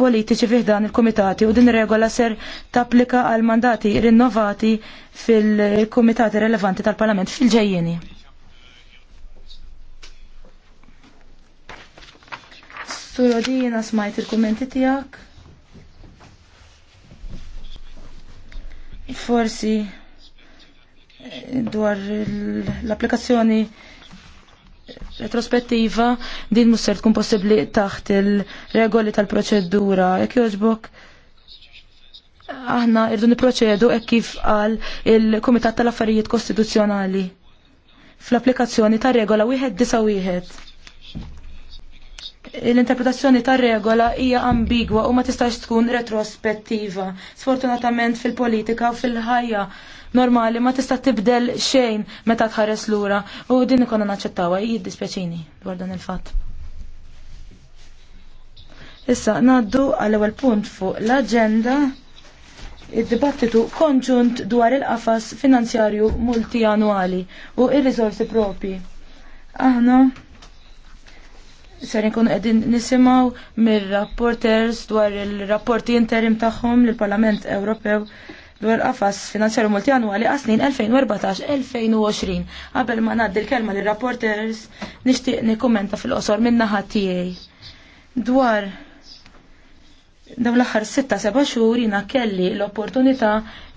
politiċi fiħdan il-komitati u din regola ser tapplika għal mandati rinnovati fil-komitati relevanti tal-Parlament fil-ġejjeni. Surodina smajt il-kommenti tijak. Forsi dwar l-applikazzjoni retrospettiva din mhux se tkun possibbli taħt il-regoli tal-proċedura. Jekk jogħġbok aħna irdu niproċedu hekk kif qal il-Kumitat tal-Affarijiet Kostituzzjonali fl-applikazzjoni tar regola wieħed disa wieħed. L-interpretazzjoni tar regola hija ambigwa u ma tistax tkun retrospettiva. Sfortunatament fil-politika u fil-ħajja normali ma tista' tibdel xejn meta tħares lura u din ikonna naċċettawha jiddispjaċini dwar dan il-fatt. Issa ngħaddu għall ewwel punt fuq l-aġenda id-dibattitu konġunt dwar il-qafas finanzjarju multianwali u il-rizorsi propi. Aħna ser nkun qegħdin nisimgħu mir-rapporters dwar il-rapporti interim tagħhom lill-Parlament Ewropew dwar qafas finanzjarju multianwali għasnin 2014-2020. Qabel ma ngħaddi l-kelma lir-rapporters nixtieq nikkummenta fil-qosor minna naħa tiegħi. Dwar daw l-aħħar 6-7 xhur jina kelli l-opportunità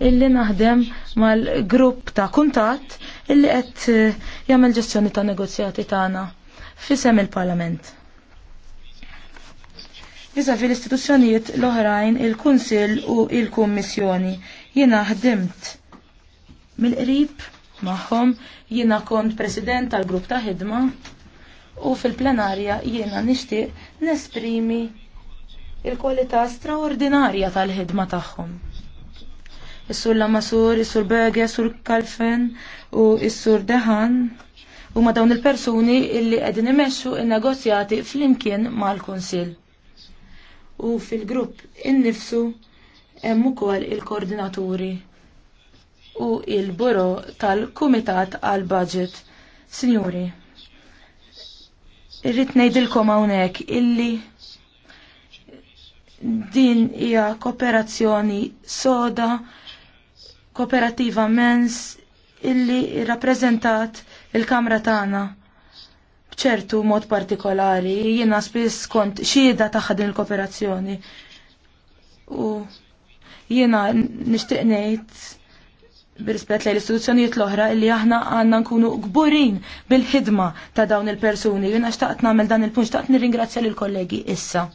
illi naħdem mal-grupp ta' kuntatt illi qed eh, jagħmel ġestjoni ta' negozjati tagħna fisem il-Parlament. Iżda fil-istituzzjonijiet l-oħrajn il-Kunsill u il-Kummissjoni Jiena ħdimt mill-qrib magħhom, jiena kont president tal-grupp ta' ħidma u fil-plenarja jiena nixtieq nesprimi il-kwalità straordinarja tal-ħidma tagħhom. Is-sur Lamasur, is-sur Bege, sur Kalfen u is-sur Dehan huma dawn il-persuni illi qegħdin imexxu n-negozjati flimkien mal-Kunsill. U fil-grupp innifsu hemm ukoll il-koordinaturi u il-buro tal-Kumitat għal budget Sinjuri, irrid ngħidilkom hawnhekk illi din hija kooperazzjoni soda, kooperativa mens illi rrappreżentat il-Kamra tagħna bċertu mod partikolari, jiena spiss kont xieda taħħa din il-kooperazzjoni. U Jiena nixtieq ngħid birispett lejn l-istituzzjonijiet l-oħra li aħna għandna nkunu gburin bil-ħidma ta' dawn il-persuni. Jiena xtaqt nagħmel dan il-punċ, xtaqt nirringrazzja lill kollegi issa.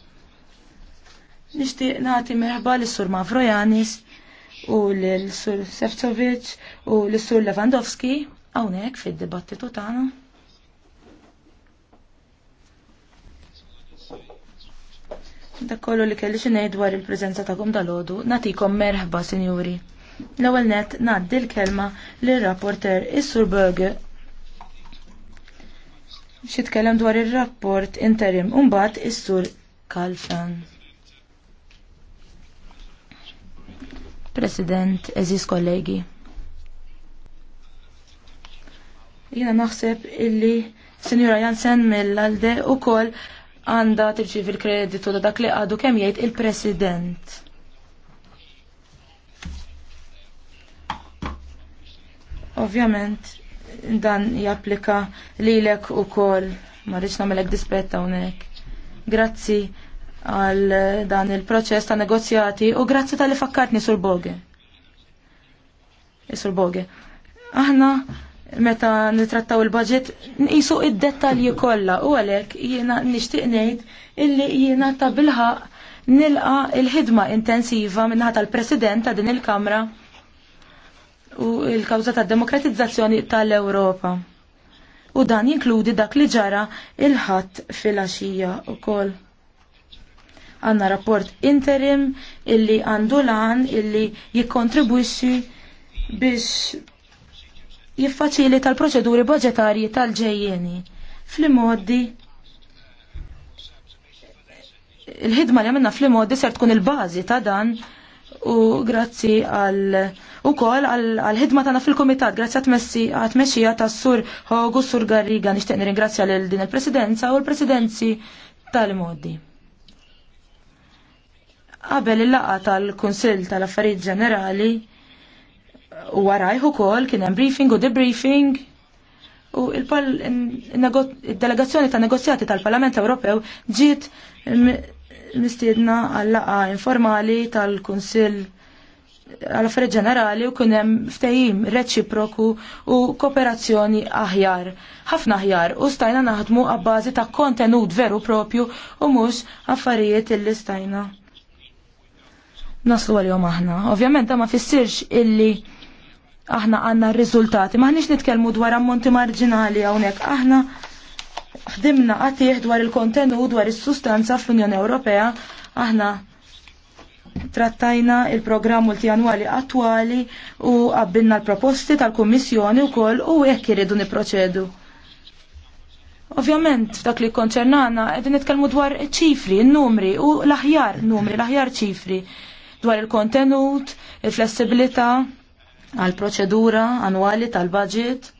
Nixtieq nagħti merħba lis-Sur Mavrojanis u l-Sur Sefcovic u l-Sur Lewandowski hawnhekk fid-dibattitu tagħna. Dak kollu li kelli xi ngħid dwar il-preżenza tagħkom dalodu, natikom merħba, sinjuri. L-ewwel net ngħaddi l-kelma lir-rapporter is-Sur Böge xi tkellem dwar ir-rapport interim u mbagħad is-Sur Kalfan. President, eżis kollegi. Jiena naħseb illi Sinjura Jansen mill-Alde u koll għandha tirċievi l-kreditu ta' dak li għadu kemm jgħid il-President. Ovvjament dan japplika lilek ukoll ma rridx nagħmelek dispetta hawnhekk. Grazzi għal dan il-proċess ta' negozjati u grazzi tal-li fakkartni sur Boge. Eh, sur Boge. Aħna meta nitrattaw il-budget nqisu id-dettalji kollha u għalhekk jiena nixtieq ngħid illi jiena ta' bilħaq nilqa il-ħidma intensiva minnaħa tal-President ta' din il-Kamra u il-kawża tad-demokratizzazzjoni tal-Ewropa. U dan jinkludi dak li ġara il-ħadd fil-għaxija ukoll għanna rapport interim illi għandu lan illi jikkontribwixxi biex jiffaċili tal-proċeduri budġetarji tal-ġejjeni. fl immoddi il-ħidma li għamilna fl immoddi ser tkun il-bazi ta' dan u grazzi għal u kol għal ħidma tagħna fil-komitat, grazzi għat meċija ta' sur Hogu Sur Garriga nixtieq nirringrazzja lil din il-presidenza u l-presidenzi tal-modi. Qabel il-laqa tal-Kunsill tal-Affarijiet Ġenerali, u warajh ukoll kien hemm briefing u debriefing u il-delegazzjoni ta' negozjati tal-Parlament Ewropew ġiet mistiedna għall-laqa informali tal-Kunsill għall affarijiet ġenerali u kien hemm ftehim reċiproku u kooperazzjoni aħjar, ħafna aħjar u stajna naħdmu għabbażi ta' kontenut veru propju u mhux affarijiet illi stajna. Naslu għal-jom aħna. Ovvjament ma fissirx illi aħna għanna r-riżultati. Maħniex nitkellmu dwar ammonti marġinali hawnhekk. Aħna ħdimna qatih dwar il-kontenut dwar is-sustanza fl-Unjoni Ewropea. Aħna trattajna il-programm multianwali attwali u qabbilna l-proposti tal-Kummissjoni wkoll u hekk iridu niproċedu. Ovvjament, f'dak li konċernana, qegħdin nitkellmu dwar ċifri, n-numri u l-aħjar numri, l-aħjar ċifri dwar il-kontenut, il-flessibilità, il kontenut il flessibilita il kontenut il flessibilità għal proċedura annwali tal-budget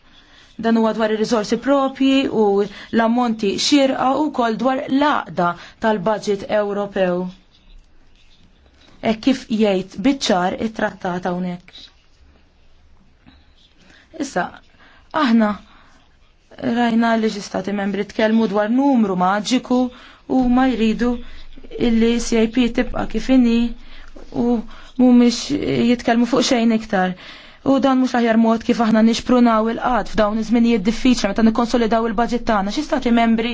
dan huwa dwar ir-riżorsi propji u l-ammonti xirqa u kol dwar l-aqda tal-budget Ewropew. E kif jgħid biċċar it-trattat hawnhekk. Issa, aħna rajna l ġistati membri tkellmu dwar numru maġiku u ma jridu illi CIP tibqa' kif inhi u mhumiex jitkellmu fuq xejn iktar. U dan mhux aħjar mod kif aħna nixprunaw il-qad f'dawn iż-żminijiet diffiċli meta nikkonsolidaw il-baġit tagħna. Xi stati membri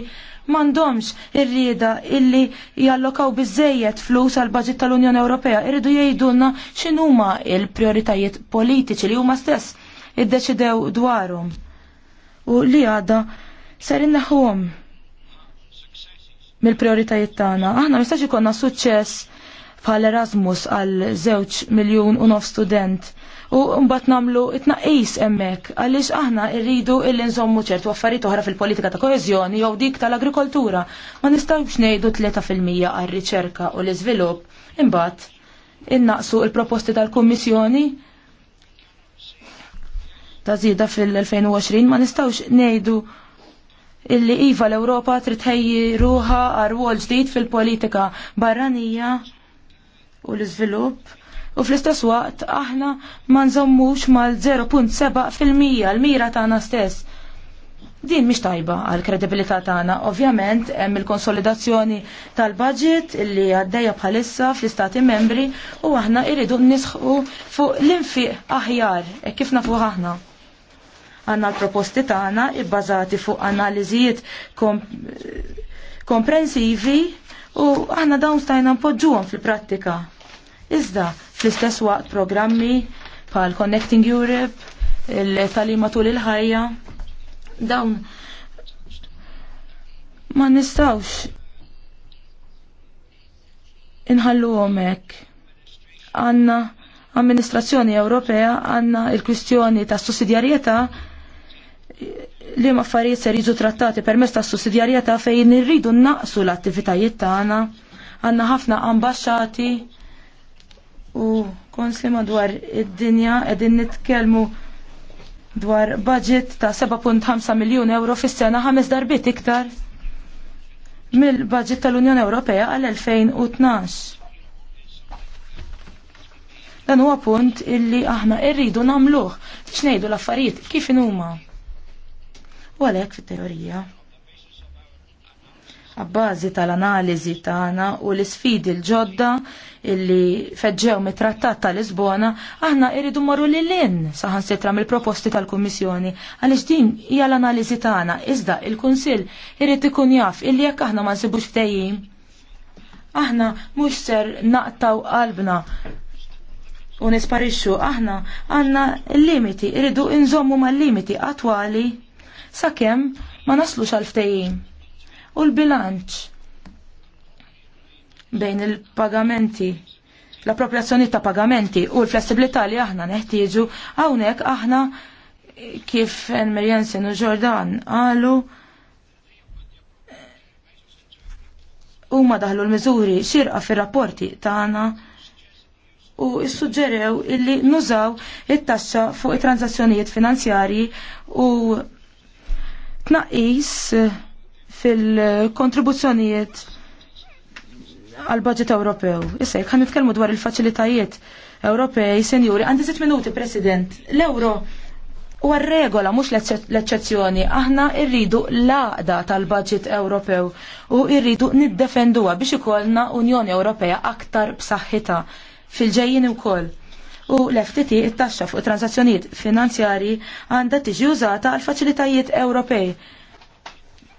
m'għandhomx ir-rieda illi jallokaw biżejjed flus għal baġit tal-Unjoni Ewropea. Irridu jgħidulna x'inhuma l-prijoritajiet politiċi li huma stess iddeċidew dwarhom. U li għadha ser inneħħuhom mill-prioritajiet tagħna. Aħna mistax ikonna suċċess bħal Erasmus għal żewġ miljun u nof student u mbagħad nagħmlu it-tnaqqis hemmhekk għaliex aħna rridu illi nżommu ċertu affarijiet oħra fil-politika ta' koeżjoni jew dik tal-agrikoltura ma nistgħux ngħidu 3% għal riċerka u l-iżvilupp imbagħad innaqsu il-proposti tal-Kummissjoni ta' zida fil-2020 ma nistgħux ngħidu illi iva l-Ewropa trid ruħa ruha għal ġdid fil-politika barranija u l-iżvilupp u fl-istess waqt aħna ma nżommux mal-0.7 fil-mija l-mira tagħna stess. Din mhix tajba għal kredibilità tagħna. Ovvjament hemm il-konsolidazzjoni tal-budget li għaddejja bħalissa fl-istati membri u aħna irridu nisħu fuq l-infiq aħjar e kif nafu aħna għanna l-proposti tagħna ibbażati fuq analiżijiet komprensivi u aħna dawn stajna npoġġuhom fil-prattika. Iżda fl-istess waqt programmi bħal Connecting Europe, il-talim matul il-ħajja, dawn ma nistawx inħallu għomek. Għanna amministrazzjoni Ewropea għanna il-kwistjoni ta' sussidjarieta li ma affarijiet ser jiġu trattati permezz mesta sussidjarieta fejn irridu naqsu l-attivitajiet tagħna. Għanna ħafna ambasċati u konsli madwar id-dinja qegħdin nitkellmu dwar budget ta' 7.5 miljun euro fis-sena ħames darbit iktar mill-budget tal-Unjoni Ewropea għal 2012. Dan huwa punt illi aħna irridu nagħmluh biex ngħidu l-affarijiet kif in huma. U għalhekk fit-teorija għabbażi tal-analiżi tagħna u l-isfidi l-ġodda illi feġġew mit-trattat tal-Lisbona, aħna irridu marru lil lin saħansitra mill-proposti tal-Kummissjoni għaliex din hija l-analiżi tagħna iżda il-Kunsill irid ikun jaf illi jekk aħna ma nsibux ftehim. Aħna mhux ser naqtaw qalbna u nisparixxu aħna għandna l-limiti, irridu inżommu mal-limiti attwali sakemm ma naslux għal ftehim u l-bilanċ bejn il-pagamenti l-appropriazzjoni ta' pagamenti u l-flessibilità li aħna neħtieġu hawnhekk aħna kif Enmer Jensen u Ġordan qalu huma daħlu l-miżuri xirqa fir-rapporti tagħna u issuġġerew illi nużaw it-taxxa fuq it-transazzjonijiet finanzjarji u tnaqqis fil-kontribuzzjonijiet għal-budget Ewropew. Issa, jek nitkellmu dwar il-faċilitajiet Ewropej, senjuri, għandi zit minuti, President. L-euro u regola mux l-eccezzjoni. Aħna irridu laqda tal-budget Ewropew u irridu niddefenduha biex ikollna Unjoni Ewropea aktar b'saħħitha fil-ġejjin koll. U l-FTT it-taxxa fuq transazzjonijiet finanzjarji għandha tiġi użata għal faċilitajiet Ewropej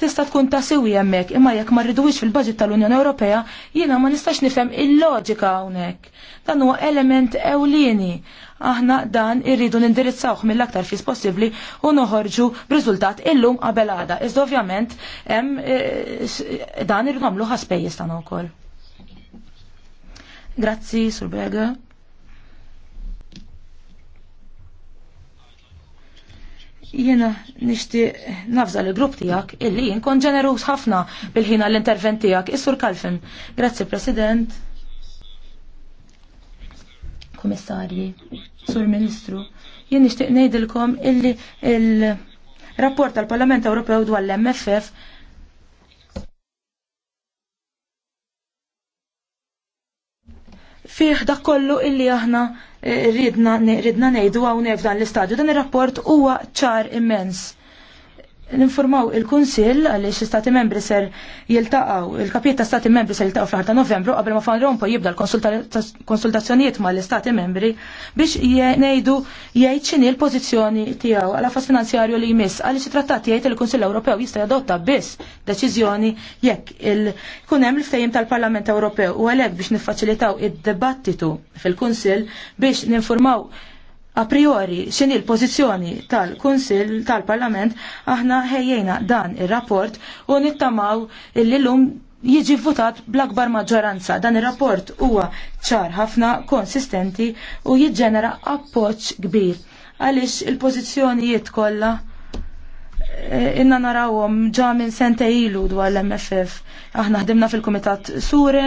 tista' tkun ta' sewi hemmhekk, imma jekk ma rridux fil-budget tal-Unjoni Ewropea, jiena ma nistax nifhem il-loġika hawnhekk. Dan huwa element ewlieni. Aħna dan irridu nindirizzawh mill-aktar fis possibbli u noħorġu b'riżultat illum qabel għada. Iżda ovvjament hemm eh, dan irridu nagħmlu ħaspejjeż tagħna wkoll. Grazzi, Sur Brega. Jena nishti nafza li grupp tijak illi jinkon ġenerus ħafna bil-ħina l-intervent tijak. Is-sur Kalfin. Grazzi, President. Komissarji, Sur Ministru. Jien nishtiq nejdilkom illi il-rapport tal-Parlament Ewropew dwar l-MFF fih dak kollu illi aħna ridna ngħidu hawnhekk f'dan l-istadju. Dan ir-rapport huwa ċar immens. Ninformaw il-Kunsill għaliex l-Stati membri ser jiltaqgħu, il-kapijiet ta' Stati membri ser jiltaqaw fl ħarta Novembru qabel ma Fan rompo jibda l-konsultazzjonijiet mal istati membri biex ngħidu jgħid x'inhi l-pożizzjoni tiegħu għal affas finanzjarju li jmiss għaliex x trattat jajt il-Kunsill Ewropew jista' jadotta biss deċiżjoni jekk il hemm l ftajim tal-Parlament Ewropew u għalhekk biex niffaċilitaw id debattitu fil-Kunsill biex ninformaw a priori xin il-pozizjoni tal-Kunsil tal-Parlament aħna ħejjena dan ir-rapport u nittamaw il-lum jiġi votat bl-akbar maġġoranza. Dan ir-rapport huwa ċar ħafna, konsistenti u jiġġenera appoġġ kbir. Għaliex il-pożizzjonijiet kollha e, inna narawhom ġa minn sentejn ilu dwar l-MFF. Aħna ħdimna fil-Kumitat Sure,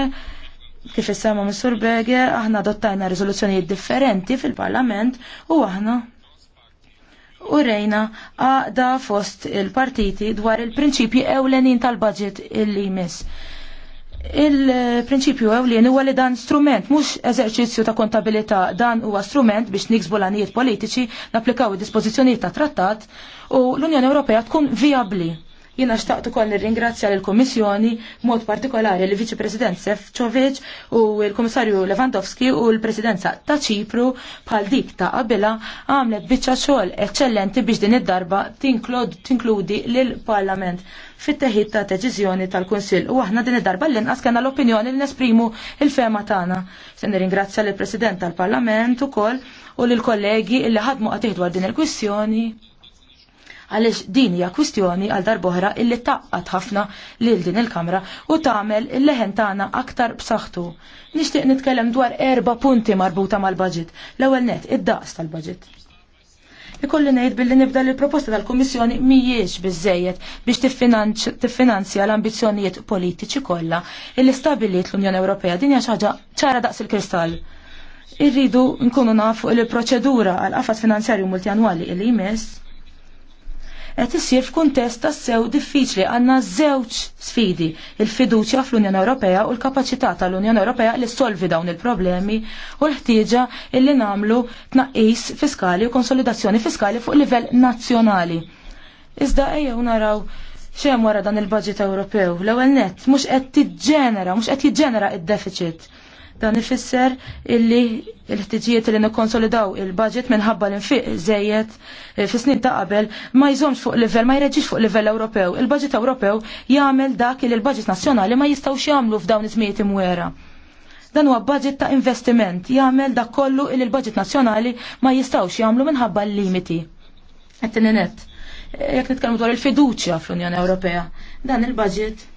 Kif issemma Mr. Bege, aħna adottajna riżoluzzjonijiet differenti fil-Parlament u aħna u rejna għada fost il-partiti dwar il prinċipju ewlenin tal-budget illi jmiss. Il-prinċipju ewlien huwa li dan strument mhux eżerċizzju ta' kontabilità, dan huwa strument biex niksbu l-anijiet politiċi, napplikaw id-dispożizzjonijiet ta' trattat u l-Unjoni Ewropea tkun viabli Jiena xtaqt ukoll nirringrazzja lill kummissjoni mod partikolari l viċi President Sefcovic u l-Kummissarju Lewandowski u l-Presidenza ta' Ċipru bħal dik ta' qabila għamlet biċċa xogħol eċċellenti biex din id-darba tinkludi lill-Parlament fit-teħid ta' deċiżjoni tal-Kunsill u aħna din id-darba l-inqas kena l-opinjoni li nesprimu il-fema tagħna. Se nirringrazzja lill-President tal-Parlament ukoll u lill kollegi li ħadmu qatt din il-kwistjoni għaliex din hija kwistjoni għal darboħra illi taqqat ħafna lil din il-kamra u tagħmel il-leħen tagħna aktar b'saħħtu. Nixtieq nitkellem dwar erba' punti marbuta mal-budget. L-ewwel net id-daqs tal-budget. Ikolli ngħid billi nibda li proposta tal-Kummissjoni mhijiex biżejjed biex tiffinanzja l-ambizzjonijiet politiċi kollha illi stabiliet l-Unjoni Ewropea din hija xi ħaġa ċara daqs il-kristall irridu nkunu nafu il proċedura għal qafat finanzjarju multjanwali il jmiss qed isir f'kuntest tas-sew diffiċli għandna żewġ sfidi, il-fiduċja fl-Unjoni Ewropea u l-kapaċità tal-Unjoni Ewropea li solvi dawn il-problemi u l-ħtieġa illi nagħmlu tnaqqis fiskali u konsolidazzjoni fiskali fuq livell nazzjonali. Iżda ejjew naraw xejn wara dan il-budget Ewropew. L-ewwel nett mhux qed tiġġenera, mhux qed jiġġenera id-deficit. Dan ifisser illi il-ħtiġijiet li nikkonsolidaw il-budget minħabba l-infiq żejjed eh, fi snin ta' qabel ma jżomx fuq livell ma jreġġix fuq livell Ewropew. Il-budget Ewropew jagħmel dak li l-budget nazzjonali ma jistgħux jagħmlu f'dawn iż-żmiet imwera. Dan huwa budget ta' investiment jagħmel dak kollu li l-budget nazzjonali ma jistgħux jagħmlu minħabba l-limiti. Qed eh, jekk nitkellmu dwar il-fiduċja fl-Unjoni Ewropea, dan il-budget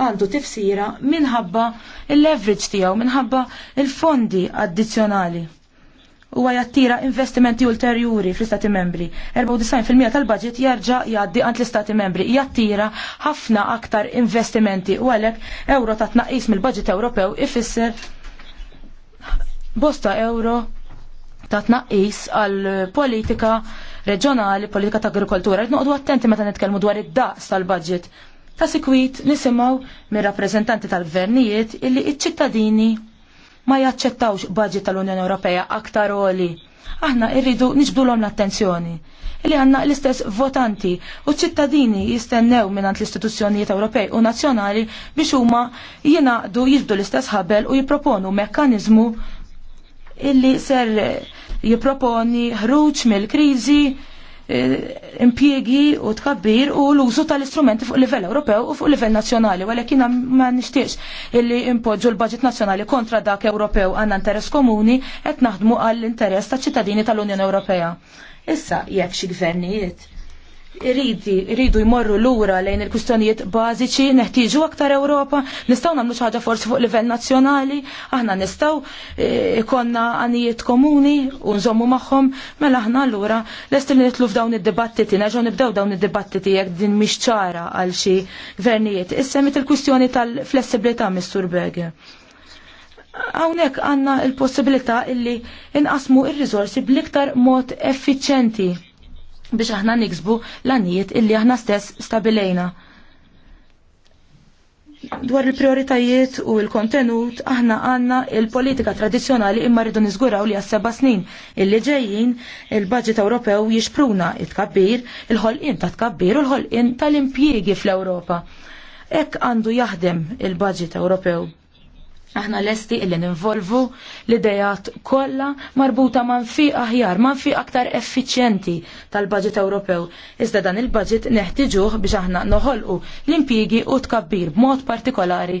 għandu tifsira minħabba il-leverage tiegħu, minħabba il-fondi addizzjonali. Huwa jattira investimenti ulterjuri fl-Istati membri. 94% tal-budget jerġa' jgħaddi għand l-Istati membri. Jattira ħafna aktar investimenti u għalhekk euro ta' tnaqqis mill-budget Ewropew ifisser bosta euro ta' tnaqqis għal politika reġjonali, politika ta' agrikoltura. Noqdu attenti meta nitkellmu dwar id-daqs tal-budget. Ta' sikwit nisimaw mir rappreżentanti tal-gvernijiet illi iċ-ċittadini ma jaċċettawx budget tal-Unjoni Ewropea aktar oli. Aħna irridu niġbdu l-attenzjoni. Illi għanna l-istess votanti u ċittadini jistennew minnant l-istituzzjonijiet Ewropej u nazzjonali biex huma jingħaqdu jibdu l-istess ħabel u jipproponu mekkaniżmu illi ser jipproponi ħruġ mill-kriżi Eh, impiegi u tkabbir u l-użu tal-istrumenti fuq livell Ewropew u fuq livell nazzjonali, għalhekk jina ma nixtiex illi impoġu l-budget nazzjonali kontra dak Ewropew għandna interess komuni qed naħdmu għall-interess taċ-ċittadini tal-Unjoni Ewropea. Issa jekk xi gvernijiet irridi, iridu jmorru lura lejn il-kustjonijiet bażiċi, neħtieġu aktar Ewropa, nistgħu nagħmlu xi ħaġa forsi fuq livell nazzjonali, aħna nistgħu e, ikonna għanijiet komuni u nżommu magħhom, mela aħna allura l-estil nitlu f'dawn id-dibattiti, nerġgħu nibdew dawn id-dibattiti jekk din mhix ċara għal xi gvernijiet. Issemmit il kustjoni tal-flessibilità, Mr. Berger għawnek għanna il-possibilita illi inqasmu il-rizorsi bl-iktar mod effiċenti biex aħna niksbu l-anijiet illi aħna stess stabilejna. Dwar il-prioritajiet u il-kontenut, aħna għanna il-politika tradizjonali imma rridu niżguraw li għas-seba snin illi ġejjin il-budget Ewropew jixpruna it-kabbir, il-ħolqien ta' tkabbir u l-ħolqien tal-impjiegi fl-Ewropa. Ek għandu jaħdem il-budget Ewropew. Aħna lesti illi ninvolvu l-idejat kollha marbuta man fi aħjar, man fi aktar effiċjenti tal-budget Ewropew. Iżda dan il-budget neħtiġuh biex aħna noħolqu l-impjigi u tkabbir b'mod partikolari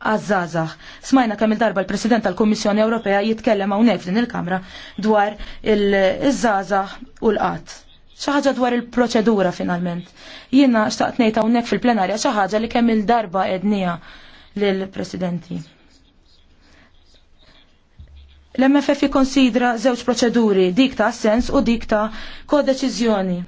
għazzazax. Smajna kemm il-darba l-President tal-Kummissjoni Ewropea jitkellem hawnhekk din il-Kamra dwar il-żazax u l-qatt. Xi ħaġa dwar il-proċedura finalment. Jiena xtaqt ngħid hawnhekk fil-plenarja xi ħaġa li kemm il-darba ednija lill-Presidenti. L-MFF jikonsidra żewġ proċeduri, dik ta' assens u dik ta' kodeċiżjoni.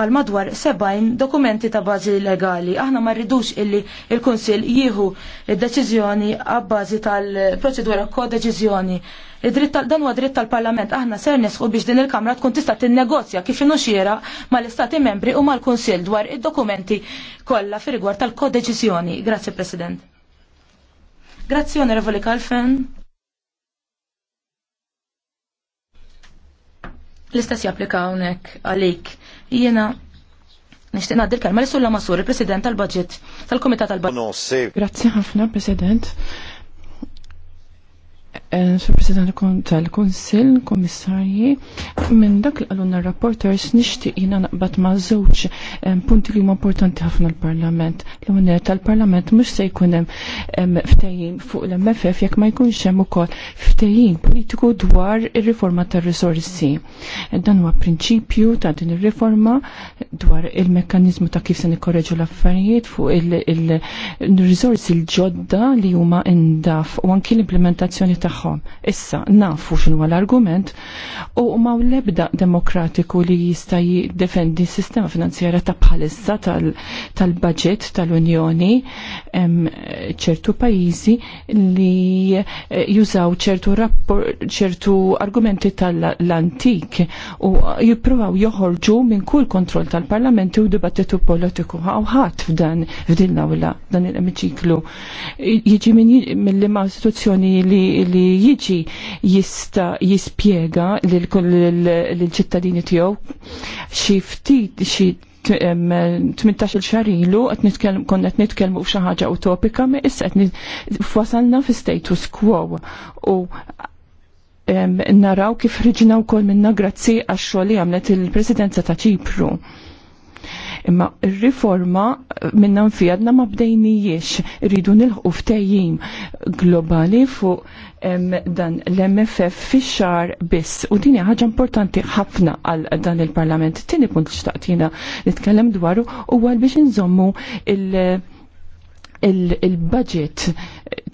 Għal madwar sebajn dokumenti ta' bażi legali. Aħna ma rridux illi il-Kunsill jieħu id-deċiżjoni bazi tal-proċedura kodeċiżjoni. Dan huwa dritt tal-Parlament aħna ser nesħu biex din il-Kamra tkun tista' tinnegozja kif inuxiera mal-Istati membri u mal-Kunsill dwar id-dokumenti kollha fir-rigward tal-kodeċiżjoni. Grazzi President. Grazzi Onorevoli Kalfen. L-istess japplika hawnhekk għalik. Jiena nixtieq ngħaddi l-kelma li sulla Masur, il-President tal-Budget tal-Kumitat tal-Budget. Grazzi ħafna, President Sur President tal-Kunsil, Komissarji, minn dak li għalunna rapporters nixtieq jina naqbad ma' żewġ punti li huma importanti ħafna l-Parlament. L-unet tal-Parlament mhux se jkun hemm fuq l-MFF jekk ma jkunx hemm ukoll ftejjim politiku dwar ir-riforma tar-risorsi. Dan huwa prinċipju ta' din ir-riforma dwar il-mekkaniżmu ta' kif se nikorreġu l-affarijiet fuq il-risorsi l-ġodda li huma indaf u anki l-implementazzjoni tagħhom tagħhom. Issa nafu x'inhu l-argument u ma l-ebda demokratiku li jista' jiddefendi s-sistema finanzjera ta' bħalissa tal-budget tal-Unjoni eh, ċertu pajjiżi li eh, jużaw ċertu ċertu argumenti tal-antik u jippruvaw joħorġu minn kull kontroll tal-parlamenti u dibattitu politiku ħadd f'dan f'din l-awla dan il-emiċiklu. Jiġi mill-ma istituzzjoni li jiġi jista jispjega lill-ċittadini tiegħu xi ftit xi 18 xar ilu konna qed nitkellmu f'xi ħaġa utopika ma issa qed fwasalna fi status quo u naraw kif riġina wkoll minna grazzi għax-xogħol li għamlet il-Presidenza ta' Ċipru Imma ir-riforma minna nfijadna ma bdejnijiex rridu nilħu ftejjim globali fuq dan l-MFF fi xar biss. U dini ħaġa importanti ħafna għal dan il-parlament. Tini punt xtaqtina tkellem dwaru u għal biex nżommu il- il-budget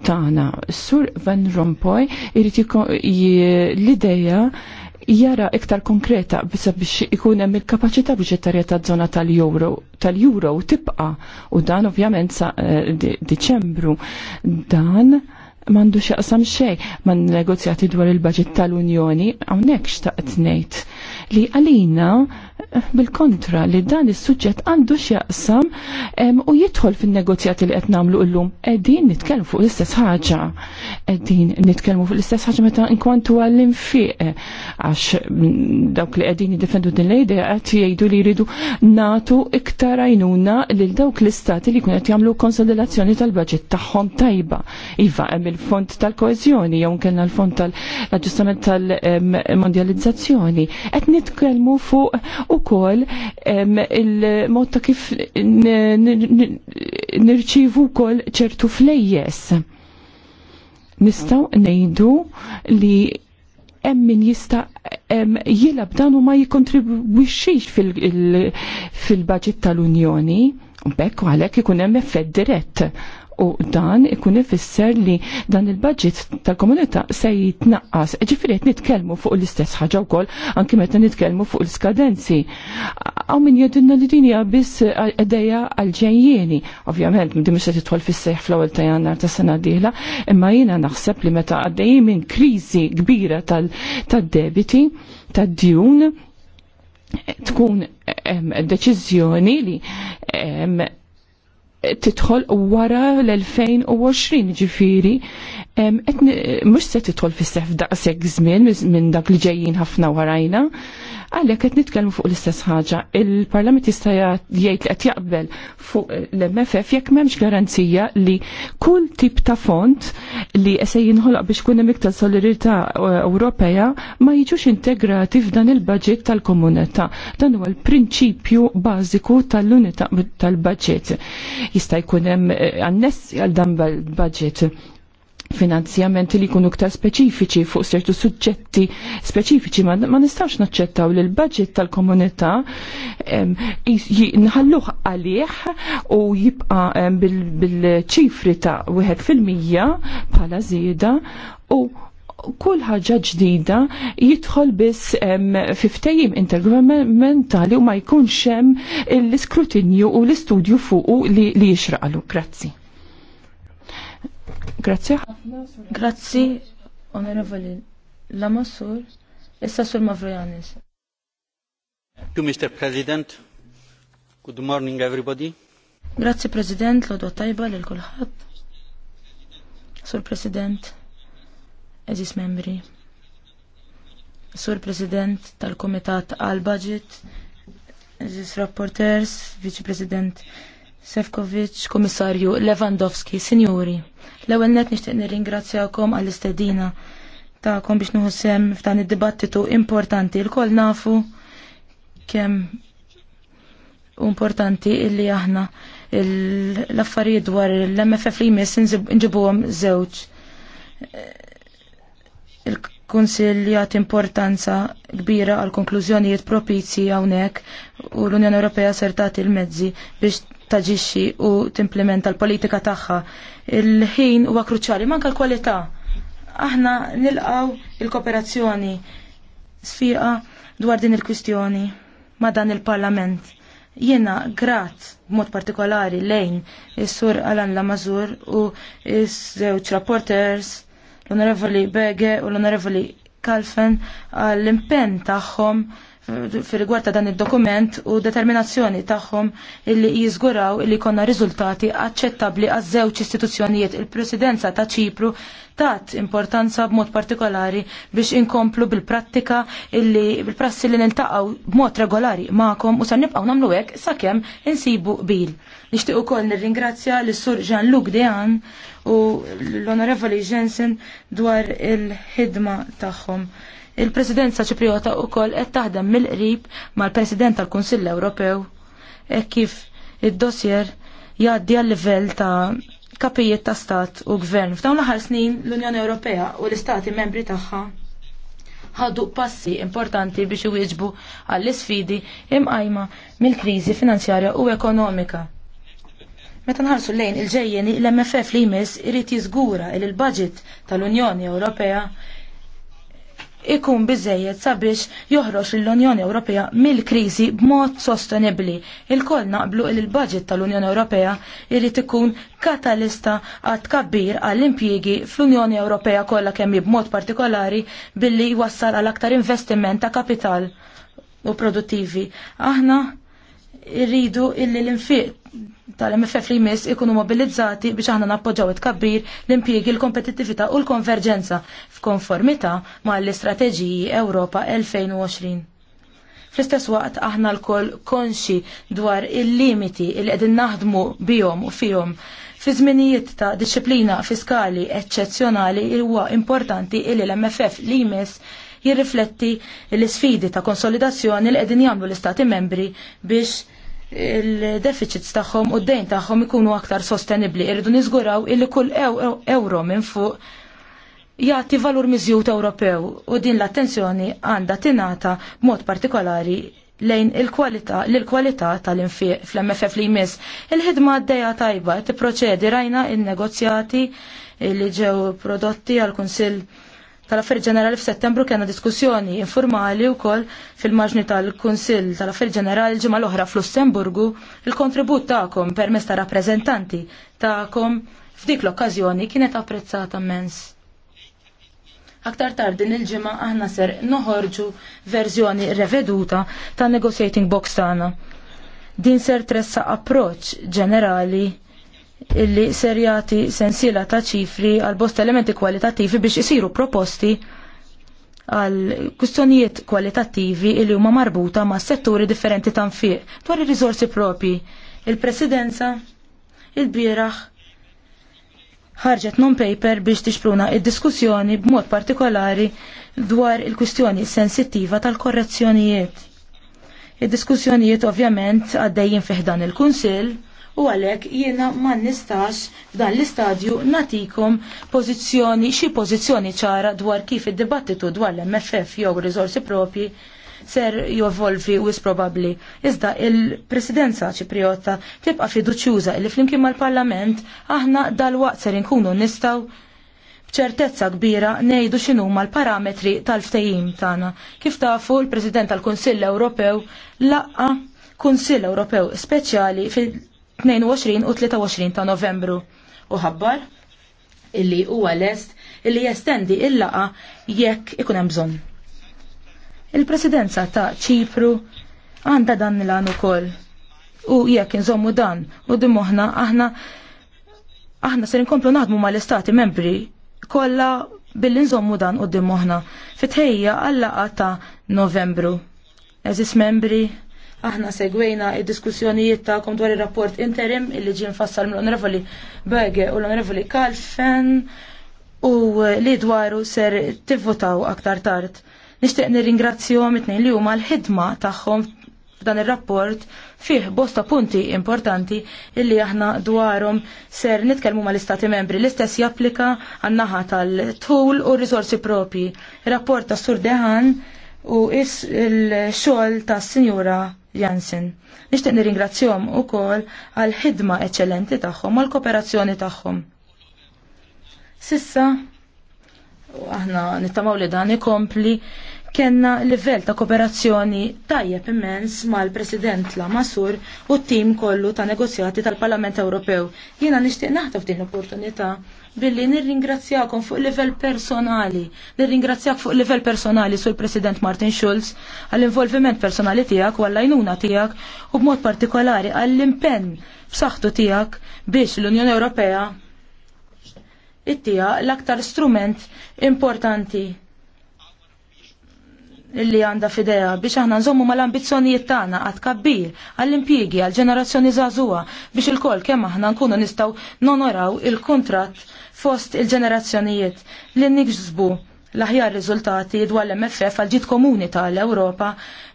tagħna. Sur Van Rompuy irid l-ideja jara iktar konkreta biex ikun hemm il-kapaċità budġetarja taż-żona tal-euro tal-euro tibqa' u dan ovvjament sa eh, Diċembru dan m'għandux xaqsam xejn man negozjati dwar il-baġit tal-Unjoni hawnhekk xtaqt ngħid li għalina eh, bil-kontra li dan is suġġett għandu x'jaqsam u jidħol fin-negozjati li qed nagħmlu llum. Qegħdin nitkellmu fuq l-istess ħaġa. Qegħdin nitkellmu fuq l-istess ħaġa meta inkwantu għall-infiq eh, għax mm, dawk li qegħdin jiddefendu din l-idea qed jgħidu li jridu natu iktar għajnuna lil dawk l-istati li jkun qed jagħmlu konsolidazzjoni tal-baġit tagħhom tajba. Iva hemm il-fond tal-koeżjoni jew kellna l-fond tal-aġġustament tal-mondjalizzazzjoni. Qed nitkelmu fuq ukoll il-mod ta' kif nirċivu wkoll ċertu flejjes. Nistgħu ngħidu li hemm min jista' jilab dan u ma jikontribwixxix fil-baġit fil baġit tal unjoni Bekk u għalhekk ikun hemm effett dirett u dan ikun ifisser li dan il-budget tal-komunità se jitnaqqas. Ġifieri qed nitkellmu fuq l-istess ħaġa wkoll anke meta nitkellmu fuq l-skadenzi. Aw min jedinna li din hija biss għaddejja għal-ġejjieni. Ovvjament din mhux se titħol fis-seħħ fl-ewwel ta' jannar ta' sena dieħla, imma jiena naħseb li meta għaddejjin minn kriżi kbira tad-debiti, tad-djun, tkun deċiżjoni li titħol wara l-2020 ġifiri mux se titħol fis sef daqseg zmin minn dak li ġejjin ħafna warajna, għalek qed nitkellmu fuq l-istess ħaġa. Il-Parlament jista' jgħid li qed jaqbel fuq l-MFF jekk m'hemmx garanzija li kull tip ta' font li se jinħolaq biex kun hemm iktar solidarità e, Ewropea ma jiġux integrati f'dan il-baġġett tal-komunità. Dan huwa l-prinċipju bażiku tal-unità tal-baġġett. Jista' jkun hemm e, annessi għal dan il finanzjamenti li jkunu ktar speċifiċi fuq sertu suġġetti speċifiċi ma, ma nistawx naċċettaw li l-budget tal-komunità nħalluħ għalih u jibqa bil-ċifri bil ta' wieħed fil-mija bħala żieda u kull ħaġa ġdida jidħol biss fiftejim intergovernmentali u ma jkunx hemm l-iskrutinju u l-istudju fuq li, li jixraqlu. Grazzi. Grazie. Grazzi, onorevoli Lamassur, issa sur Mavrojanis. You, Mr. President. Good morning, everybody. Grazie, President, Lodo Taiba, tajba l kulħadd Sur President, eżis membri. Sur President tal-Komitat għal-Budget, eżis Rapporters, Vice President Sefcovic, Komissarju Lewandowski, Signori. L-ewwel net nixtieq nirringrazzjakom għall-istedina tagħkom biex nuħu sem f'dan id-dibattitu importanti. il nafu kemm importanti illi aħna l-affarijiet dwar l-MFF li jmiss nġibuhom żewġ. Il-Kunsill jagħti importanza kbira għal konklużjonijiet propizji hawnhekk u l-Unjoni Ewropea ser tagħti l-mezzi biex taġixxi u timplementa l-politika tagħha. Il-ħin huwa kruċjali, manka l-kwalità. Aħna nilqaw il-kooperazzjoni sfiqa dwar din il-kwistjoni ma dan il-Parlament. Jiena grat mod partikolari lejn is-sur Alan Lamazur u is-żewġ rapporters l-Onorevoli Bege u l-Onorevoli Kalfen għall-impenn tagħhom fil-rigward ta' dan id-dokument u determinazzjoni tagħhom illi jiżguraw illi konna riżultati aċċettabbli għaż-żewġ istituzzjonijiet. Il-Presidenza ta' Ċipru tat importanza b'mod partikolari biex inkomplu bil-prattika illi bil-prassi li niltaqgħu b'mod regolari magħkom u se nibqgħu nagħmlu hekk sakemm insibu bil. Nixtieq ukoll nirringrazzja l sur Jean-Luc Dean u l-Onorevoli Jensen dwar il-ħidma tagħhom. Il-Presidenza Ċipriota wkoll qed taħdem mill-qrib mal-President tal-Kunsill Ewropew e kif id-dossier jgħaddi għal livell ta' kapijiet ta' stat u gvern. F'dawn l-aħħar snin l-Unjoni Ewropea u l-istati membri tagħha ħadu passi importanti biex iwieġbu għall-isfidi imqajma mill-kriżi finanzjarja u ekonomika. Meta nħarsu lejn il-ġejjeni l-MFF li jmiss irid jiżgura il-budget tal-Unjoni Ewropea ikun biżejjed sabiex joħroġ l-Unjoni Ewropea mill-kriżi b'mod sostenibbli. Il-koll naqblu il budget tal-Unjoni Ewropea irid ikun katalista għat kabbir għall-impjiegi fl-Unjoni Ewropea kollha kemm b'mod partikolari billi jwassal għal aktar investiment ta' kapital u produttivi. Aħna irridu illi l-infiq tal-MFF li jmiss ikunu mobilizzati biex aħna nappoġġaw it-kabbir l-impjiegi, l-kompetittività u l-konverġenza f'konformità ma' l-istrateġiji Ewropa 2020. Fl-istess waqt aħna l-koll konxi dwar il-limiti il qegħdin naħdmu bihom u fihom fi żminijiet ta' disċiplina fiskali eċċezzjonali huwa importanti illi l-MFF li jmiss jirrifletti l-sfidi ta' konsolidazzjoni li qegħdin jagħmlu l-Istati membri biex il-deficits tagħhom u d-dejn tagħhom ikunu aktar sostenibbli. Irridu niżguraw illi kull euro minn fuq jagħti valur miżjut Ewropew u din l-attenzjoni għandha tingħata b'mod partikolari lejn il-kwalità lill kwalità tal-infiq fl-MFF li jmiss. Il-ħidma għaddejja tajba tipproċedi rajna in-negozjati li ġew prodotti għal-Kunsill tal-Affarijiet Ġenerali f'Settembru kena diskussjoni informali wkoll fil-maġni tal-Kunsill tal affer Ġenerali ġimgħa l-oħra f'Lussemburgu il-kontribut tagħkom permezz ta' rappreżentanti tagħkom f'dik l-okkażjoni kienet apprezzata mens. Aktar tard din il-ġimgħa aħna ser noħorġu verżjoni reveduta ta' negotiating box tagħna. Din ser tressa approċ ġenerali illi serjati sensiela ta' ċifri għal bost elementi kwalitattivi biex isiru proposti għal kustjonijiet kwalitattivi illi huma marbuta ma' setturi differenti ta' nfiq dwar ir-riżorsi propi. Il-Presidenza il-bieraħ ħarġet non-paper biex tixpruna id-diskussjoni b'mod partikolari dwar il-kustjoni sensittiva tal-korrezzjonijiet. Id-diskussjonijiet ovvjament għaddejjin fiħdan il-Kunsill, u għalhekk jiena ma nistax f'dan l-istadju natikom pożizzjoni xi pożizzjoni ċara dwar kif id-dibattitu dwar l-MFF jew rizorsi propi ser jovolvi u probabbli. Iżda il-presidenza ċipriota tibqa fiduċjuża li flimkien mal-parlament aħna dal-waqt ser inkunu nistaw b'ċertezza kbira ngħidu x'inhu l-parametri tal-ftehim tagħna. Kif tafu l-President tal-Kunsill Ewropew laqqa Kunsill Ewropew speċjali fil 22 u 23 ta' novembru u ħabbar illi huwa lest illi jestendi il-laqa jekk ikun hemm bżonn. Il-presidenza ta' Ċipru għandha dan l-għan ukoll. U jekk inżommu dan u dimoħna aħna aħna ser inkomplu naħdmu mal-istati membri kollha billi nżommu dan u dimoħna. Fitħejja għall-laqa ta' Novembru. Eżis membri, Aħna segwejna il diskussjonijiet ta'kom dwar ir-rapport interim illi ġie fassal mill-Onorevoli Bege u l-Onorevoli Kalfen u li dwaru ser tivvotaw aktar tard. Nixtieq nirringrazzjahom it-tnejn li huma l-ħidma tagħhom f'dan ir-rapport fih bosta punti importanti illi aħna dwarhom ser nitkellmu mal-istati membri. L-istess japplika għan-naħa tal-tul u r-risorsi propji. Rapport ta' Sur Dehan u is il-xogħol tas-Sinjura Jansen. Nixtieq nirringrazzjahom ukoll għal ħidma eċċellenti tagħhom għal kooperazzjoni tagħhom. Sissa aħna nittamaw li dan ikompli kena livell ta' kooperazzjoni tajjeb immens mal-President Masur u t-tim kollu ta' negozjati tal-Parlament Ewropew. Jiena nixtieq naħtaf din l-opportunità billi nirringrazzjakom fuq livell personali, nirringrazzjak fuq livell personali sul President Martin Schulz għall-involviment personali tijak u għall-għajnuna tijak u b'mod partikolari għall-impenn b'saħħtu tijak biex l-Unjoni Ewropea it-tija l-aktar strument importanti illi għanda f'idea biex aħna nżommu mal-ambizzjonijiet tagħna għad kabbir għall-impjiegi għall-ġenerazzjoni żagħżugħa biex il-kol kemm aħna nkunu nistgħu nonoraw il-kuntratt fost il-ġenerazzjonijiet li niksbu l-aħjar riżultati dwar l-MFF għal ġid komuni tal-Ewropa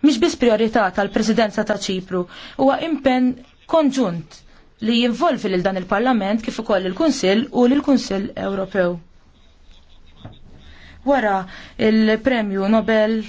mhix biss priorità tal-Presidenza ta' Ċipru huwa impenn konġunt li jinvolvi lil dan il-Parlament kif ukoll il-Kunsill u lill-Kunsill Ewropew. Wara il-Premju Nobel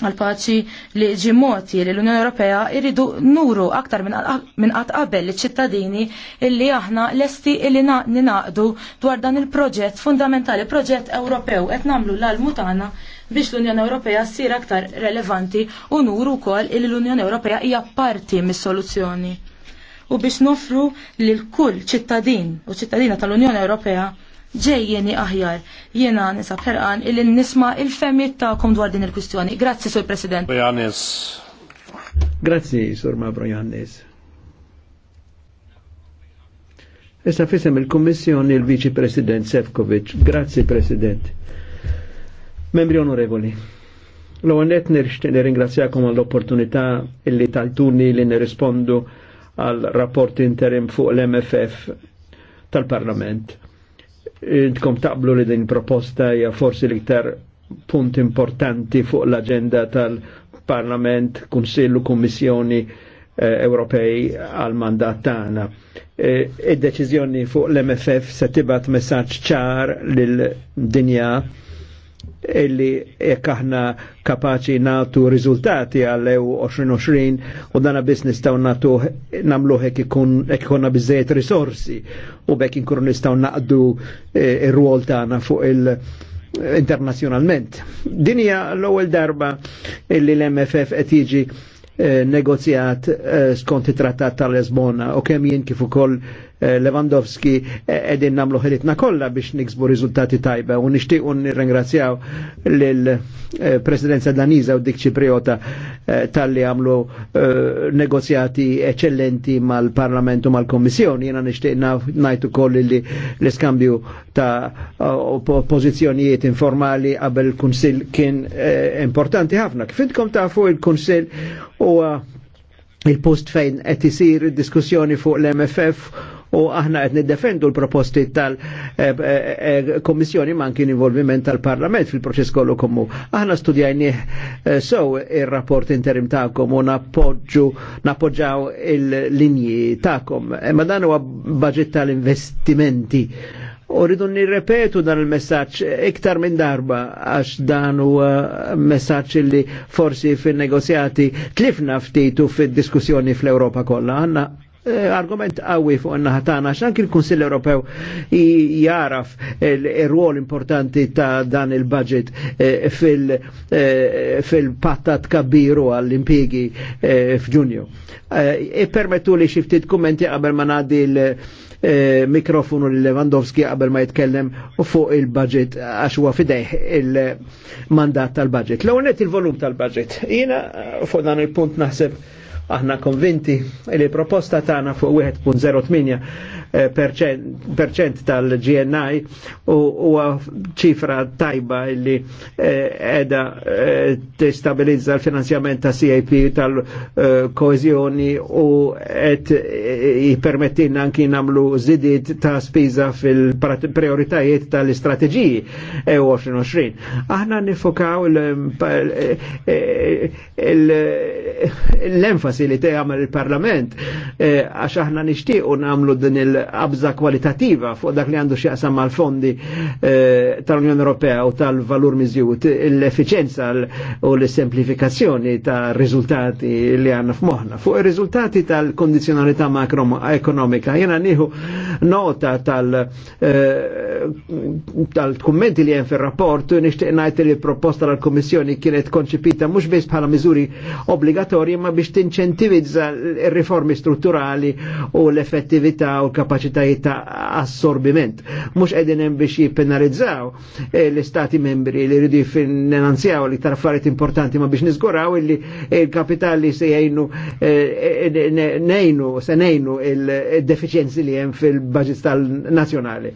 għal-paċi li ġimmoti li l-Unjoni Ewropea irridu nuru aktar minn qatt qabel li ċittadini illi aħna lesti illi ninaqdu dwar dan il-proġett fundamentali, proġett Ewropew qed nagħmlu l mutana biex l-Unjoni Ewropea ssir aktar relevanti u nuru wkoll illi l-Unjoni Ewropea hija parti mis-soluzzjoni. U biex nofru lil kull ċittadin u ċittadina tal-Unjoni Ewropea ġejjeni aħjar. Jena nisa ħerqan illi nisma il ta' ta'kom dwar din il-kwistjoni. Grazzi, Sur President. Brojannis. Grazzi, Sur Ma Jannis. Issa fissem il-Kommissjoni il-Viċi President Sefkovic. Grazzi, President. Membri onorevoli, l-għonet nirringrazzjakom għall-opportunità illi tal-tuni li nirrispondu għal rapport interim fuq l-MFF tal-Parlament Idkom taqblu li din proposta hija forsi l-iktar punt importanti fuq l-agenda tal-Parlament, Kunsillu, Kummissjoni eh, Ewropej għal mandat tagħna. Eh, id-deċiżjoni eh, fuq l-MFF se tibgħat messaġġ ċar lil dinja illi jekk aħna kapaċi natu riżultati għal 2020 e u dana biss nistgħu natu nagħmlu hekk ikonna biżejjed risorsi u bekk inkunu nistgħu naqdu e, ir-rwol tagħna fuq il- internazzjonalment. Dinja l-ewwel darba illi l-MFF qed jiġi e, negozjat skont it-trattat tal-Lesbona u kemm jien kif ukoll Eh, Lewandowski eh, edin namlu ħelitna kollha biex niksbu riżultati tajba u un nirringrazzjaw lill-Presidenza eh, Daniża u dik Ċipriota tal-li għamlu negozjati eccellenti mal-Parlamentu mal-Kommissjoni. Jena nixtieq najtu koll li l-iskambju ta' pożizzjonijiet informali qabel l kunsill kien importanti ħafna. Kifidkom ta' fuq il-Kunsill u il-post fejn qed isir diskussjoni fuq l-MFF u aħna qed niddefendu l-proposti tal-Kommissjoni kien involviment tal-Parlament fil-proċess kollu kommu. Aħna studjajnih eh, sew ir-rapport interim tagħkom u nappoġġu nappoġġaw il-linji tagħkom. Eh, ma dan huwa baġit tal-investimenti U rridu nirrepetu dan il-messaċ iktar minn darba, għax dan u messaċ li forsi fil-negozjati tlifna ftitu fil-diskussjoni fl-Europa kollha. Għanna Eh, argument qawwi fuq in-naħatana x'ank il-Kunsill Ewropew jaraf il rwol importanti ta' dan il-budget eh, fil eh, pattat kabbiru għall-impjegi f'Ġunju. permettu li xi ftit kummenti qabel ma ngħaddi mikrofonu li Lewandowski qabel ma jitkellem fuq il-budget għax huwa fidejh il-mandat tal-budget. L-għonet il-volum tal-budget. Jina fuq dan il-punt naħseb Aħna konvinti li proposta tagħna fuq 1.08 Eh, percent tal-GNI u ċifra tajba li eh, edha eh, testabilizza l-finanzjament ta' CIP tal-koezjoni u et jipermettin anki namlu zidit ta' spiza fil-prioritajiet tal-istrateġiji e 2020. Aħna nifokaw l-enfasi li tejam il-parlament għax aħna nishtiqu namlu din il- abza kwalitativa fuq dak li għandu xieqsam mal fondi eh, tal-Unjoni Ewropea u tal-valur miżjut, l-efficienza u l-semplifikazzjoni ta' riżultati li għanna f'moħna. Fuq il-riżultati tal-kondizjonalità makroekonomika, jena nieħu nota tal eh, kummenti li għen fil-rapport, nishtiq najt li proposta tal-Kommissjoni kienet konċipita mux biex bħala miżuri obbligatorji ma biex tinċentivizza il-riformi strutturali u l-effettività u l kapacitajiet ta' assorbiment. Mux edin hemm biex jippenalizzaw eh, l-istati membri li rridu jiffinanzjaw li affarijiet importanti ma biex nizguraw illi il-kapitali se jgħinu eh, eh, nejnu, se nejnu il-deficienzi li hemm fil-budget tal-nazjonali.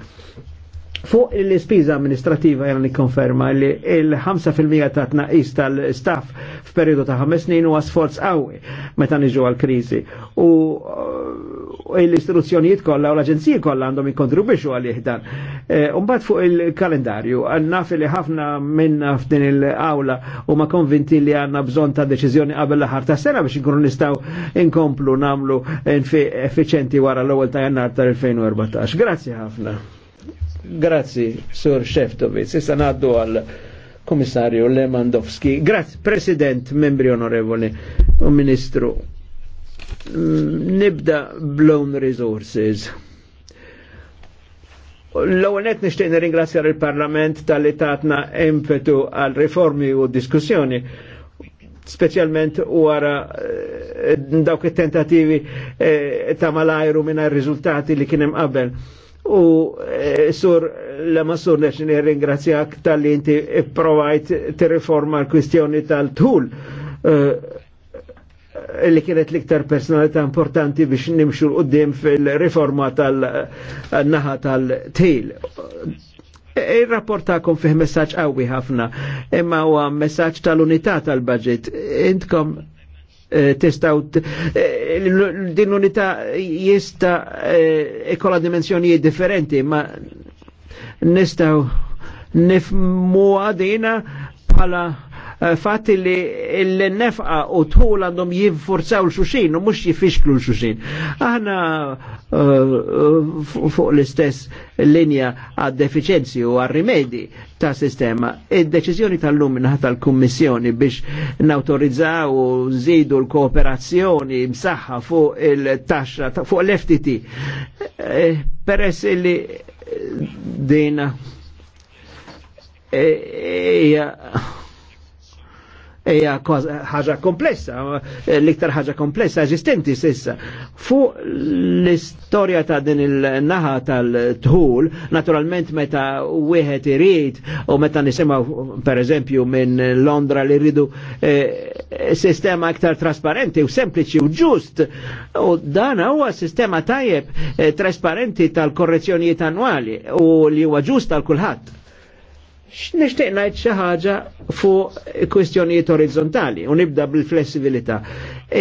Fuq l-ispiża amministrativa jgħan nikkonferma li il-5% ta' tnaqis tal-staff f'periodu ta' 5 snin u għasforz qawwi meta niġu għal-kriżi. U l-istituzzjonijiet kollha u l-aġenziji kollha għandhom jikkontribwixxu għalih dan. E, Umbat fuq il-kalendarju, naf li ħafna minna f'din il-awla huma konvinti li għandna bżonn ta' deċiżjoni qabel l-aħħar ta' sena biex inkunu nistgħu inkomplu nagħmlu effiċenti wara l-ewwel ta' jannar tal-2014. Grazzi ħafna. Grazzi, Sur Sheftovic. Issa ngħaddu għal Komissarju Lemandowski. Grazzi, President, membri onorevoli, u Ministru nibda blown resources. L-ewwel nishtiq nixtieq nirringrazzja l-Parlament tal-li tatna impetu għal riformi u diskussjoni specialment wara eh, dawk it-tentativi eh, ta' malajru minna minn rizultati li kienem hemm qabel. U eh, sur la massur neċin ringrazzjak tal-li inti provajt t-reforma l-kwistjoni tal-tul. Uh, li kienet l-iktar personalità importanti biex nimxu l-qoddim fil-riforma tal-naħa tal-til. E, il-rapport fih messaċ qawwi ħafna, imma huwa messaċ tal-unità tal-budget. Intkom e, testaw e, din unità jista ikolla dimensjonijiet differenti, ma nistaw nifmu għadina bħala Eh, fatt li l-nefqa u tħul għandhom jivforzaw l-xuxin u mux jifixklu l-xuxin. Aħna eh, fuq l-istess linja għad deficienzi u għad rimedi ta' sistema. Id-deċizjoni tal-lum minnaħat tal-Kummissjoni biex nautorizzaw u zidu l-kooperazzjoni msaħħa fuq il-taxxa, fuq l-FTT. Eh, peress li dina hija ħaġa komplessa, eh, l-iktar ħaġa komplessa eżistenti sissa. Fu l-istorja ta' din il-naħa tal-tħul, naturalment meta wieħed irid u meta nisimgħu pereżempju minn Londra li rridu e, sistema iktar trasparenti u sempliċi u ġust. U dan huwa sistema tajjeb e, trasparenti tal-korrezzjonijiet annwali u li huwa ġust tal kulħadd Nishtiq ngħid xi ħaġa fuq kwistjonijiet orizzontali u nibda bil-flessibilità.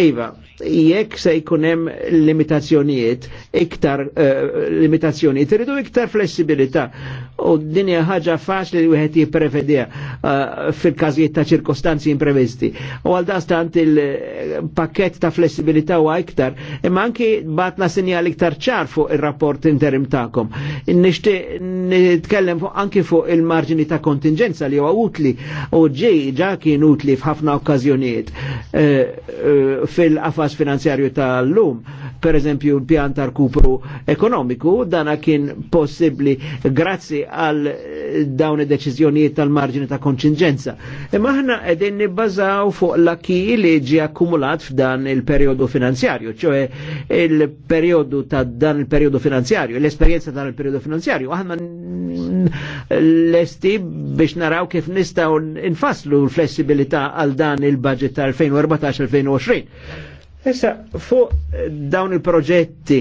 Iva, jekk se jkun hemm limitazzjonijiet, iktar eh, limitazzjonijiet, Iridu iktar flessibilità u d-dinja ħaġa faċli li wieħed jipprevedija uh, fil-każijiet ta' ċirkostanzi imprevisti. U għal dastant il-pakket ta' flessibilità u iktar, imma anki batna sinjal iktar ċar fuq il-rapport interim ta'kom. Nishti nitkellem fuq anki fuq il-marġini ta' kontingenza li huwa utli u ġej ġa kien utli f'ħafna okkażjonijiet uh, uh, fil-qafas finanzjarju tal-lum. Per eżempju, pjan ta' kupru ekonomiku, dana kien possibli grazzi għal dawn id-deċiżjonijiet tal-marġini ta' konċingenza. Imma aħna qegħdin nibbażaw fuq l-akki li ġi akkumulat f'dan il-perjodu finanzjarju, ċoħe il-perjodu ta' dan il-perjodu finanzjarju, l-esperjenza dan il-perjodu finanzjarju. Aħna l-esti biex naraw kif nistaw nfasslu l-flessibilità għal dan il-budget tal-2014-2020 Issa, fuq dawn il-proġetti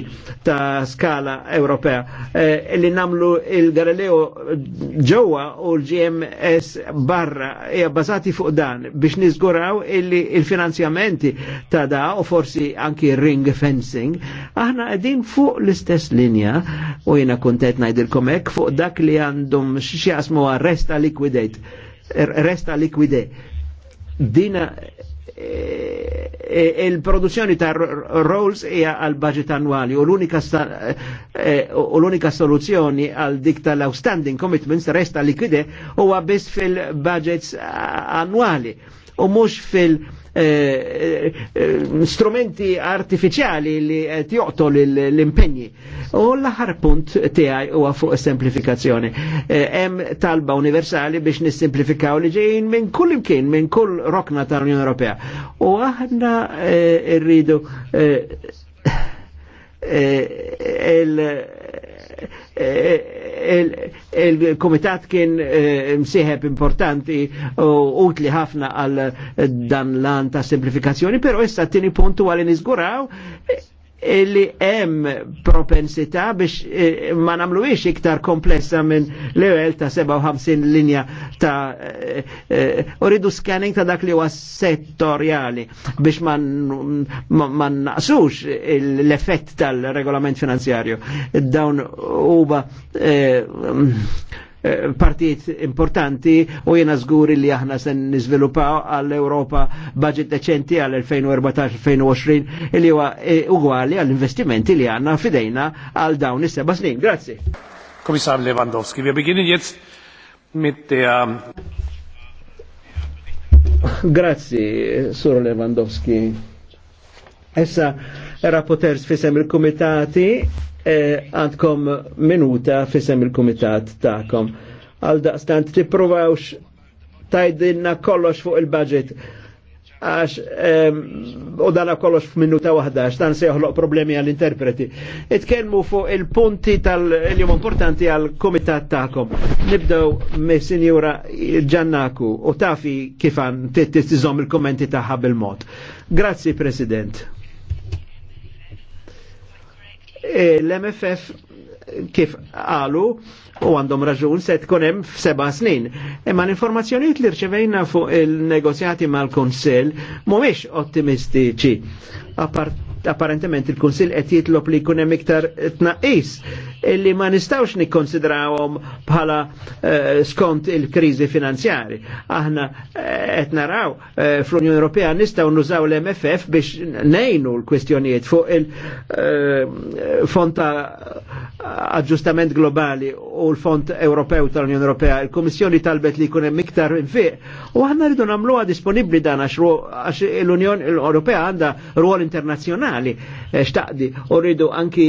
ta' skala Ewropea eh, li namlu il-Galileo ġewwa u l-GMS barra hija bazati fuq dan biex nizguraw illi il-finanzjamenti ta' da u forsi anki ring fencing, aħna qegħdin fuq l-istess linja u jiena kuntet ngħidilkom hekk fuq dak li għandhom xi jasmu resta liquidate resta liquide. Dina Eh, il-produzzjoni ta' rolls hija għal budget annwali eh, u l-unika soluzzjoni għal dik tal-outstanding commitments resta likide huwa biss fil-budgets annwali u mhux fil-budgets Eh, eh, eh, strumenti artificiali li qed l-impegni. U l ħar punt tiegħi huwa fuq semplifikazzjoni. Hemm talba universali biex nissimplifikaw li ġejjin minn kull imkien, minn kull rokna tal-Unjoni Ewropea. U aħna rridu il il-komitat kien eh, msieħeb importanti u utli ħafna għal dan l-an ta' semplifikazzjoni, pero issa t-tini puntu għal nizguraw li hemm propensità biex eh, ma nagħmluhiex iktar komplessa minn level ta' 57 linja ta' eh, eh, uridu scanning ta' dak li huwa settorjali biex ma naqsux l-effett tal-regolament finanzjarju. Dawn huwa Eh, partijiet importanti u jena zgur li aħna sen nizvilupaw għall-Europa budget deċenti għall-2014-2020 li huwa eh, ugwali għall-investimenti li għanna fidejna għal dawn is-seba' snin. Grazie. Komissar Lewandowski, vi beginnen jetzt mit der Grazzi, Sur Lewandowski. Essa rapporters fissem il-komitati E, għandkom minuta fissem il-komitat ta'kom. Għal daqstant provawx tajdinna kollox fuq il-budget għax u dana kollox f'minuta waħda għax dan se joħloq problemi għall-interpreti. Itkelmu fuq il-punti tal-jum importanti għall-komitat ta'kom. Nibdew me sinjura Ġannaku u tafi kifan t-tizom il-kommenti taħħa bil-mod. Grazzi, President. E, l-MFF kif għalu u għandhom raġun se tkun hemm f'seba' snin. Imma l-informazzjonijiet li rċevejna fuq il-negozjati mal-Kunsill mhumiex ottimistiċi. Apparentement il-Kunsill qed jitlob li jkun hemm iktar tnaqqis Illi ma nistawx nikkonsidrawhom bħala uh, skont il-kriżi finanzjari. Aħna eh, qed naraw uh, fl-Unjoni Ewropea nistgħu nużaw l-MFF biex nejnu l-kwestjonijiet fuq il-fond ta' aġġustament globali u l-fond Ewropew tal-Unjoni Ewropea. Il-Kummissjoni talbet li jkun hemm iktar infiq u aħna rridu nagħmluha disponibbli dan għax l-Unjoni Ewropea għandha ruol internazzjonali xtaqdi u rridu anki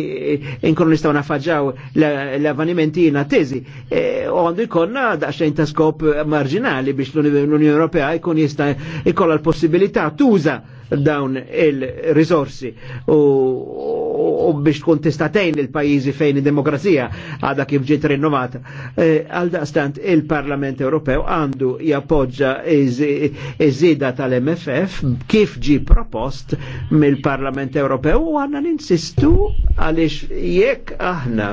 inkun nistgħu nafaġġaw l-avvenimenti tezi. E, u għandu jkollna daqsxejn ta' skop marġinali biex l-Unjoni Ewropea jkun jista' jkollha l-possibilità tuża dawn il-risorsi u biex tkun tistatejn il-pajizi fejn id-demokrazija għada kif ġiet rinnovata. E, għal daqstant il-Parlament Ewropew għandu jappoġġa iż-żida tal-MFF kif ġi propost mill-Parlament Ewropew għanna ninsistu għalix jekk aħna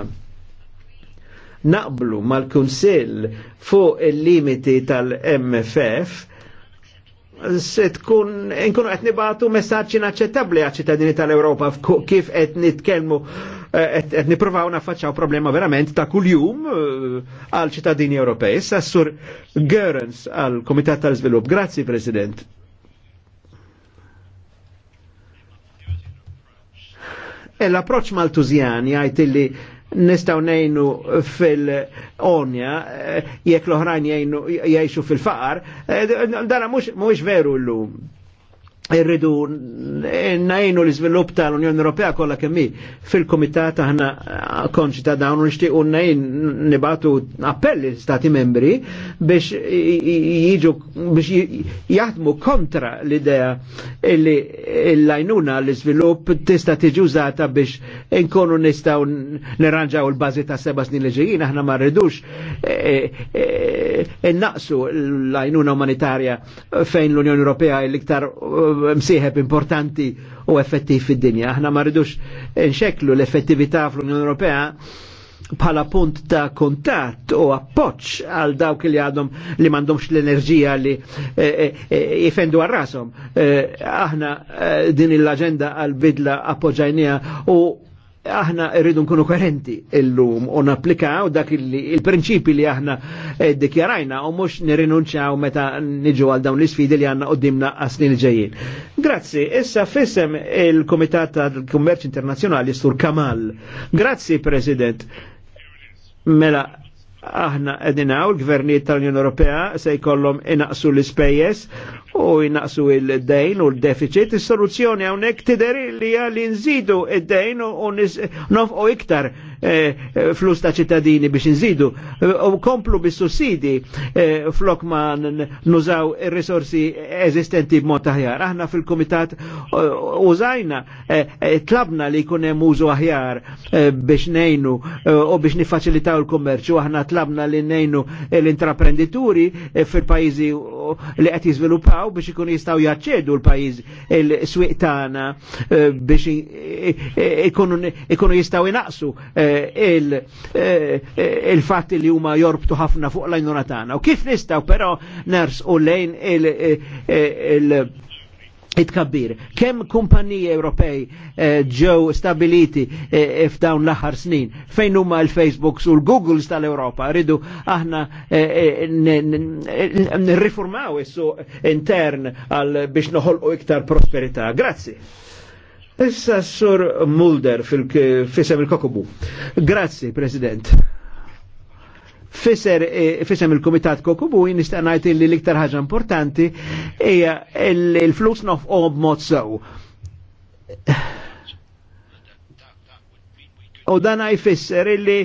naqblu mal-Kunsill fuq il-limiti tal-MFF se tkun nkunu qed nibatu messaġġ inaċċettabbli għaċ-ċittadini tal-Ewropa kif qed nitkellmu eh, qed nippruvaw naffaċċaw problema verament ta' kuljum eh, għal ċittadini Ewropej. Sassur sur Görens għal Komitat tal-Żvilupp. Grazzi President. E L-approċ mal-tużjan jgħid illi nistaw nejnu fil-onja, eh, jek l-oħrajn jgħixu fil-faqar, eh, dana mux veru l-lum irridu najnu l-izvilup tal-Unjoni Ewropea kollha kemm fil-Kumitat aħna konċi ta' dawn u najn nibatu appelli stati membri biex jiġu biex jaħdmu kontra l-idea li l-lajnuna l-izvilup tista' tiġi użata biex inkunu nistgħu nirranġaw il-bażi ta' seba' snin li ġejjin aħna ma rridux e, e, e, innaqsu l-lajnuna umanitarja fejn l-Unjoni Ewropea l-iktar msieħeb importanti u effettiv fid-dinja. Aħna ma rridux nxeklu l-effettività fl-Unjoni Ewropea bħala punt ta' kontatt u appoċ għal dawk li għadhom li mandomx l-enerġija li eh, eh, eh, jifendu għal rasom. Aħna din l-agenda għal-bidla appoġajnija u aħna rridu nkunu koerenti illum u napplikaw dak il-prinċipi li aħna eh, dikjarajna u mux nirrinunċaw meta niġu għal dawn l-isfidi li għanna qoddimna għasnin ġejjin. Grazzi, issa fissem il-Komitat tal-Kummerċ Internazzjonali Sur Kamal. Grazzi, President. Mela, aħna u l gvernijiet tal-Unjoni Ewropea se jkollhom inaqsu l-ispejjeż u jnaqsu l dejn u l-deficit. Is-soluzzjoni hawnhekk tidher li hija li nżidu id-dejn u nofqu iktar Eh, flus ta' ċittadini biex nżidu. Eh, u komplu bis sussidi eh, flok ma nużaw il-risorsi eżistenti b'mod aħjar. Aħna fil-komitat użajna, tlabna li kunem użu aħjar biex nejnu u biex nifacilitaw il-kommerċu. Aħna tlabna li nejnu l-intraprendituri fil-pajizi li qed jiżviluppaw biex ikun jistgħu jaċċedu l-pajjiż il-swieq tagħna biex ikunu jistgħu inaqsu il-fatti li huma jorbtu ħafna fuq l-għajnuna tagħna. U kif nistgħu però nars u lejn il- itkabbir. Kem kumpaniji Ewropej ġew stabiliti f'dawn l-aħħar snin fejn huma l-Facebooks u l-Googles tal-Ewropa rridu aħna nirriformaw is intern biex noħolqu iktar prosperità. Grazzi. Issa sur Mulder fil-fisem il-Kokobu. Grazzi, President. Fisser, eh, fisem il-Komitat Kokobu, nistanajt li l-iktar ħaġa importanti hija il-flus nof u mod sew. U dan għaj fisser illi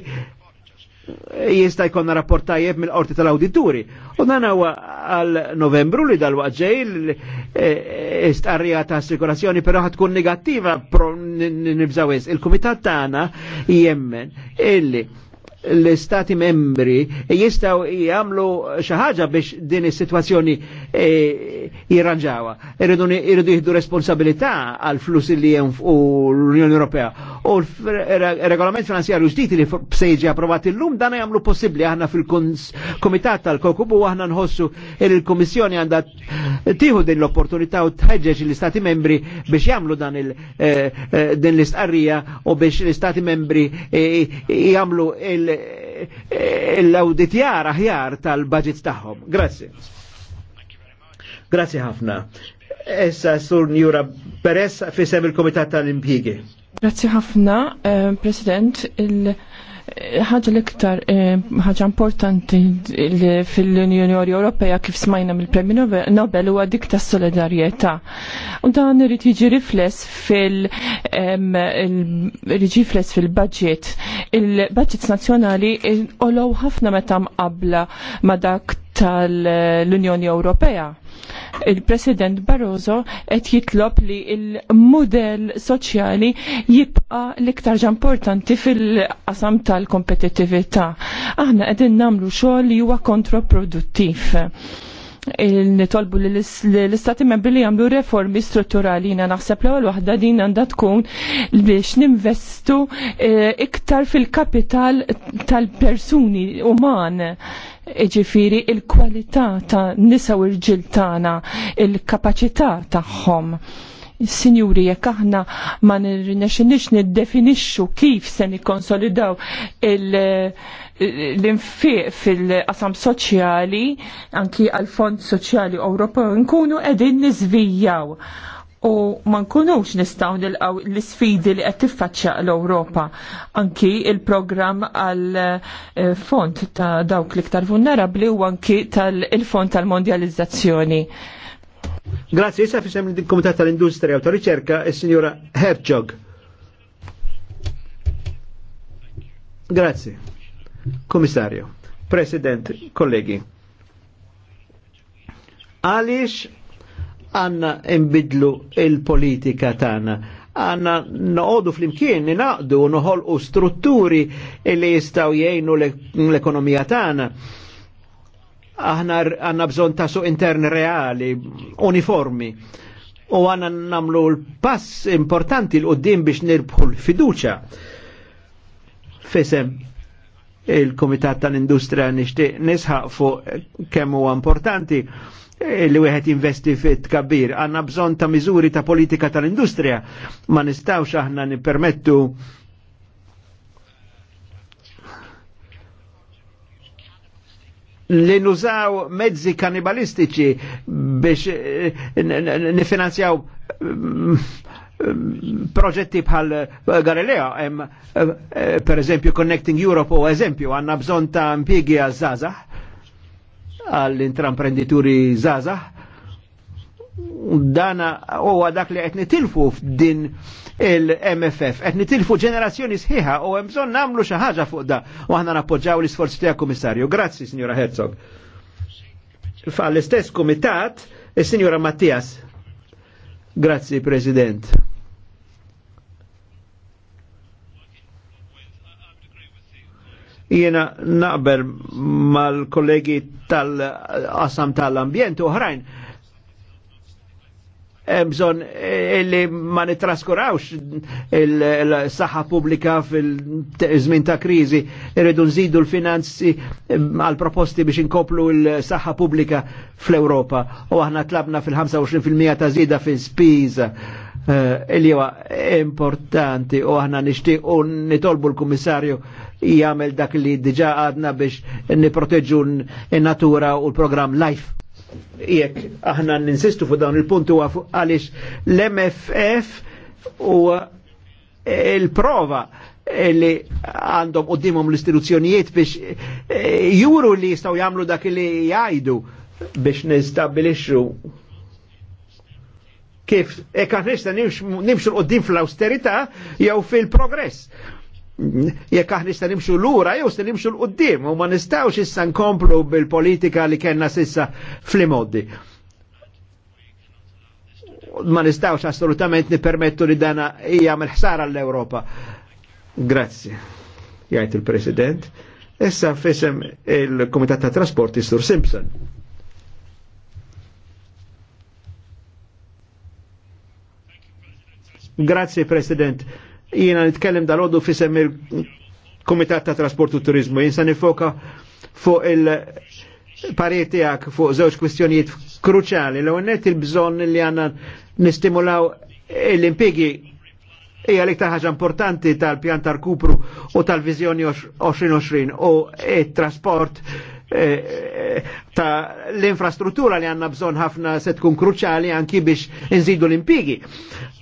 jista jkonna rapportajieb tajjeb mill-qorti tal-awdituri. U dan huwa għal novembru li dal-waqt ġej eh, eh, istqarrija ta' assikurazzjoni però tkun negattiva nibżawis. Il-kumitat tagħna jemmen illi l-istati membri jistaw jgħamlu xaħġa biex din is situazzjoni e, jirranġawa. Irridu jihdu responsabilità għal flus li jem u l-Unjoni Ewropea. U l-regolament finanzjarju ġdijt li bsejġi l-lum dan jagħmlu possibli aħna fil-komitat tal-Kokubu aħna nħossu il-Komissjoni għanda tiħu din l-opportunità u tħeġġeġ l-istati membri biex jagħmlu dan il e, e, din l-istqarrija u biex l-istati membri jagħmlu il- l-auditjar aħjar tal-budget taħħom. Grazie. Grazie ħafna. Essa sur Njura Peress fisem il-Komitat tal impiegi Grazie ħafna, eh, President. Il- ħaġa l-iktar eh, ħaġa importanti fil-Unjoni Ewropea kif smajna mill-Premju Nobel huwa dik tas solidarjetà. U dan irid jiġi rifless fil- jiġi rifless fil-budget. Il-budgets nazzjonali olow ħafna meta mqabbla ma dak tal-Unjoni Ewropea. Il-President Barroso qed jitlob li il-modell soċjali jibqa l-iktar importanti fil-qasam tal-kompetittività. Aħna qegħdin nagħmlu xogħol li huwa kontraproduttiv nitolbu l-istati membri li jagħmlu reformi strutturali jina naħseb l-ewwel waħda din għandha tkun biex ninvestu eh, iktar fil-kapital tal-persuni uman ġifiri il-kwalità ta' nisa u rġiltana il-kapaċità tagħhom. Signuri, jekk aħna ma nirnexinix niddefinixxu kif se nikkonsolidaw l-infiq fil-qasam soċjali, anki għal-Fond Soċjali Ewropew, nkunu qegħdin niżvijaw u ma nkunux nistgħu nilqgħu l-isfidi li qed tiffaċċja l-Ewropa. Anki il-programm għal eh, fond ta' dawk l-iktar vulnerabbli u anki tal-fond tal-mondjalizzazzjoni. tal mondializzazzjoni tal mondjalizzazzjoni Grazie, issa fissem il-Komitat tal-Industrija u tal ricerca, il-Signora Herzog. Grazie. Komissario, President, kollegi. Għalix għanna imbidlu il-politika tana? għanna noqodu fl-imkien ninaqdu noħolqu strutturi li jistaw jgħinu l-ekonomija tana aħna għanna bżon ta' suq intern reali, uniformi. U għanna namlu l-pass importanti l-qoddim biex nirbħu l-fiduċa. Fisem, il-Komitat tal-Industrija nixtieq nisħaq fuq kemm huwa importanti li wieħed investi fit tkabbir. Għanna bżonn ta' miżuri ta' politika tal-industrija. Ma nistawx aħna nippermettu li nużaw mezzi kannibalistiċi biex eh, nifinanzjaw mm, proġetti bħal Galileo, eh, per eżempju Connecting Europe u eżempju għanna bżon ta' impiegi zaza, għall-intramprenditori zaza dana huwa dak li qed nitilfu f'din il-MFF, qed nitilfu ġenerazzjoni sħiħa u hemm bżonn nagħmlu xi ħaġa fuq da u aħna nappoġġaw l-isforzi tiegħek Kummissarju. Grazzi, Signora Herzog. Fall-istess kumitat, is-Sinjura Mattias. Grazzi, President. jiena naqbel mal-kollegi tal-qasam tal-ambjent uħrajn bżon eh, illi ma nitraskurawx il-saħħa pubblika fil-żmien ta' kriżi, irridu nżidu l-finanzi eh, għal proposti biex inkoplu l-saħħa pubblika fl-Ewropa. U aħna tlabna fil-25% ta' zida fil-spiża eh, illi huwa importanti u aħna nixtieq u nitolbu l-Kummissarju jagħmel dak li diġà għadna biex niproteġġu n-natura u l-programm Life jekk aħna ninsistu fuq dawn il-punti huwa għaliex l-MFF u il-prova li għandhom qoddimhom l-istituzzjonijiet biex e, juru li jistgħu jagħmlu dak li jgħidu biex nistabilixxu kif e kan nista nimxu l-qoddim fl austerita jew fil-progress jekk aħna nista' nimxu lura jew se nimxu l qudiem u ma nistgħux issa nkomplu bil-politika li kellna sissa fl-imoddi. Ma nistgħux assolutament nippermettu li dana hija mill-ħsara l-Ewropa. Grazzi, jgħid il-President. Issa fisem il kumitat ta' Trasporti Sur Simpson. Grazie President jina nitkellem dal-għoddu fi semmir komitat ta' Trasportu Turizmu. Jinsa nifoka fuq il għak fuq zewġ kwistjonijiet kruċali. L-għonet il-bżon li għanna nistimulaw l-impiegi hija li ħaġa importanti tal-pjan tal-kupru u tal-vizjoni 2020 u il trasport Eh, eh, ta' l-infrastruttura li għanna bżon ħafna se tkun kruċali anki biex nżidu l-impigi.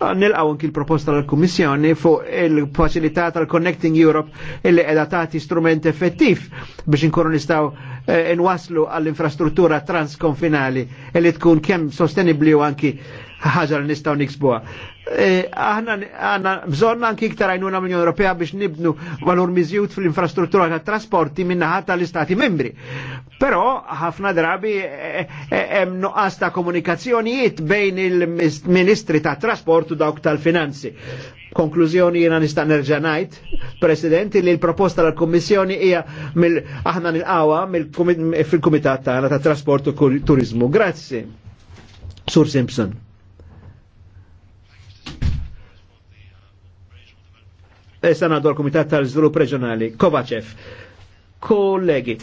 Ah, nilqaw anki l-proposta tal-Kummissjoni fuq il-facilità tal-Connecting Europe illi edha tagħti strument effettiv biex inkunu nistgħu eh, nwaslu għall-infrastruttura transkonfinali illi tkun kemm sostenibli u anki ħaġa li nistgħu niksbuha. E, aħna għandna bżonn anki iktar għajnuna mill Ewropea biex nibnu valur miżjud fl-infrastruttura ta' trasporti minnaħa tal-Istati membri. Però ħafna drabi e, e, hemm nuqqas ta' komunikazzjonijiet bejn il-Ministri tat-Trasport u dawk tal-Finanzi. Konklużjoni jiena nista' nerġa' ngħid, President, li l-proposta tal-Kummissjoni hija mill aħna nilqawha fil-Kumitat tagħna ta' trasport u Turizmu. Grazzi. Sur Simpson. Issa e komitat tal-Żvilupp Reġjonali, Kovacev. Kollegi,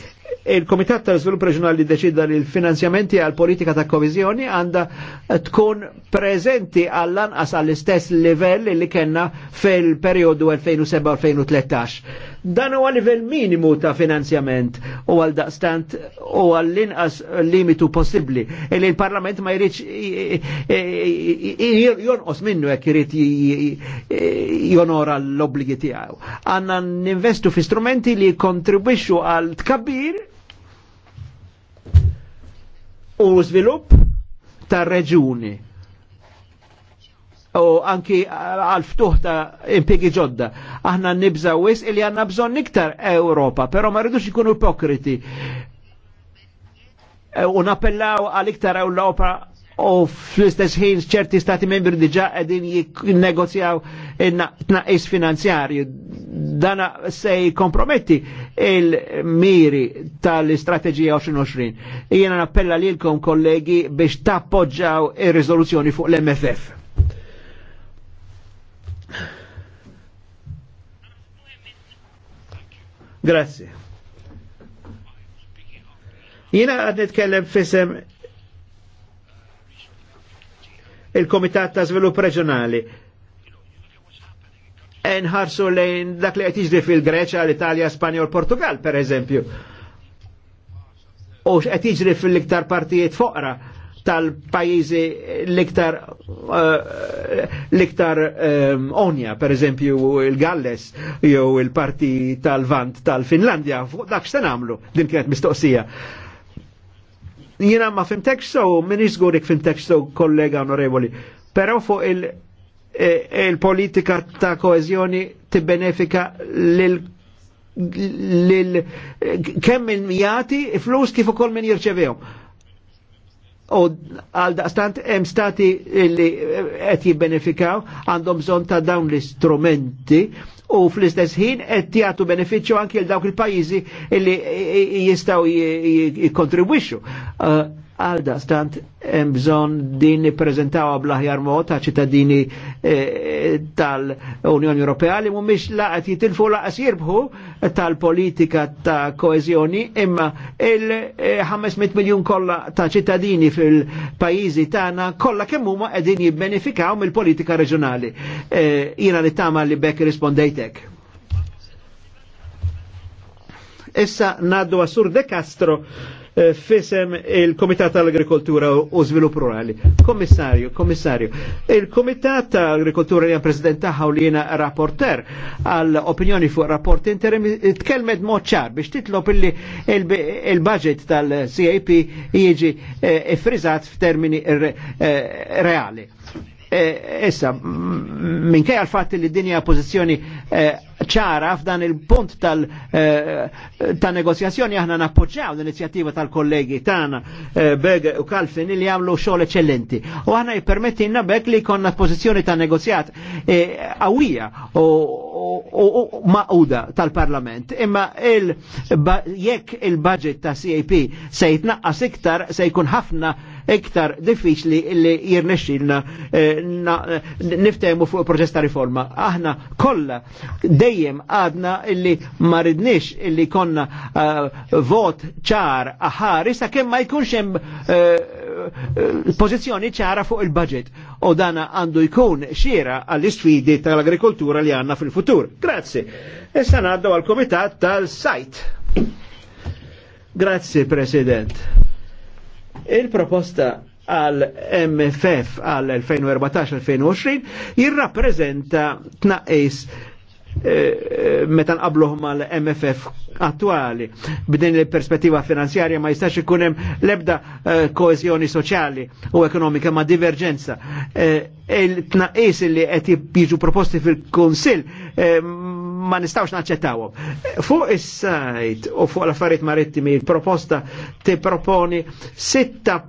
il-Komitat tal-Żvilupp Reġjonali deċida li l-finanzjamenti għal politika ta' koviżjoni għandha tkun preżenti għall-anqas għall-istess livell li kellna fil periodu 2007-2013 Dan huwa livell minimu ta' finanzjament u għal daqstant u għal inqas limitu possibbli. Illi l-Parlament ma jridx jonqos minnu jekk irid jonora l-obbligi tiegħu. Għandna ninvestu fi strumenti li kontribwixxu għal tkabbir u żvilupp tar-reġuni u anki għal-ftuħ ta' impiegi ġodda. Aħna nibżaw wis il għanna bżon iktar Ewropa, pero ma rridux ikunu ipokriti. E, u napellaw għal-iktar Ewropa u fl-istess ħin ċerti stati membri diġa għedin jinnegozjaw tnaqis finanzjarju. Dana se komprometti il-miri tal-istrateġija 2020. Jena nappella lilkom kollegi biex tappoġġaw ir-riżoluzzjoni fuq l-MFF. Grazie. Jina għad nitkellem fisem il-Komitat ta' Zvilupp Reġjonali. Enħarsu lejn dak li qed fil greċa l-Italja, Spanja u l-Portugal, per eżempju. U x'qed fil-iktar partijiet foqra tal-pajizi l-iktar eh, l-iktar ehm, onja, per eżempju il-Galles jew il-parti tal-Vant tal-Finlandja, fuq dak x'ten għamlu, din kienet mistoqsija. Jina ma fimtek so, min iżgurik fimtek so kollega onorevoli, pero fuq eh, il-politika ta' koezjoni tibbenefika lil lil kemm il-mijati flus kif ukoll min jirċevihom u għal daqstant hemm stati li eh, qed jibbenefikaw għandhom bżonn ta' dawn l-istrumenti u fl-istess ħin qed jagħtu benefiċċju anke l dawk il-pajjiżi li eh, eh, jistgħu jikkontribwixxu. Uh, għal da stant bżon din prezentawa blaħjar mod ta' ċittadini eh, tal-Unjoni Ewropea li mumiex laqat jitilfu laqas jirbħu tal-politika ta' koezjoni imma il-500 miljon kolla ta' ċittadini fil-pajizi tagħna kolla kemm huma qegħdin jibbenefikaw mill-politika reġjonali. Eh, jina Jiena li tama li bekk rispondejtek. Issa naddu għasur De Castro Eh, fisem il-Komitat tal-Agrikoltura u Zvilupp Rurali. Komissarju, komissarju, il-Komitat tal-Agrikoltura li president taħħa u rapporter għall-opinjoni fuq rapport interim tkelmet moċċar biex titlop illi il-budget tal-CAP jieġi eh, frizzat f'termini eh, reali. Issa, minkej għal-fat li dinja pozizjoni ċara f'dan il-punt tal eh, negozjazzjoni aħna nappoġġaw l-inizjattiva tal-kollegi tagħna eh, Beg u Kalfin li jagħmlu xogħol eċellenti. U aħna jippermettilna bek li jkollna pożizzjoni ta' negozjat eh, qawwija u maquda tal-Parlament. Imma jekk il-budget ta' CAP se jitnaqqas iktar se jkun ħafna iktar diffiċli li jirnexxilna eh, niftemu fuq proċess ta' riforma. Aħna kollha dejjem għadna illi ma ridniex illi konna eh, vot ċar aħari sa kemm ma jkunx hemm eh, pożizzjoni ċara fuq il-budget. U dana għandu jkun xiera għall-isfidi tal-agrikoltura li għanna fil-futur. Grazzi. Issa għal-komitat tal-sajt. Grazie President. Il-proposta għal MFF għal 2014-2020 jirrapprezenta tnaqis E, eh, eh, meta nqabluh mal-MFF attuali. B'din il-perspettiva finanzjarja ma jistax ikun hemm l-ebda eh, soċjali u ekonomika ma' diverġenza. Il-tnaqqis li qed jiġu proposti fil-Kunsill ma nistawx naċċettawhom. Fuq is-sajt u fuq l-affarijiet marittimi il proposta tipproponi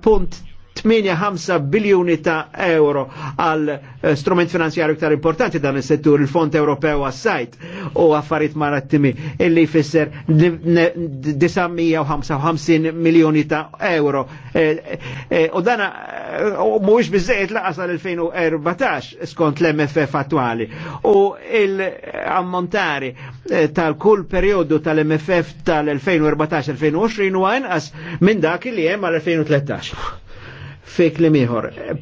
punt 8-5 biljuni ta' euro għal eh, strument finanzjarju iktar importanti dan is-settur il fond Ewropew għas-sajt u affarijiet marattimi illi jfisser 955 miljoni ta' euro. Eh, eh, u dana mhuwiex biżejjed laqas għal 2014 skont l-MFF attwali. U l-ammontari tal-kull periodu tal-MFF tal-2014-2020 huwa inqas minn dak li hemm għal 2013 fi klim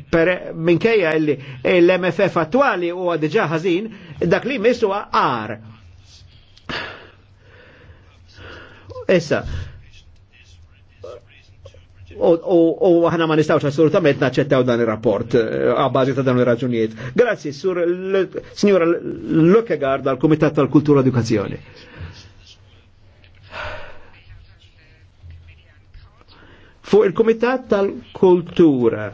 Per Minkejja illi l-MFF attuali u għadġa ħażin, dak li misu għar. Issa, u ħana ma nistawx assolutament naċċettaw dan il-rapport għabbażi eh, ta' dan il-raġunijiet. Grazzi, sur l signora l Lukkegaard għal-Komitat tal-Kultura Edukazzjoni. fuq il-Kumitat tal-Kultura.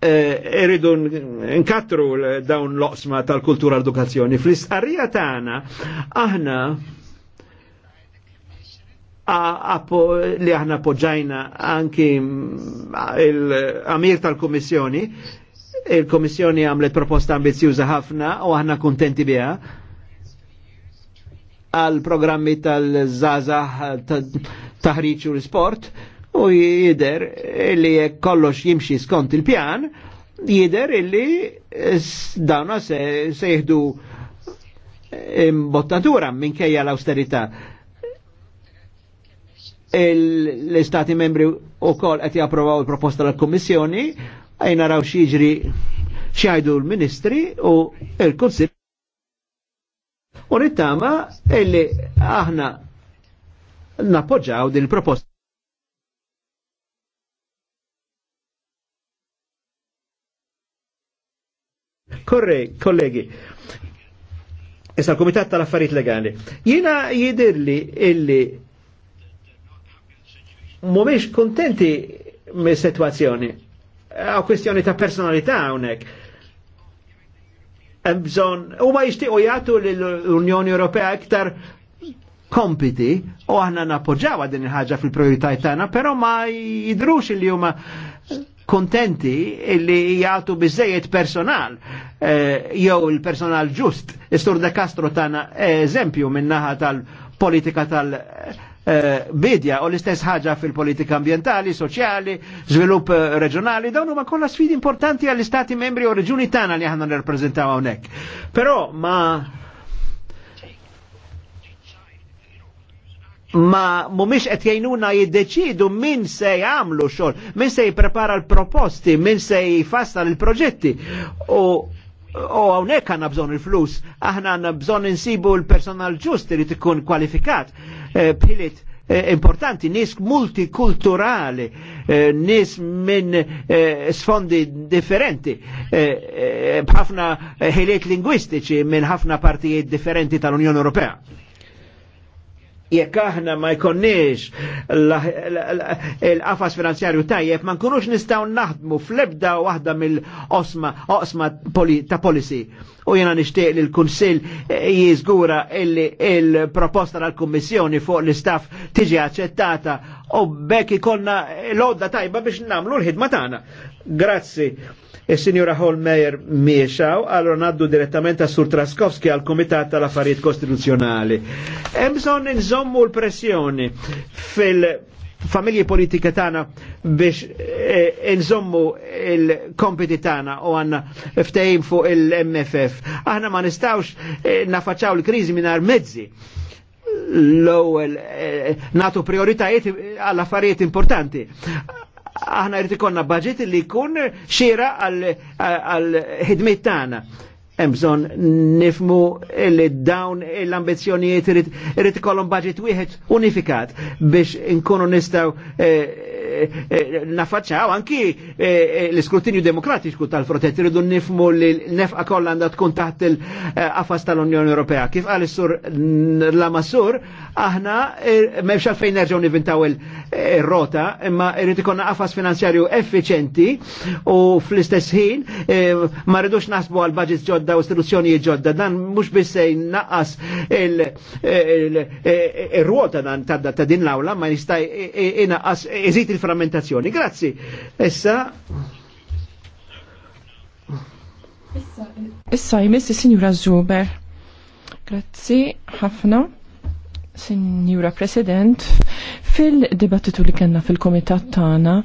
Eridu eh, nkattru dawn l-oqsma tal-kultura l-edukazzjoni. Fl-istqarrija tagħna aħna li aħna poġġajna anki l amir tal-Komissjoni, il-Komissjoni għamlet proposta ambizjuża ħafna u aħna kontenti biha għal programmi tal-Zaza taħriċ u l-sport u jider li kollox jimxi skont il-pjan jider illi dawna se, se jihdu imbottatura minkejja l austerita l-istati membri u kol għet japprovaw il-proposta l-Kommissjoni, għajna raw xieġri xieħdu l-Ministri u il-Konsil U nittama illi aħna nappoġġaw din il-proposta. Korre, kollegi, issa l-Komitat tal-Affarijiet Legali. Jina jidirli illi mumiex kontenti mis-situazzjoni. Għaw kwestjoni ta' personalità hawnhekk hemm bżonn huma jixtiequ jagħtu l unjoni Ewropea iktar kompiti u għahna napoġawa din il ħagġa fil-prioritajt tagħna, però ma jidrux li huma kontenti illi jgħatu bizzejiet personal eh, jew il-personal ġust. Istur de Castro tana eżempju minnaħa tal-politika tal-, -politika tal Eh, bidja u l-istess ħaġa fil-politika ambientali, soċjali, svilupp eh, reġjonali, dawn huma kollha sfidi importanti għall-istati membri u reġuni tagħna li aħna nirrappreżentaw hawnhekk. Però ma ma mumiex qed jgħinuna jiddeċidu min se jagħmlu xogħol, min se jipprepara l-proposti, min se jfassal il-proġetti. U u għawnek għanna bżon il-flus, aħna għanna bżon insibu l-personal ġust li tkun kwalifikat eh, bħilit eh, importanti, nis multikulturali, eh, nis minn sfondi differenti, bħafna ħiliet lingwistiċi minn ħafna partijiet differenti tal-Unjoni Ewropea jekk aħna ma jkonniex l qafas finanzjarju tajjeb ma nkunux nistgħu naħdmu fl-ebda waħda mill-osma osma ta' policy. U jena nixtieq li l-Kunsill eh, jiżgura illi il-proposta tal-Kummissjoni fuq l-istaff tiġi aċċettata u bekk ikollna l-odda tajba biex nagħmlu l-ħidma tagħna. Grazzi. il e signora Holmeyer miexaw, għallu naddu direttament a Sur Traskowski għal Komitat tal-Affarijiet Kostituzzjonali. Emson bżonn nżommu l-pressjoni fil- familji politika tana biex eh, e nżommu il-kompeti tana u għanna ftejim fuq il-MFF. Aħna ma nistawx eh, nafaċaw l-krizi minar mezzi l e, nato priorità natu prioritajiet għall affarijiet importanti aħna jrid ikonna budget li jkun xira għal ħidmiet tagħna hemm bżonn nifmu li dawn l-ambizzjonijiet irid ikollhom budget wieħed unifikat biex inkunu nistgħu eh, eh, eh, nafaċċaw anki l-iskrutinju demokratiku tal-frotett iridu nifmu li nefqa kollha għandha tkun taħt il-qafas tal-Unjoni Ewropea. Kif qal is-sur Lamassur, aħna m'hemmx fejn nerġgħu nivintaw il-rota, imma rrid ikollna qafas finanzjarju effiċenti u fl-istess ħin ma rridux naħsbu għal budgets ġodda ġodda u istituzzjonijiet ġodda dan mux bissej naqas il-ruota dan tadda ta' din l-awla ma jista' inaqqas eżit il-frammentazzjoni. Grazzi. Issa Issa jmessi signora Zuber. Grazzi ħafna. signora President, Fil-dibattitu li kena fil-komitat Tana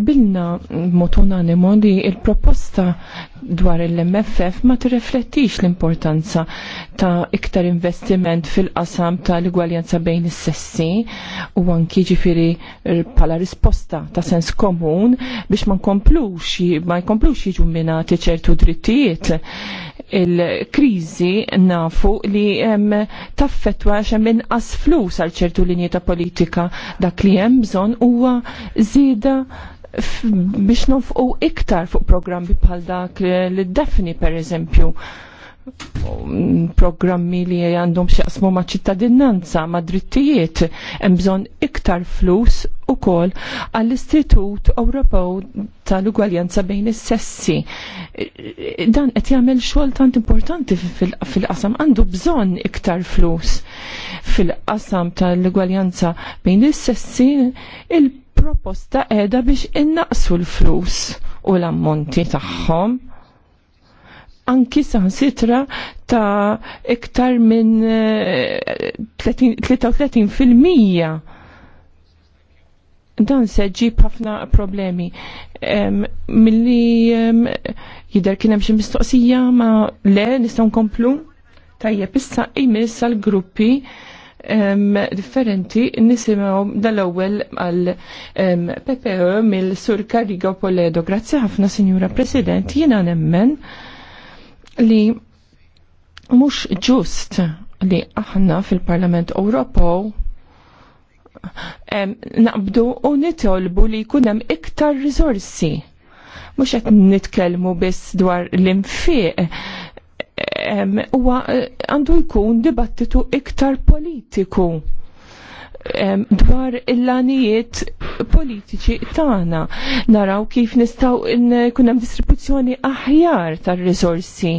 bilna mod unanimo li il-proposta dwar l-MFF ma tirreflettix l-importanza ta' iktar investiment fil-qasam ta' l-igwaljanza bejn is-sessi u anki ġifiri pala risposta ta' sens komun biex ma nkomplux ma jkomplux jiġu minati ċertu drittijiet il-krizi nafu li taffetwa xa inqas flus għal ċertu linji ta' politika dak li hemm bżonn huwa żieda biex nofqu iktar fuq programmi bħal dak li d-defni per eżempju programmi li għandhom xaqsmu ma' ċittadinanza, ma' drittijiet, bżon iktar flus u kol għall-Istitut Ewropew tal-Ugwaljanza bejn is-sessi. Dan qed jagħmel xogħol tant importanti fil-qasam għandu bżonn iktar flus fil-qasam tal-ugwaljanza bejn is-sessi il-proposta qiegħda biex innaqsu l-flus u l-ammonti tagħhom anki sitra ta' iktar minn 33% eh, dan se ġib ħafna problemi. Milli jider kien hemm xi mistoqsija ma le nistgħu nkomplu. Tajjeb issa imis għal gruppi um, differenti nisimgħu dal-ewwel għal um, PPE mill-Sur Carrigo Poledo. Grazzi ħafna, Sinjura President, jiena nemmen li mhux ġust li aħna fil-Parlament Ewropew naqbdu u nitolbu li jkun hemm iktar rizorsi. Mhux qed nitkellmu biss dwar l imfiq huwa għandu jkun dibattitu iktar politiku dwar il-lanijiet politiċi tagħna naraw kif nistgħu nkun hemm distribuzzjoni aħjar tar-risorsi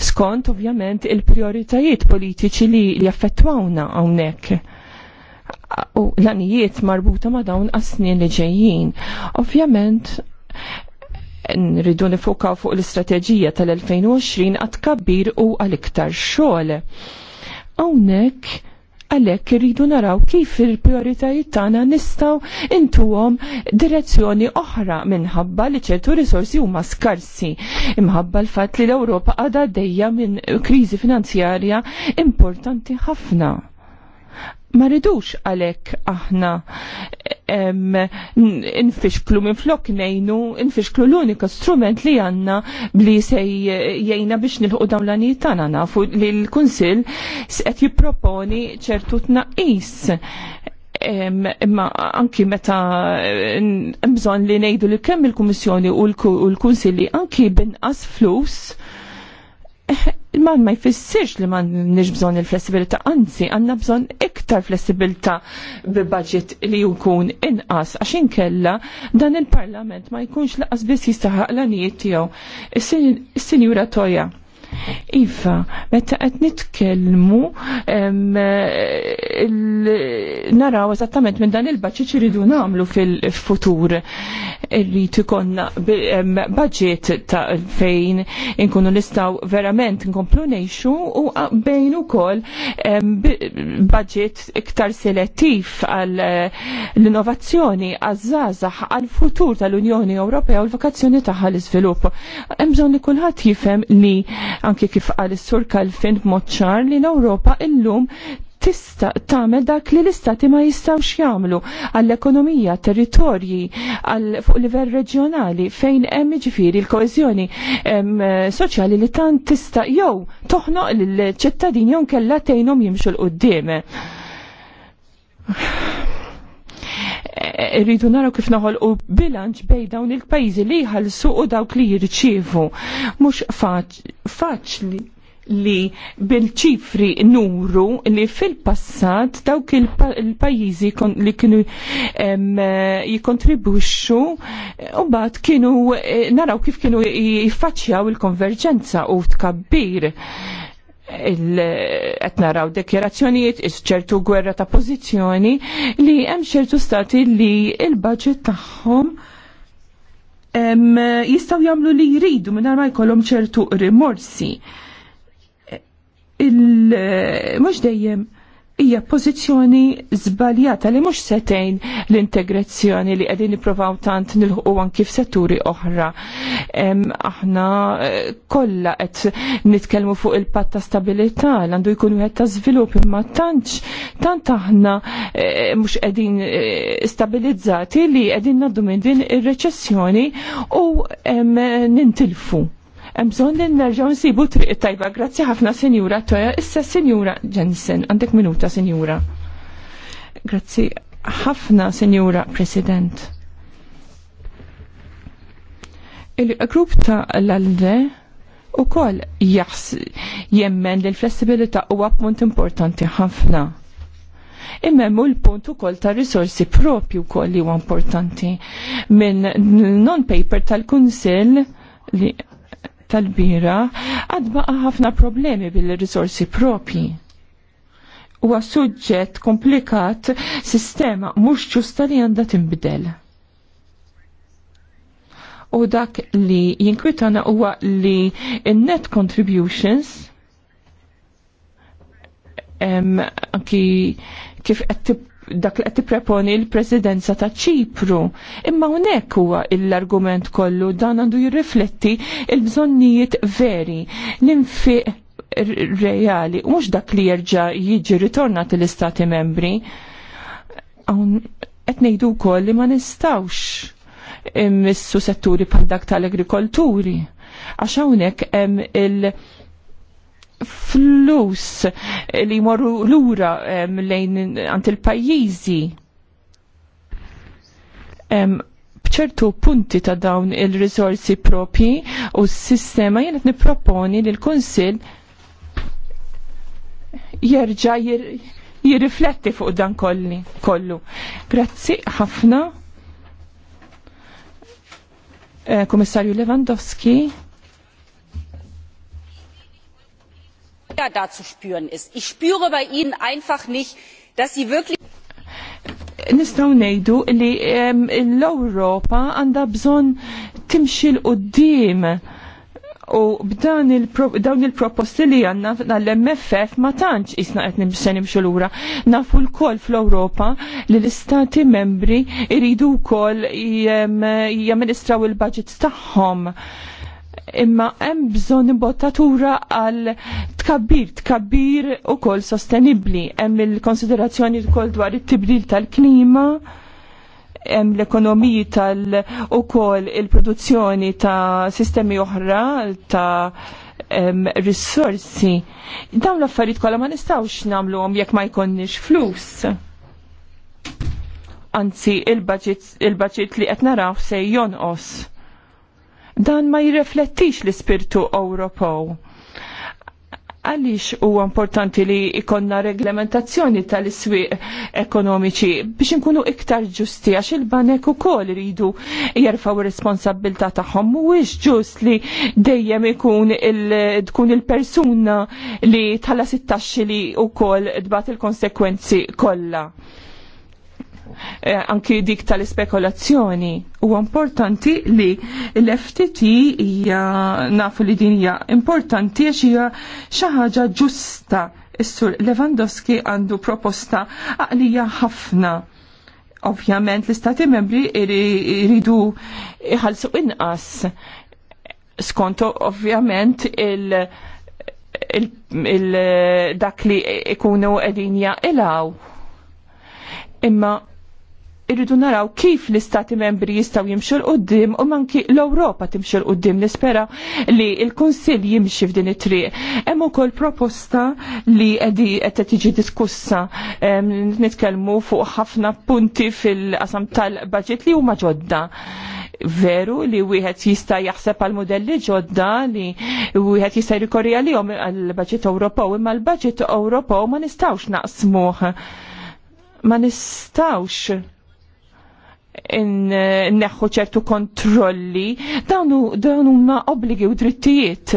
skont ovvjament il-prioritajiet politiċi li jaffettwawna hawnhekk u l-anijiet marbuta ma dawn għas-snin li ġejjin. Ovvjament, nridu nifokaw fuq l-istrateġija tal-2020 għat kabbir u għal-iktar xogħol. Hawnhekk Għalhekk irridu naraw kif il-prioritajiet tagħna nistgħu intuhom direzzjoni oħra minħabba li ċertu risorsi huma skarsi imħabba l-fatt li l-Ewropa għadha dejja minn kriżi finanzjarja importanti ħafna ma ridux għalek aħna infixklu minn flok nejnu, infixklu l-unika strument li għanna li sej jajna biex nilħu dawn l tana nafu li l-Kunsil qed jipproponi ċertu tnaqis imma anki meta bżon li nejdu li kemm il-Kummissjoni u l-Kunsilli anki binqas flus Eh, man ma jfissirx li man nix bżon il-flessibilità, anzi għanna bżon iktar flessibilità bi-budget li jkun inqas, għax inkella dan il-parlament ma jkunx laqas biss jistaħaq l-anijiet tiegħu. Is-sinjura toja Iva, meta qed nitkellmu naraw eżattament minn dan il baġit iridu nagħmlu fil-futur irrid ikonna budget ta' fejn inkunu nistaw verament nkomplu ngħixu u bejn ukoll budget iktar selettiv għal eh, l-innovazzjoni għaż-żgħażagħ għall-futur tal-Unjoni Ewropea u l-vokazzjoni tagħha l-iżvilupp. Hemm bżonn li kulħadd jifhem li anki kif għal is-sur Kalfin b'mod ċar li l-Ewropa illum tista' tagħmel dak li l-istati ma jistgħux jagħmlu għall-ekonomija, territorji, għall fuq livell reġjonali fejn hemm jiġifieri l-koeżjoni soċjali li tant tista' jew toħnoq lill-ċittadini jew kellha tgħinhom jimxu l-qudiem rridu naraw kif noħol u bilanċ bej dawn il-pajzi li jħallsu u dawk li jirċievu. Mhux faċli li bil-ċifri nuru li fil-passat dawk il-pajjiżi li kienu jikontribuxxu u bat kienu eh, naraw kif kienu jiffaċċjaw il-konverġenza u tkabbir qed naraw dekjerazzjonijiet ċertu gwerra ta' pożizzjoni li hemm ċertu stati li l-budget tagħhom jistgħu jagħmlu li jridu mingħajr ma jkollhom ċertu rimorsi. Il-mux dejjem hija pożizzjoni żbaljata li mhux setejn l-integrazzjoni li qegħdin nippruvaw tant nilħu anki f'setturi oħra. Aħna eh, kollha qed nitkellmu fuq il-patt ta' stabilità għandu jkun wieħed ta' żvilupp imma tantx tant aħna eh, mhux qegħdin eh, stabilizzati li qegħdin naddu minn din ir-reċessjoni u nintilfu Mżon li nerġaw nsibu triq tajba. Grazzi ħafna, Sinjura Toja. Issa, Sinjura Jensen, għandek minuta, Sinjura. Grazzi ħafna, Sinjura President. Il-grupp ta' l-Alde u koll jemmen li l-flessibilita huwa punt importanti ħafna. Immemmu l-punt ukoll ta' risorsi propju koll li huwa importanti minn non-paper tal-Kunsill li tal-bira għad baqa ħafna problemi bil-risorsi propi. Huwa suġġett komplikat sistema mhux ġusta li għandha tinbidel. U dak li jinkwitana huwa li in-net contributions kif għattib dak li qed l-Presidenza ta' Ċipru. Imma hawnhekk huwa l-argument kollu dan għandu jirrifletti l-bżonnijiet veri. l reali, mhux dak li jerġa' jiġi ritorna l-Istati membri. għun etnejdu kol li ma nistawx immissu setturi bħal dak tal-agrikolturi. Għax hawnhekk hemm il- flus li morru lura um, lejn għant il-pajjiżi. Um, bċertu punti ta' dawn il-rizorsi propi u s-sistema jenet niproponi li l-Konsil jerġa jir, jirrifletti fuq dan kolli, kollu. Grazzi ħafna. Eh, Komissarju Lewandowski. da zu spüren ist. Ich spüre bei Ihnen einfach nicht, dass Sie wirklich nistaw nejdu li l-Europa għanda bżon timxi l-qoddim u b'dan il-proposti li għanna l-MFF ma tantx isna qed imxu nimxu lura. Nafu l kol fl-Ewropa li l-istati membri iridu wkoll jamministraw il-budgets tagħhom imma hemm bżonn imbottatura għal tkabbir, tkabbir ukoll sostenibbli, hemm il-konsiderazzjoni wkoll dwar it-tibdil tal-klima, hemm l-ekonomiji tal ukoll il-produzzjoni ta' sistemi oħra ta' risorsi. Dawn l-affarijiet kollha ma nistgħux nagħmluhom jekk ma jkollniex flus anzi il-budget il li qed naraw se jonqos dan ma jirreflettix l-ispirtu Ewropew għalix u importanti li ikonna reglementazzjoni tal-iswiq ekonomiċi biex nkunu iktar ġusti għax il-banek u kol ridu jarfaw responsabilta taħħom u ix ġust li dejjem ikun il-tkun il-persuna li it 16 li u kol dbat il-konsekwenzi kolla. Eh, anki dik tal-ispekulazzjoni. U importanti li l-FTT hija nafu li din hija importanti għax hija xi ħaġa ġusta. Is-sur Lewandowski għandu proposta għalija ħafna ovvjament l-istati membri iridu iħalsu inqas skonto ovvjament il- il, il dak li ikunu ja jaqilaw. Imma irridu naraw kif l-istati membri jistaw jimxu l-qoddim u manki l-Europa timxu l-qoddim nispera li il-Konsil jimxi f'din it-triq. Hemm ukoll proposta li qedi qed tiġi diskussa nitkellmu fuq ħafna punti fil-qasam tal baġit li huma ġodda veru li wieħed jista' jaħseb għal modelli ġodda li wieħed jista' jrikorja lihom għall-baġit Ewropew imma l-baġit Ewropew ma nistgħux naqsmuh ma nistgħux neħħu ċertu kontrolli, dawn huma obbligi u drittijiet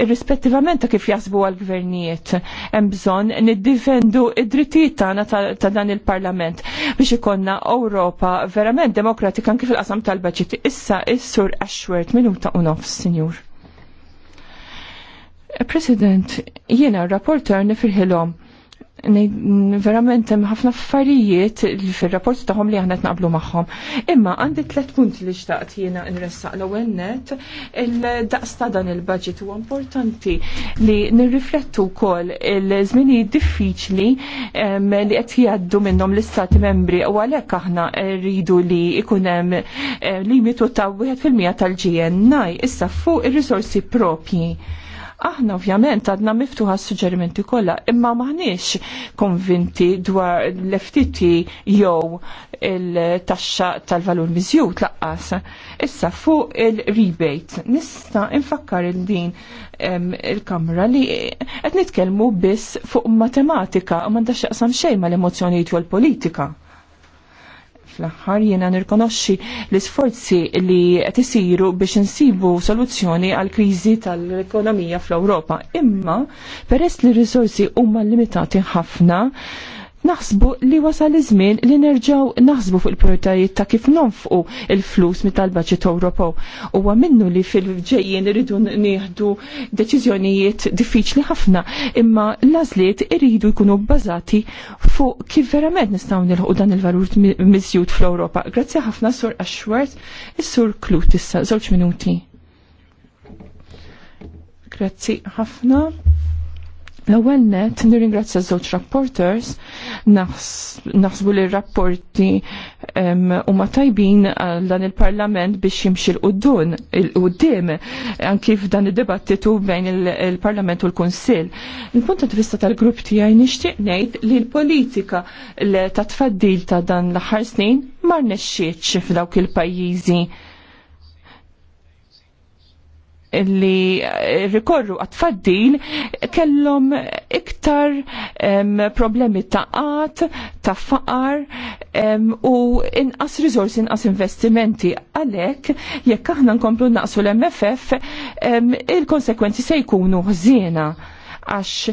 irrispettivament ta' kif jasbu għal-gvernijiet. Hemm bżonn niddifendu id-drittijiet tagħna ta' dan il-Parlament biex ikonna Ewropa verament demokratika kif il qasam tal-baġit. Issa is-sur Ashworth minnu u nofs, Sinjur. President, jiena rapporter nifirħilhom verament hemm ħafna affarijiet fir-rapport tagħhom li aħna naqblu magħhom. Imma għandi tliet punti li xtaqt jiena nressaq l-ewwel net il-daqs ta' dan il-budget huwa importanti li nirriflettu wkoll il-żmieni diffiċli li qed jgħaddu minnhom l-istati membri u għalhekk aħna rridu li ikun hemm eh, limitu ta' wieħed fil-mija tal-GNI issa fuq ir-risorsi propji Aħna ovvjament għadna miftuħa s-suġġerimenti kollha, imma maħniex konvinti dwar l-FTT jew il-taxxa tal-valur miżjut laqqas. Issa fuq il-rebate nista' infakkar il din il-kamra li qed nitkellmu biss fuq matematika u m'għandax jaqsam xejn mal-emozzjonijiet u l-politika fl-aħħar jiena nirkonoxxi l-isforzi li qed isiru biex insibu soluzzjoni għal kriżi tal-ekonomija fl-Ewropa. Imma peress li r-risorsi huma limitati ħafna naħsbu li wasal iż-żmien li nerġgħu naħsbu fuq il-prioritajiet ta' kif nonfqu il-flus mit-tal-baġit Ewropew. Huwa minnu li fil-ġejjien iridu nieħdu deċiżjonijiet diffiċli ħafna, imma l-għażliet iridu jkunu bbażati fuq kif verament nistgħu nilħu dan il-valur miżjud fl-Ewropa. Grazzi ħafna sur Ashworth, is-sur Klut issa, żewġ minuti. Grazzi ħafna. L-ewwel net nirringrazzja żewġ rapporters naħsbu li r-rapporti huma tajbin għal dan il-Parlament biex jimxi l qudun il-qudiem anki f'dan id-dibattitu bejn il-Parlament u l-Kunsill. Il-punt ta' vista tal-grupp tiegħi nixtieq ngħid li l-politika ta' tfaddil ta' dan l-aħħar snin ma rnexxietx f'dawk il-pajjiżi li eh, rikorru għatfaddin kellhom iktar em, problemi ta' qat, ta' faqar em, u inqas risorsi, inqas investimenti. Għalek, jekk aħna nkomplu naqsu l-MFF, il-konsekwenzi se jkunu ħżiena għax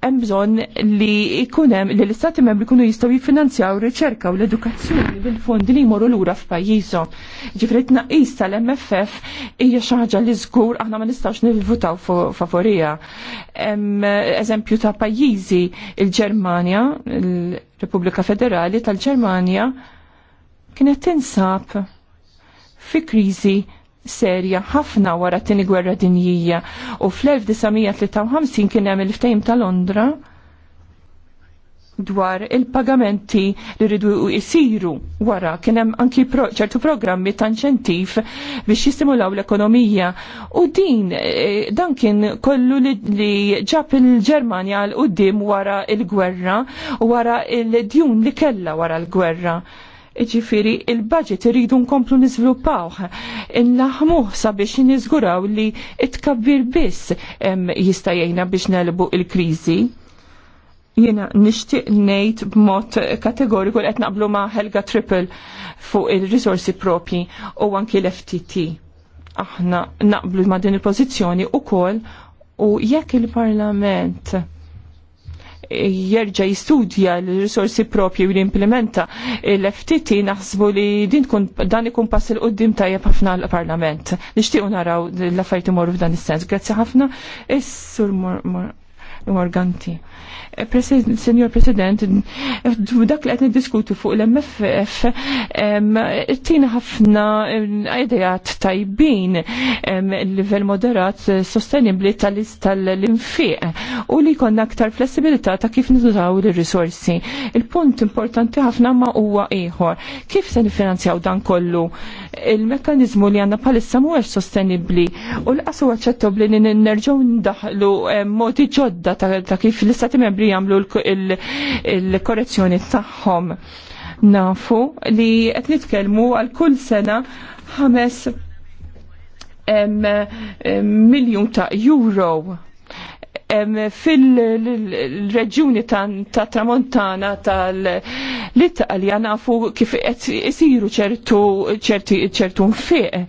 hemm bżonn li jkun hemm li l-istati membri jkunu jistgħu jiffinanzjaw riċerka u l-edukazzjoni bil-fondi li jmorru lura f'pajjiżhom. Ġifri tnaqqis tal-MFF hija xi ħaġa li żgur aħna ma nistgħux nivvutaw favorija. Hemm eżempju ta' pajjiżi il-Ġermanja, il-Repubblika Federali tal-Ġermanja kienet tinsab fi kriżi serja ħafna wara t-tini gwerra dinjija u fl-1953 kien hemm il-ftejm ta' Londra dwar il-pagamenti li ridu jisiru wara kien hemm anki ċertu programmi ta' inċentiv biex jistimulaw l-ekonomija u din e, dan kien kollu li, li ġab il-Ġermanja għal qudiem wara il-gwerra u wara il-djun li kella wara l-gwerra. Ġifiri, il-budget irridu nkomplu nizviluppawħ, innaħmuħ sabiex nizguraw li itkabbir biss jistajajna biex nelbu il-krizi. Jena nishtiq nejt b'mod kategoriku li qed naqblu ma' Helga Triple fuq il-risorsi propji u anki l-FTT. Aħna naqblu ma' din il-pożizzjoni u kol u jekk il-Parlament jerġa' jistudja l-risorsi propju u l-implementa l-FTT naħsbu li din kun, dan ikun pass il qoddim tajjeb ħafna l-Parlament. Nixtiequ naraw l-affarijiet imorru f'dan is-sens. Grazzi ħafna. Is-Sur Mor l eh, Senjor President, dak li qed niddiskutu fuq l-MFF tina ħafna għajdejat tajbin il-livell moderat sostenibli tal-infiq u li konna aktar flessibilità ta' kif nizużaw l-risorsi. Il-punt importanti ħafna ma huwa ieħor. Kif se nifinanzjaw dan kollu? Il-mekkanizmu li għandna bħalissa mhuwiex sostenibbli u l-qasu aċċettabbli li n ndaħlu modi ġodda ta', ta' kif l-istati membri jagħmlu l-korrezzjoni tagħhom. Nafu li qed nitkellmu għal kull sena ħames miljun ta' euro fil-reġjuni ta' tramontana tal-Italja nafu kif qed isiru ċertu ċertu nfiq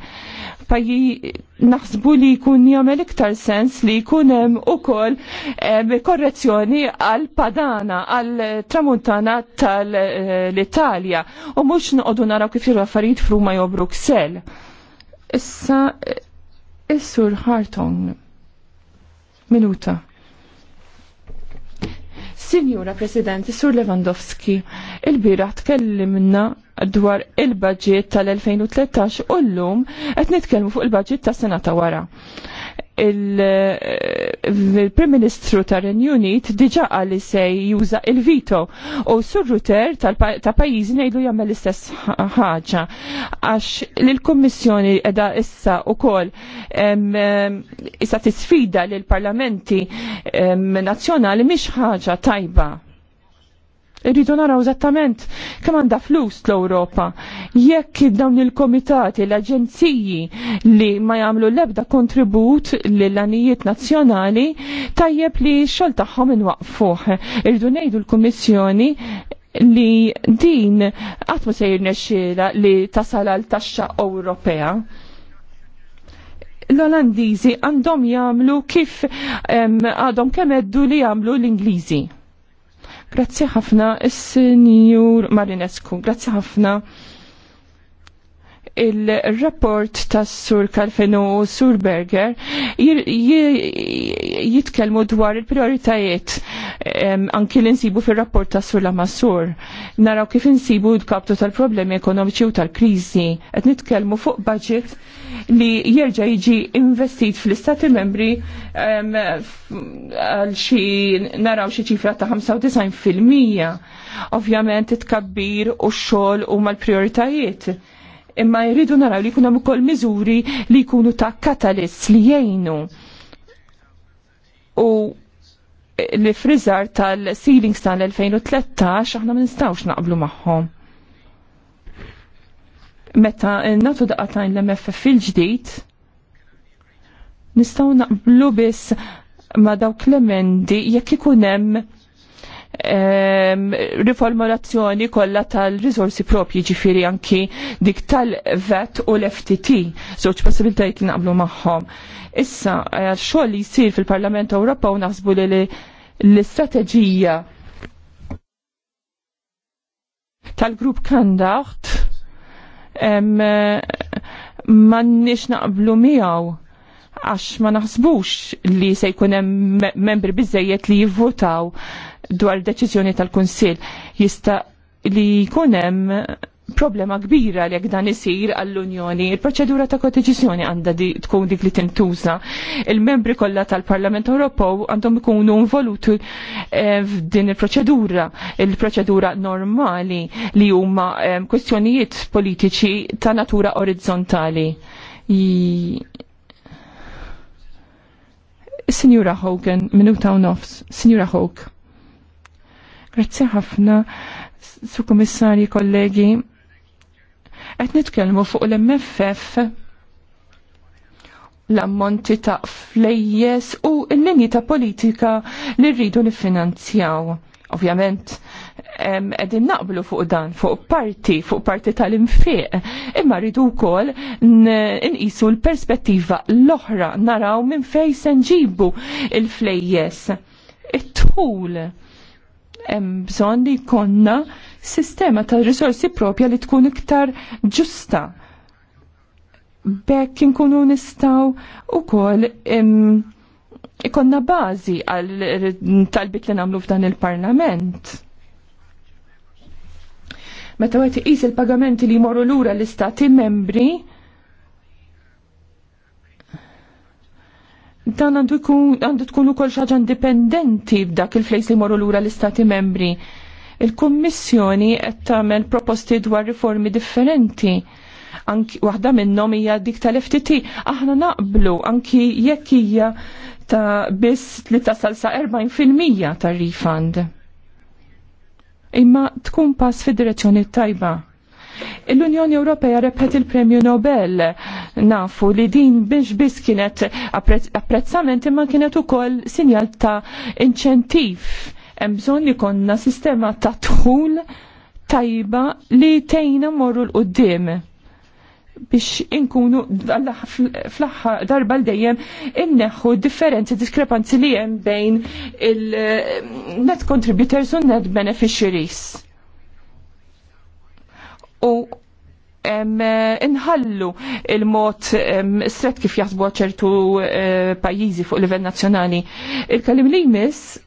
pajji naħsbu li jkun jagħmel iktar sens li jkun hemm ukoll korrezzjoni għal Padana għal tramuntana tal-Italja u mhux noqogħdu naraw kif jiru affarijiet f'Ruma jew Bruxelles. Issa eh, is-Sur Harton. Minuta. Signora President, Sur Lewandowski, il-bira tkellimna dwar il-budget tal-2013 u l-lum qed nitkellmu fuq il-budget tas-sena ta' wara. Eh, il-Prim Ministru tar-Renju Unit diġa għalli se juża il-vito u sur-ruter ta' pajjiżi ngħidu jagħmel l-istess ħaġa għax l-Kummissjoni edha issa wkoll issa tisfida lil parlamenti nazzjonali mhix ħaġa tajba Irridu naraw eżattament kemm għandha flus l-Ewropa. Jekk dawn il-komitati, l-aġenziji li ma jagħmlu l-ebda kontribut lill-anijiet nazzjonali, tajjeb li x-xogħol tagħhom inwaqfuh. Irridu ngħidu l-Kummissjoni li din ma se nexxiela li tasal għal taxxa Ewropea. L-Olandiżi għandhom jagħmlu kif għadhom kemm eddu li jagħmlu l-Ingliżi. Grazzi ħafna, is-Sinjur Marinescu. Grazzi ħafna il-rapport tas Sur Kalfenu u Sur Berger jitkelmu dwar il-prioritajiet anki l-insibu fil-rapport tas Sur Lamassur. Naraw kif insibu kaptu tal-problemi ekonomiċi u tal-krizi. Et nitkelmu fuq budget li jerġa' jiġi investit fl-istati membri għal xi naraw xi ċifra ta' 95 fil-mija. Ovvjament it-kabbir u x-xogħol huma l-prioritajiet imma jridu naraw li jkun hemm ukoll miżuri li jkunu ta' katalist li jgħinu. U li frizzar tal-ceilings tal-2013 aħna ma nistgħux naqblu magħhom. Meta natu daqatajn l-MFF il-ġdid, nistgħu naqblu biss ma dawk l-emendi jekk ikun hemm Ehm, riformulazzjoni kollha tal-riżorsi propji ġifiri anki dik tal-vet u l-FTT, żewġ possibilitajiet li naqblu magħhom. Issa eh, xogħol li jsir fil-Parlament Ewropa u naħsbu li l-istrateġija tal-grupp kandaħt ehm, nix naqblu miegħu għax ma naħsbux li se jkun hemm membri biżejjed li jivvotaw dwar deċiżjoni tal-Kunsill jista' li jkun hemm problema kbira li jekk dan isir għall-Unjoni. Il-proċedura ta' kodeċizjoni għandha di tkun dik li tintuża. Il-membri kollha tal-Parlament Ewropew għandhom ikunu involuti eh, f'din il-proċedura, il-proċedura normali li huma eh, kwestjonijiet politiċi ta' natura orizzontali. Signora Hogan, minuta u nofs. Signora Hogan. Grazzi ħafna, su komissarji kollegi. Qed nitkellmu fuq l-MFF l-ammonti ta' flejjes u l-linji ta' politika li rridu nifinanzjaw. Ovvjament, edin naqblu fuq dan, fuq parti, fuq parti tal-infiq, imma rridu wkoll nqisu l-perspettiva l-oħra naraw minn fejn se nġibu il-flejjes. It-tul hemm bżonn li jkollna sistema ta' risorsi propja li tkun iktar ġusta. Bekk inkunu nistaw ukoll ikonna bażi għal talbit li nagħmlu f'dan il-Parlament. Meta għet iqis il-pagamenti li jmorru lura l-istati membri, dan għandu tkun ukoll ħaġa indipendenti b'dak il-flejs li morru lura l-Istati membri. Il-Kummissjoni qed tagħmel proposti dwar riformi differenti. Anki waħda minnhom hija dik tal-FTT. Aħna naqblu anki jekk hija ta' biss li tasal sa' 40% tar-refund. Imma tkun pass fid-direzzjoni tajba L-Unjoni Ewropea repet il-Premju Nobel nafu li din biex biss kienet apprezzament imma kienet ukoll sinjal ta' inċentiv. Hemm bżonn li konna sistema ta' tħul tajba li tejna morru l qudiem biex inkunu fl-aħħar darba l-dejjem inneħħu differenzi, diskrepanzi li hemm bejn il-net contributors u net beneficiaries u inħallu il-mod stret kif jaħsbu ċertu eh, pajjiżi fuq livell nazzjonali. Il-kalim li jmiss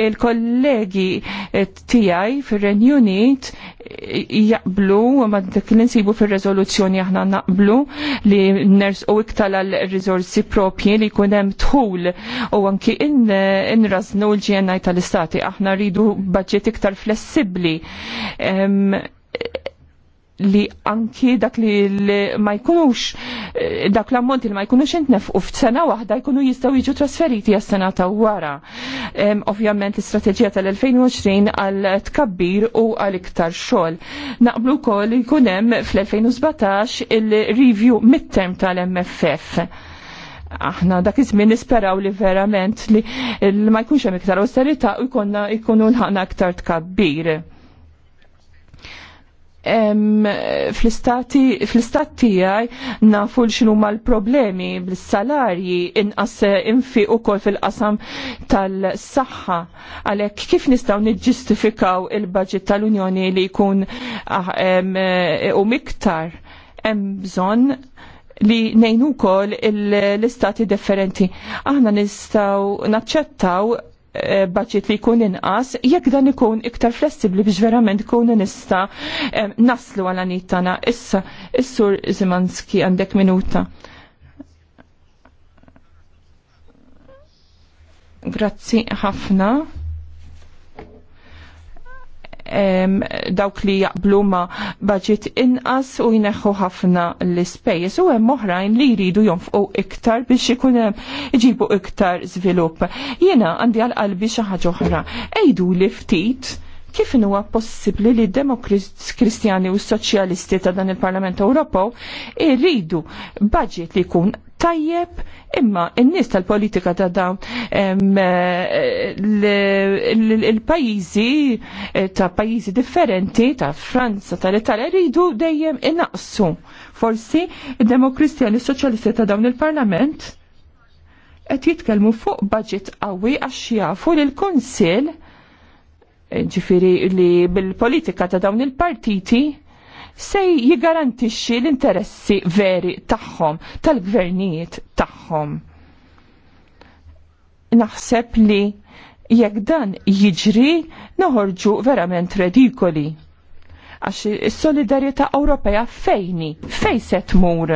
il-kollegi eh, tijaj fil-Ren Unit eh, jaqblu ma dik li nsibu fil-rezoluzzjoni aħna naqblu li ners u iktal għal rizorsi propji li kunem hemm tħul u anki inraznu l-GNI tal-istati aħna ridu budget iktar flessibli li anki dak li, ma jkunux dak l ammont li ma jkunux eh, u f'sena waħda jkunu jistgħu jiġu trasferiti għas-sena ta' wara. Ovvjament l-istrateġija tal-2020 għal tkabbir u għal iktar xogħol. Naqblu wkoll jkun hemm fl-2017 il-review mid-term tal-MFF aħna dak iż-żmien nisperaw li verament li ma jkunx hemm iktar austerità u jkunu l-ħana iktar tkabbir fl-istati fl-istat tiegħi nafu x'inhu mal-problemi bil salarji inqas infi kol fil-qasam tal-saħħa. Għalhekk kif nistgħu niġġustifikaw il-budget tal-Unjoni li jkun ah, eh, u miktar hemm bżonn li nejnu kol l-istati differenti. Aħna nistaw naċċettaw Eh, budget li jkun inqas, jekk dan ikun iktar flessibli biex verament kun nista eh, naslu għal tagħna. Issa, is-sur Zimanski għandek minuta. Grazzi ħafna dawk li jaqblu ma budget inqas u jneħħu ħafna l-ispejjeż u hemm oħrajn li jridu jonfqu iktar biex ikun iġibu iktar żvilupp. Jiena għandi għal qalbi xi ħaġa oħra. Ejdu li ftit Kif huwa possibbli li d kristjani u soċjalisti ta' dan il-Parlament Ewropew irridu budget li jkun tajjeb imma n-nies tal-politika ta' dawn il-pajjiżi eh, eh, ta' pajjiżi differenti ta' Franza tal-Italja rridu dejjem inaqsu. Forsi id-Demokristjani Soċjalisti ta' dawn il-Parlament qed jitkellmu fuq budget qawwi għax jafu li l-Kunsill ġifiri li bil-politika ta' dawn il-partiti se jigarantixxi l-interessi veri tagħhom, tal-gvernijiet tagħhom. Naħseb li jekk dan jiġri noħorġu verament redikoli. Għax is-solidarjetà Ewropea fejni, fej se tmur.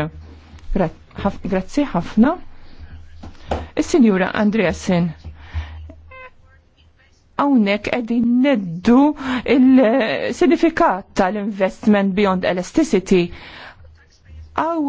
Grazzi ħafna. Is-Sinjura Andreasen. Hawnhekk qegħdin neddu il-sinifikat tal-investment beyond elasticity għaw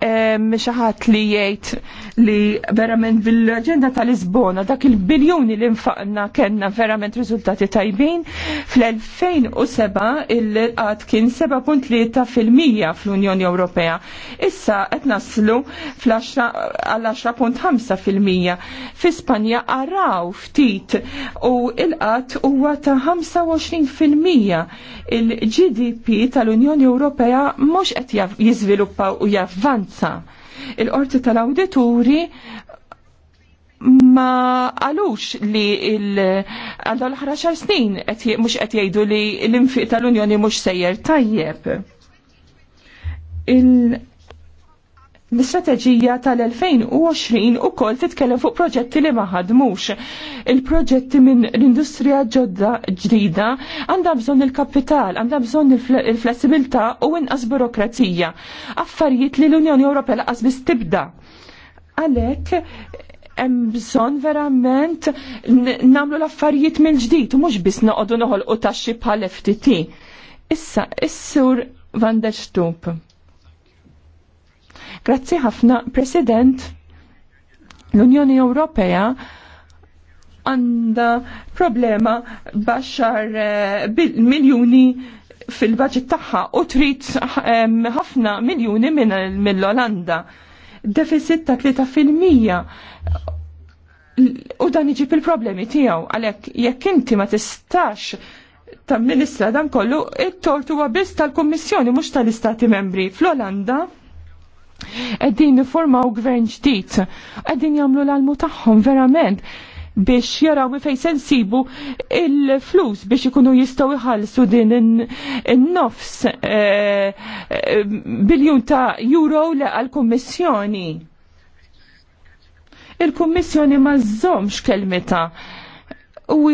xaħat li jgħid li verament bil-agenda tal-Lisbona dak il-biljoni li nfaqna kena verament riżultati tajbin fl-2007 il-qad kien 7.3 fil-mija fl-Unjoni Ewropea. Issa qed naslu għal-10.5 fil-mija. Fi-Spanja araw ftit u il-qad huwa ta' 25 fil-mija. Il-GDP tal-Unjoni Ewropea mhux qed jiżviluppa u javvanti maġġoranza. Il-qorti tal-awdituri ma għalux li għandu l-ħraċar snin mux qed jgħidu li l-infiq tal-Unjoni mux sejjer tajjeb l-istrateġija tal-2020 u kol titkellem fuq proġetti li maħadmux. Il-proġetti minn l-industrija ġodda ġdida għandha bżonn il-kapital, għandha bżonn il-flessibilità u inqas burokrazija. Affarijiet li l-Unjoni Ewropea laqas biss tibda. Għalhekk hemm bżonn verament nagħmlu l-affarijiet mill-ġdid u mhux biss noqogħdu noħolqu taxxi bħal FTT. Issa, is-sur Van der Stoop. Grazzi ħafna, President, l-Unjoni Ewropea għanda problema baxar eh, miljoni fil-budget tagħha u trid ehm, ħafna miljuni mill-Olanda. Deficit ta' 3% u dan iġib il-problemi tiegħu għalhekk jekk inti ma tistax ta' ministra dan kollu it tortu huwa biss tal-Kummissjoni mhux tal-Istati Membri. Fl-Olanda Qegħdin niformaw gvern ġdid, qegħdin jagħmlu l-almu tagħhom verament biex jaraw fej sensibu il-flus biex ikunu jistaw iħallsu din in-nofs eh, eh, biljun ta' euro għal-Kummissjoni. Il-Kummissjoni ma zomx kelmita u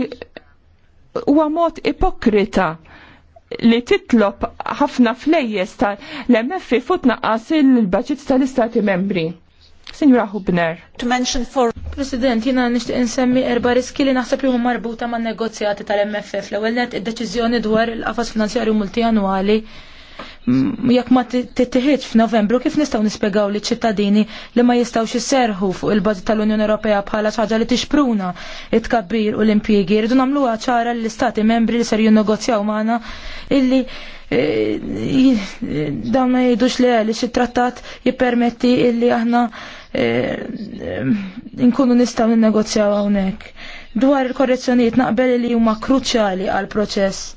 huwa mod ipokrita li titlob ħafna flejjes tal-MFF fut naqas il-budget tal-istati membri. Signora Hubner. To mention for President, jina nishtiq insemmi erba riski li naħseb li huma marbuta man negozjati tal-MFF. L-ewwel net id-deċiżjoni dwar il-qafas finanzjarju multianwali jekk ma tittiħiġ f'Novembru kif nistgħu nispjegaw li ċittadini li ma jistgħux isserħu fuq il bazi tal-Unjoni Ewropea bħala ċaġa ħaġa li tixpruna it-tkabbir u l-impjiegi rridu nagħmluha ċara l-istati membri li ser jinnegozjaw magħna illi e, e, dawn ma jgħidux li għalli xi trattat jippermetti illi aħna e, nkunu nistgħu ninnegozjaw hawnhekk. Dwar il-korrezzjonijiet naqbel li huma kruċjali għal proċess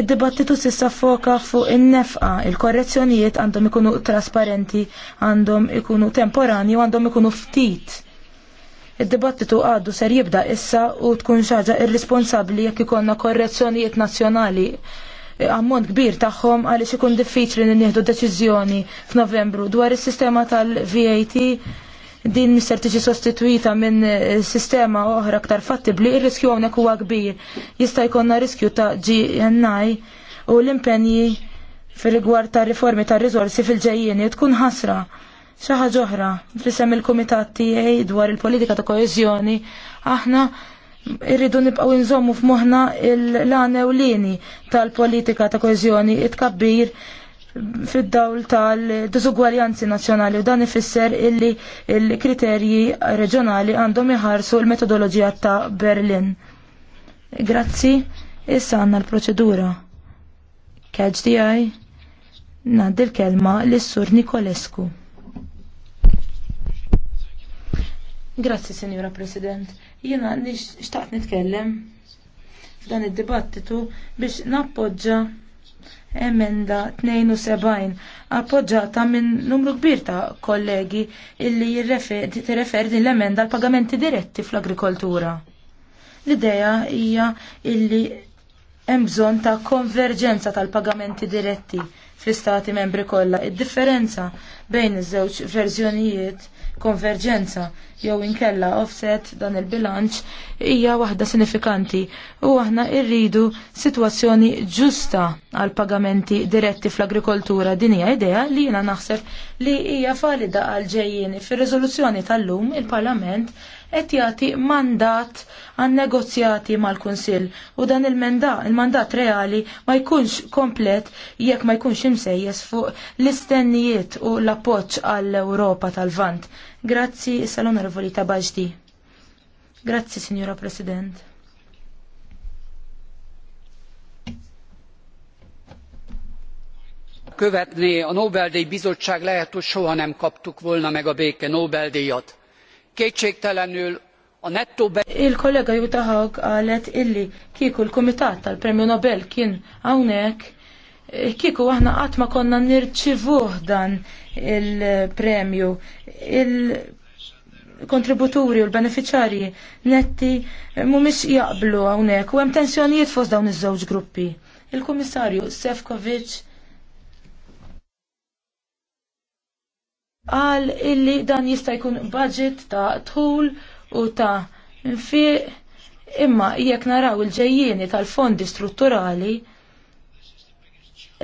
Id-dibattitu sissa foka fuq in-nefqa, il-korrezzjonijiet għandhom ikunu trasparenti, għandhom ikunu temporani u għandhom ikunu ftit. Id-dibattitu għaddu ser jibda issa u tkun xaġa irresponsabbli jekk ikonna korrezzjonijiet nazzjonali eh, ammont kbir tagħhom għaliex ikun diffiċli li nieħdu deċiżjoni f'Novembru dwar is-sistema tal-VAT din mister tiġi sostituita minn eh, sistema oħra aktar fattibli, il riskju hawnhekk huwa kbir. Jista' jkollna riskju ta' GNI u l-impenji fil gwar ta' riformi ta' riżorsi fil-ġejjieni tkun ħasra. Xi ħaġa oħra, fl sem il-kumitat tiegħi dwar il-politika ta' koezjoni, aħna irridu nibqgħu nżommu f'moħħna l-għana ewlieni tal-politika ta' koezjoni it-kabbir fid-dawl tal-diżugwaljanzi nazzjonali u dan ifisser illi l-kriterji reġjonali għandhom iħarsu l-metodoloġija ta' Berlin. Grazzi, issa għandna l-proċedura. Catch the naddi l-kelma l-sur Nikolescu. Grazzi, Senjora President. Jena nix xtaqt nitkellem f'dan id-dibattitu biex nappoġġa emenda 72 appoġġata minn numru kbir ta' kollegi illi jirrefer din l-emenda għal pagamenti diretti fl-agrikoltura. L-ideja hija illi hemm bżonn ta' konverġenza tal-pagamenti diretti fl-istati membri kollha. Id-differenza bejn iż-żewġ verżjonijiet konverġenza jew inkella offset dan il-bilanċ hija waħda sinifikanti u aħna rridu sitwazzjoni ġusta għal pagamenti diretti fl-agrikoltura din hija idea li jiena naħseb li hija valida għal ġejjin fir-riżoluzzjoni tal-lum il-Parlament qed jagħti mandat għan negozjati mal-Kunsill u dan il-mandat reali ma jkunx komplet jekk ma jkunx imsejjes fuq l-istennijiet u l-appoġġ għall-Ewropa tal-Vant. Grazzi, Salon Revolita Baġdi. Grazzi, Signora President. követni a nobel díj bizottság lehet hogy soha nem kaptuk volna meg a béke nobel díjat kétségtelenül a nettó Il-kollega Jutahog qalet illi kieku l-Kumitat tal-Premju Nobel kien hawnhekk kieku aħna qatt ma konna nirċivuh dan il-premju. Il-kontributuri u l-beneficjarji netti mhumiex jaqblu hawnhekk u hemm tensjonijiet fost dawn iż-żewġ gruppi. Il-Kummissarju Sefkovic għal illi dan jista' jkun budget ta' tħul u ta' infiq imma jekk naraw il-ġejjieni tal-fondi strutturali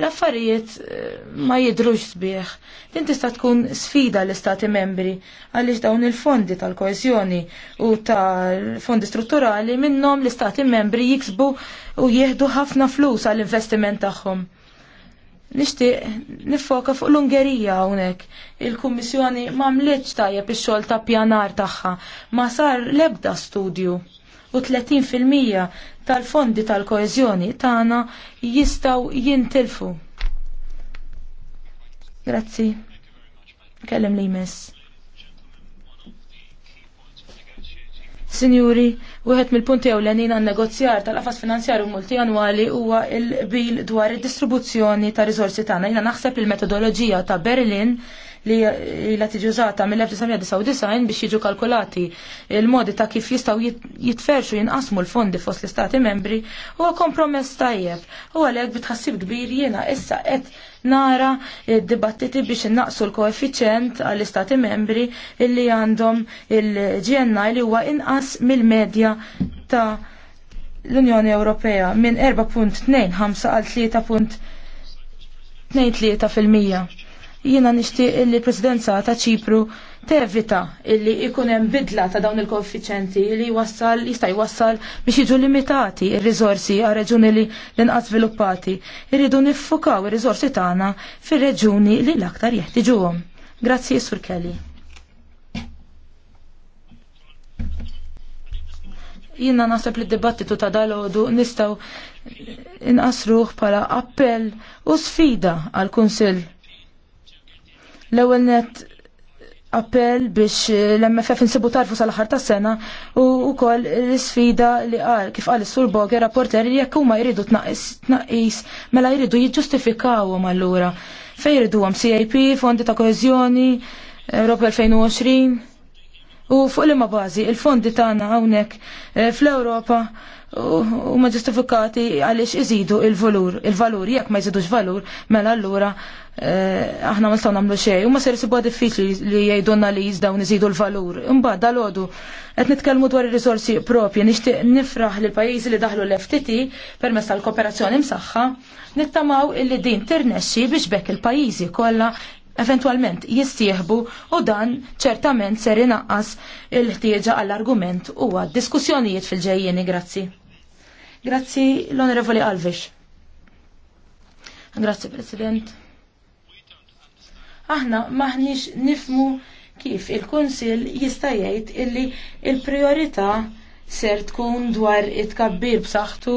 l-affarijiet eh, ma jidrux sbieħ. Din tista' tkun sfida l-istati membri għaliex dawn il-fondi tal-koesjoni u tal-fondi strutturali minnhom l-istati membri jiksbu u jieħdu ħafna flus għall-investiment tagħhom nixtieq nifoka fuq l-Ungerija hawnhekk. Il-Kummissjoni m'għamlitx tajjeb ix-xogħol ta' pjanar tagħha, ma sar l-ebda studju u 30% tal-fondi tal koezjoni tagħna jistgħu jintilfu. Grazzi. Kellem li jmiss. Sinjuri, wieħed mill-punti ewlenin għan negozjar tal-qafas finanzjarju multianwali huwa il-bil dwar id-distribuzzjoni ta' riżorsi tagħna. Jiena naħseb il-metodoloġija ta' Berlin li la tiġi użata mill-1999 biex jiġu kalkulati il-modi ta' kif jistaw jitferxu jinqasmu l-fondi fost l-istati membri huwa kompromess tajjeb. U għalhekk bitħassib kbir jiena issa qed nara id-dibattiti biex innaqsu l-koeffiċent għall-istati membri illi għandhom il-GNI li huwa inqas mill-medja ta' l-Unjoni Ewropea minn 4.25 għal 3.23 fil-mija. Jiena nixtieq il presidenza ta' Ċipru tevita illi ikun hemm bidla ta' dawn il-koeffiċenti li wassal jista' jwassal biex jiġu limitati ir-riżorsi għal reġuni li l-inqas sviluppati. Irridu niffukaw ir-riżorsi tagħna fir-reġuni li l-aktar jeħtiġuhom. Grazzi Sur Kelly. Jiena naħseb li d-dibattitu ta' dalodu nistgħu inqasruh bħala appell u sfida għal kunsill l-ewwel net appell biex l-MFF insibu tarfu sal-ħar ta' sena u wkoll l-sfida li qal kif għal s sur Boger rapporter li jekk huma jridu tnaqqis mela jridu jiġġustifikawhom allura. Fejn jriduhom CIP, fondi ta' Koezjoni, Europa 2020 u fuq li ma bażi il-fondi tagħna hawnhekk eh, fl-Ewropa ma ġustifikati għaliex iżidu il-valur, il-valur jekk ma jżidux valur, mela allura eh, aħna ma nistgħu nagħmlu u ma seri isibuha diffiċli li jgħidulna li jizdaw iżidu l-valur. Imbagħad dalodu qed nitkellmu dwar ir-risorsi propji, nixtieq nifraħ l pajjiżi li daħlu l-FTT permezz tal-kooperazzjoni msaħħa, nittamaw illi din tirnexxi biex bekk il-pajjiżi kollha eventualment jistieħbu u dan ċertament ser inaqqas il-ħtieġa għall-argument u għad-diskussjonijiet fil-ġejjeni. Grazzi. Grazzi l-Onorevoli Alves. Grazzi President. Aħna maħniex nifmu kif il konsil jista' jgħid illi il priorita ser tkun dwar it-kabbir b'saħħtu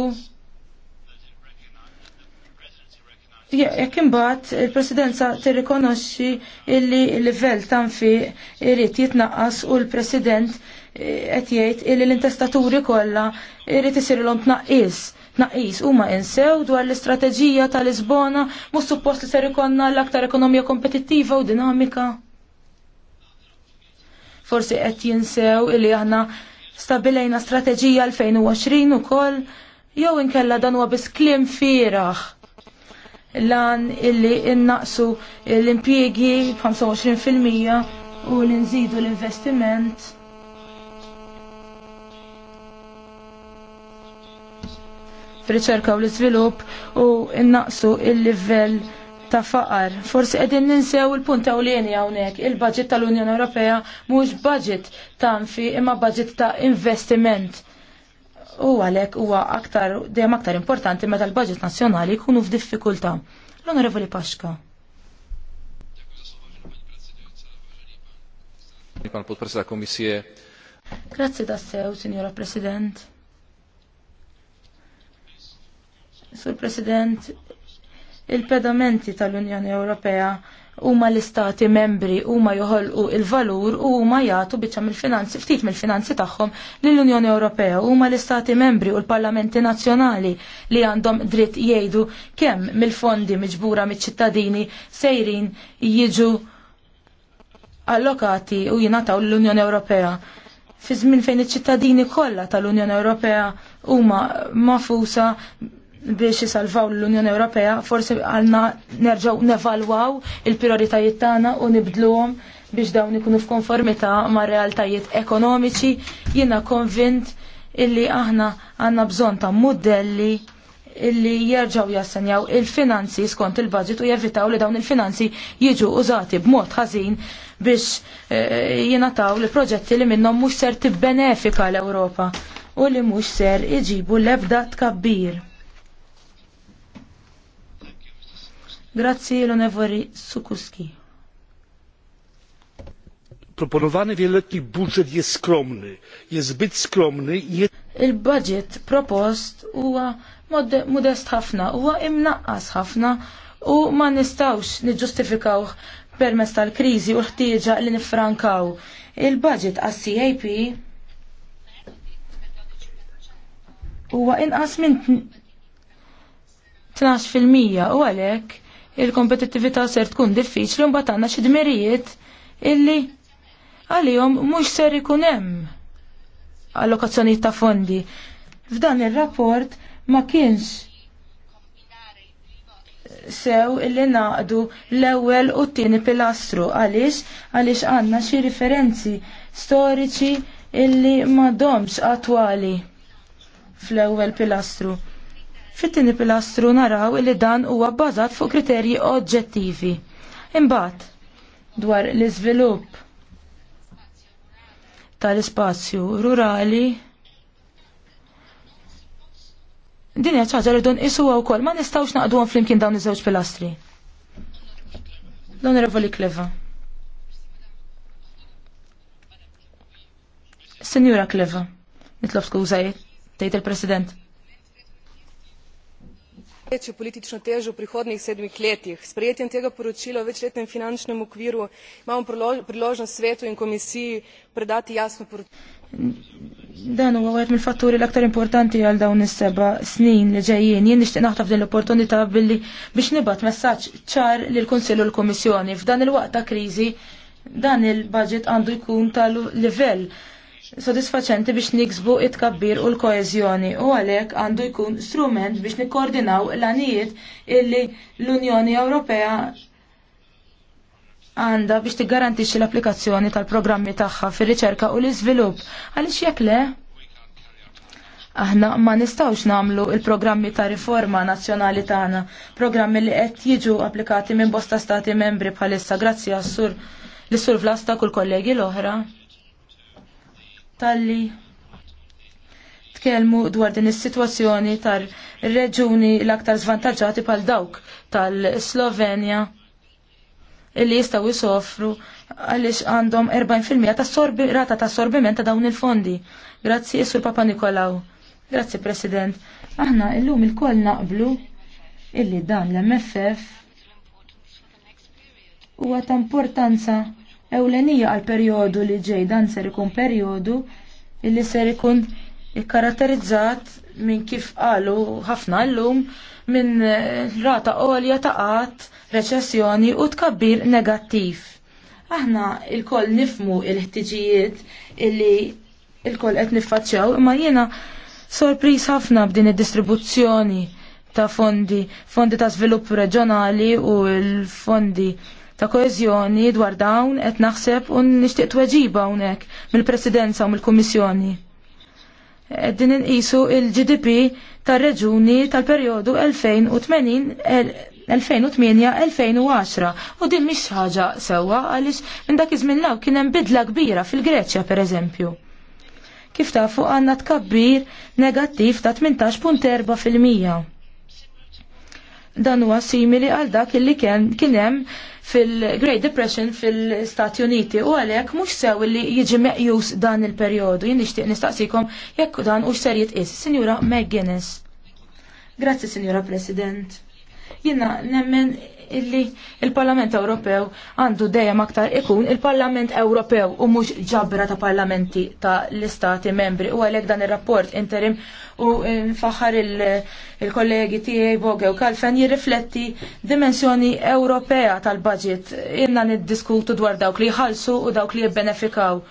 Jekk imbagħad il-Presidenza tirrikonoxxi illi l-livell tanfi irid jitnaqqas u l-President qed jgħid illi l-intestaturi kollha irid isirilhom tnaqqis. Tnaqqis huma insew dwar l-istrateġija tal-Lisbona mhux suppost li ser ikollna l-aktar ekonomija kompetittiva u dinamika. Forsi qed jinsew illi aħna stabilejna strateġija 2020 ukoll jew inkella dan huwa biss kliem fieraħ lan illi innaqsu l-impjiegi b'25% u l-nżidu l-investiment fil riċerka u l-iżvilupp u innaqsu il-livell ta' faqar. Forsi qegħdin ninsew il-punt ewlieni hawnhekk. Il-budget tal-Unjoni Ewropea mhux budget ta' nfi imma budget ta' investiment. U għalhekk huwa aktar dejjem aktar importanti meta l-budget nazzjonali jkunu f'diffikultà. L-Onorevoli Paxka. Grazie Grazzi da sew, Signora President. Sur President, il-pedamenti tal-Unjoni Ewropea huma l-istati membri huma joħolqu il-valur u huma jagħtu biċċa mill-finanzi ftit mill-finanzi tagħhom lill-Unjoni Ewropea huma l-istati membri u l-parlamenti nazzjonali li għandhom dritt jgħidu kemm mill-fondi miġbura miċ-ċittadini sejrin jiġu allokati u jingħataw l-Unjoni Ewropea. Fi żmien fejn iċ-ċittadini kollha tal-Unjoni Ewropea huma mafusa biex jisalvaw l-Unjoni Ewropea, forsi għalna nerġaw nevalwaw il-prioritajiet tagħna u nibdluhom biex dawn ikunu f'konformità ma' realtajiet ekonomiċi. Jiena konvint illi aħna għandna bżonn ta' modelli illi jerġaw jassenjaw il-finanzi skont il-budget u jevitaw li dawn il-finanzi jiġu użati b'mod ħażin biex eh, jingħataw li proġetti li minnhom mhux ser tibbenefika l-Ewropa u li mhux ser iġibu l-ebda tkabbir. Grazzi l Sukuski. Proponowany wieloletni budżet jest skromny, jest zbyt skromny jest... Il-budget propost huwa modest ħafna, huwa imnaqqas ħafna u ma nistawx niġġustifikawh permezz tal-kriżi u ħtieġa li nifrankaw. Il-budget għas CAP huwa inqas minn 12% u għalhekk il-kompetittività ser tkun diffiċli u mbagħad għandna xi dmirijiet illi għalihom mhux ser ikun hemm allokazzjonijiet ta' fondi. F'dan ir-rapport ma kienx sew illi naqdu l-ewwel u t-tieni pilastru għaliex għaliex għandna xi riferenzi storiċi illi domx attwali fl-ewwel pilastru. Fit-tieni pilastru naraw li dan huwa bbażat fuq kriterji oġġettivi. Imbagħad dwar l-iżvilupp tal-ispazju rurali din hija ċaġa li don isuha wkoll ma nistgħux naqduhom flimkien dawn iż-żewġ pilastri. L-Onorevoli Kleva. Sinjura Kleva, nitlob skużajiet, tgħid il-President veću politično težo v prihodnih sedmih letih. S Sprejetjem tega poročila o večletnem finančnem okviru imamo priložnost svetu in komisiji predati jasno poročilo. Dan huwa wieħed mill-fatturi l-aktar importanti għal dawn is-seba' snin li ġejjin. Jien nixtieq naħtaf din l-opportunità billi biex nibgħat messaġġ ċar lil kunsill u l-Kummissjoni f'dan il-waqt ta' kriżi dan il-budget għandu jkun tal-livell sodisfaċenti biex niksbu it-kabbir u l-koezjoni u għalhekk għandu jkun strument biex nikkoordinaw l-għanijiet illi l-Unjoni Ewropea għanda biex tiggarantixxi l-applikazzjoni tal-programmi tagħha fir-riċerka u l-iżvilupp. Għaliex jekk le? Aħna ma nistawx namlu il-programmi ta' riforma nazzjonali tagħna, programmi li qed jiġu applikati minn bosta stati membri bħalissa grazzi għas-sur l-sur Vlasta kull kollegi l-oħra talli tkellmu dwar din is-sitwazzjoni tar-reġuni l-aktar żvantaġġati bħal dawk tal-Slovenja illi jistgħu jsofru għaliex għandhom 40% ta' sorbi, rata ta' sorbiment ta' dawn il-fondi. Grazzi Isur Papa Nikolaw. Grazzi President. Aħna illum il-koll naqblu illi dan l-MFF huwa ta' importanza ewlenija għal perjodu li ġej dan ser ikun perjodu illi ser ikun ikkaratterizzat minn kif qalu ħafna llum minn eh, rata għolja ta' qatt, reċessjoni u tkabbir negattiv. Aħna il-koll nifmu il-ħtiġijiet illi il-koll qed niffaċċjaw, imma jiena sorpriż ħafna b'din id-distribuzzjoni ta' fondi, fondi ta' svilupp reġjonali u l-fondi ta' koezjoni dwar dawn qed naħseb u nixtieq tweġiba hawnhekk mill-Presidenza u mill-Kummissjoni. Qegħdin inqisu il-GDP tar-reġuni tal-perjodu 2008-2010 u din mhix ħaġa sewwa għaliex minn dak iż-żmien law kien hemm bidla kbira fil-Greċja pereżempju. Kif tafu għandna tkabbir negattiv ta' 18.4 fil-mija. Dan huwa simili għal dak illi kien hemm fil-Great Depression fil-Stati Uniti u għalhekk mhux sew li jiġi meqjus dan il periodu Jien nixtieq nistaqsikom jekk dan u ser jitqis. Signora McGuinness. Grazzi, Signora President. Jiena nemmen illi il-Parlament Ewropew għandu dejjem aktar ikun il-Parlament Ewropew u mhux ġabra ta' parlamenti ta' l-istati membri u għalhekk dan ir-rapport interim u eh, nfaħħar il-kollegi tiegħi Bogew Kalfen jirrifletti dimensjoni Ewropea tal-budget inna niddiskutu dwar dawk li jħallsu u dawk li jibbenefikaw.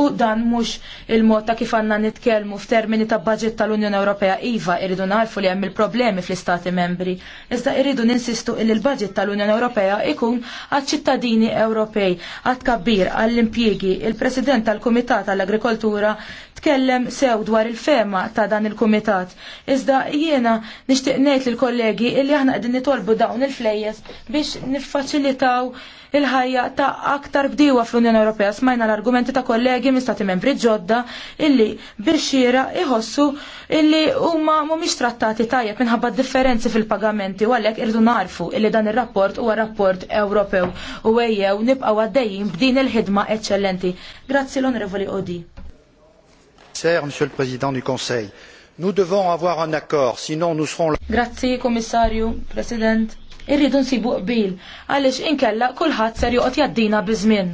U dan mhux il-mod ta' kif għandna nitkellmu f'termini ta' budget tal-Unjoni Ewropea iva irridu nafu li hemm il-problemi fl-Istati membri. Iżda irridu ninsistu li l-budget tal-Unjoni Ewropea ikun għaċ-ċittadini Ewropej għad kabbir għall-impjiegi. Il-President tal-Kumitat tal-Agrikoltura tkellem sew dwar il-fema ta' dan il-kumitat. Iżda jiena nixtieq ngħid lill-kollegi illi aħna qegħdin nitolbu dawn il-flejjes biex niffaċilitaw il-ħajja ta' aktar bdiewa fl-Unjoni Ewropea. Smajna l-argumenti ta' kollegi minn stati membri ġodda illi biex xira iħossu illi huma mhumiex trattati tajjeb minħabba differenzi fil-pagamenti u għalhekk irdu narfu illi dan ir-rapport huwa rapport Ewropew u ejjew nibqgħu għaddejjin b'din il-ħidma eċċellenti. Grazzi l-Onorevoli Odi. Monsieur le Président du Conseil, nous devons avoir un accord, sinon nous serons... grazie commissario President. Irridu nsibu qbil, għaliex inkella kulħadd ser joqgħod jaddina biżmien.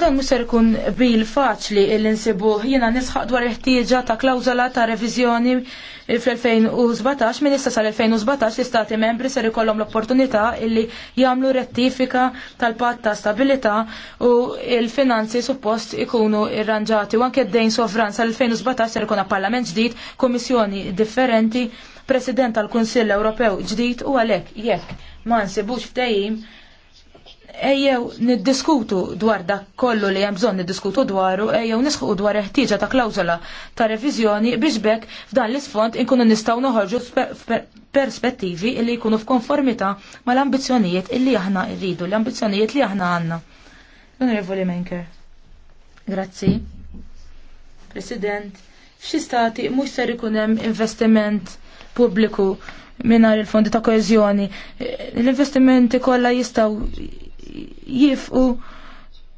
Dan mhux ser ikun qbil faċli illi nsibu jiena nisħaq dwar il-ħtieġa ta' klawżola ta' reviżjoni fl-2017, minn issa sal-2017 l-istati membri ser ikollhom l-opportunità illi jagħmlu rettifika tal-patt ta' stabilità u l-finanzi suppost ikunu irranġati. U anke d-dejn sovran sal-2017 ser ikun parlament ġdid, komissjoni differenti, President tal-Kunsill Ewropew ġdid u għalhekk jekk ma nsibux ftehim ejjew niddiskutu dwar dak kollu li hemm bżonn niddiskutu dwaru, ejjew nisħu dwar ħtieġa ta' klawzola ta' reviżjoni biex bekk f'dan l-isfond inkunu nistgħu noħorġu perspettivi li jkunu f'konformità mal-ambizzjonijiet illi aħna rridu, l-ambizzjonijiet li aħna għandna. Onorevoli Menker. Grazzi. President, f'xi stati mhux ser ikun hemm investiment pubbliku mingħajr il-fondi ta' koezjoni. L-investimenti kollha jistgħu jifqu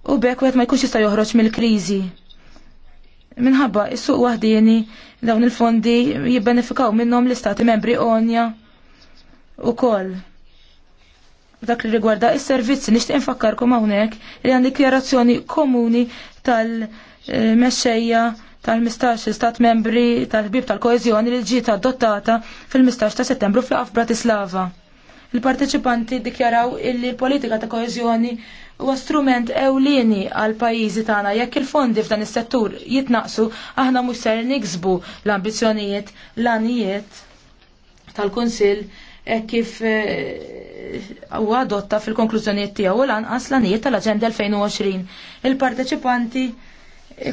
u bekk wieħed ma jkunx jista' joħroġ mill-kriżi. Minħabba is-suq waħdieni dawn il-fondi jibbenefikaw minnhom l-istati membri onja u koll. Dak li rigwarda is-servizzi nixtieq infakkarkom hawnhekk li għandi dikjarazzjoni komuni tal-mexxejja tal-15 stat membri tal-ħbib tal koezjoni li ġiet adottata fil-15 ta' settembru fl-qaf Bratislava. Il-parteċipanti dikjaraw illi l-politika ta' koeżjoni huwa strument ewlieni għal pajjiżi tagħna jekk il-fondi f'dan is-settur jitnaqsu aħna mhux ser niksbu l-ambizzjonijiet l-anijiet tal-Kunsill e kif huwa e, adotta fil-konklużjonijiet tiegħu u lanqas l-anijiet tal-Aġenda 2020. Il-parteċipanti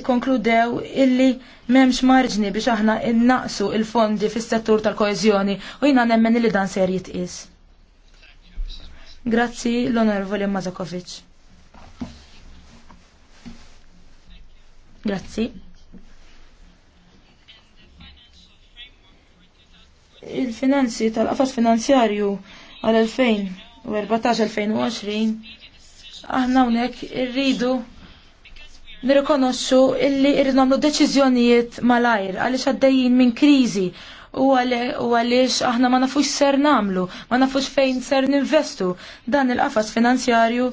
konkludew illi memx marġni biex aħna innaqsu il-fondi fis-settur tal-koeżjoni u jina nemmen li dan ser jitqis. Grazzi l-Onorevoli Mazakovic. Grazzi. Il-finanzi tal-qafas finanzjarju għal-2014-2020 aħna unek irridu nirrikonoxxu illi irridu nagħmlu deċiżjonijiet malajr għaliex għaddejjin minn kriżi u għaliex aħna ma nafux ser namlu, ma nafux fejn ser ninvestu. Dan il-qafas finanzjarju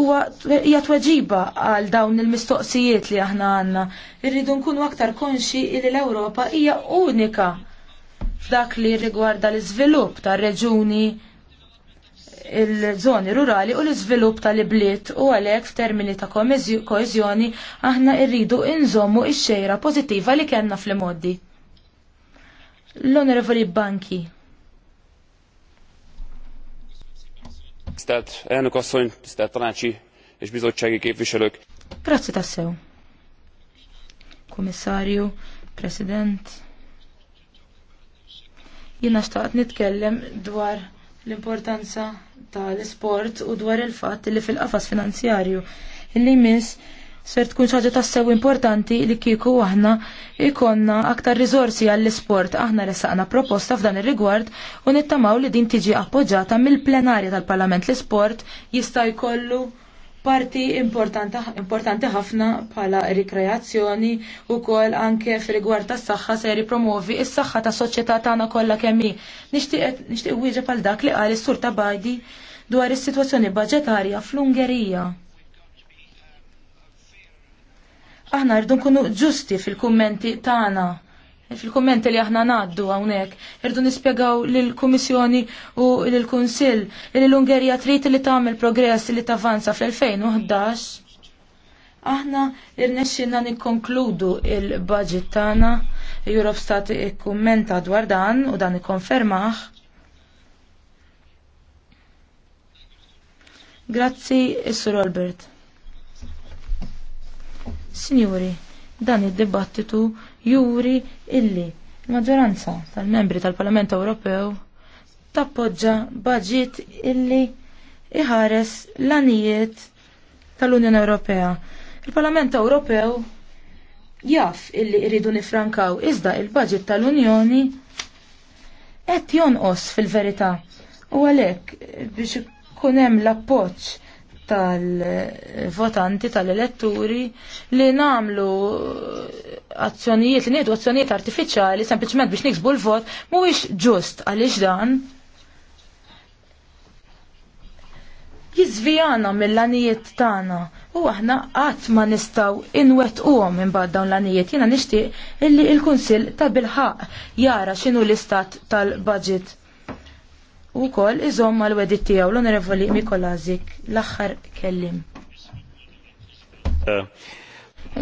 huwa hija tweġiba għal dawn il-mistoqsijiet li aħna għandna. Irridu nkunu aktar konxi li l-Ewropa hija unika f'dak li rigwarda l-iżvilupp tar-reġuni il-żoni rurali u l-iżvilupp tal-ibliet u għalhekk f'termini ta' koeżjoni aħna rridu inżommu x-xejra pożittiva li kellna fl-imoddi. L-Onorevoli Banki. Tisztelt elnök asszony, tisztelt tanácsi és bizottsági képviselők. Grazie tassew. Komissarju, president. Jina xtaqt nitkellem dwar l-importanza tal-sport u dwar il-fat li fil-qafas finanzjarju. Illi miss ser tkun ħaġa tassew importanti li kieku aħna ikonna aktar rizorsi għall-isport. Aħna ressaqna proposta f'dan ir-rigward u nittamaw li din tiġi appoġġata mill-plenarja tal-Parlament l-isport jista' jkollu parti importanti ħafna bħala rikreazzjoni u kol anke f'rigward tas saħħa se ripromovi s saħħa ta' soċieta tagħna kollha kemm hi. Nixtieq wieġeb għal dak li qal is-sur ta' Bajdi dwar is-sitwazzjoni baġetarja fl-Ungerija. Aħna rridu nkunu ġusti fil-kummenti tagħna. Fil-kummenti li aħna ngħaddu hawnhekk, irdu nispjegaw lill-Kummissjoni u lill-Kunsill li l-Ungerija trid li tagħmel progress li tavanza fl-2011 aħna irnexxina nikkonkludu il-budget tagħna. Europe Stat ikkummenta dwar dan u dan ikkonfermaħ. Grazzi, Sur Albert. Signori, dan id-dibattitu juri illi maġġoranza tal-membri tal-Parlament Ewropew tappoġġa budget illi iħares l-anijiet tal-Unjoni Ewropea. Il-Parlament Ewropew jaf illi iridu nifrankaw iżda il-budget tal-Unjoni qed jonqos fil-verità. U għalhekk biex ikun hemm l-appoġġ tal-votanti, tal eletturi li namlu azzjonijiet, li nejdu azzjonijiet artificiali sempliciment biex niksbu l-vot, mhuwiex ġust għaliex dan jizvijana mill-lanijiet tagħna u aħna qatt ma nistgħu inwettquhom imbagħad dawn l-lanijiet. Jiena nixtieq illi l-Kunsill ta' bilħaq jara x'inhu l-istat tal-budget u kol iżom mal wedit tijaw l-onorevoli Mikolazik l axar kellim.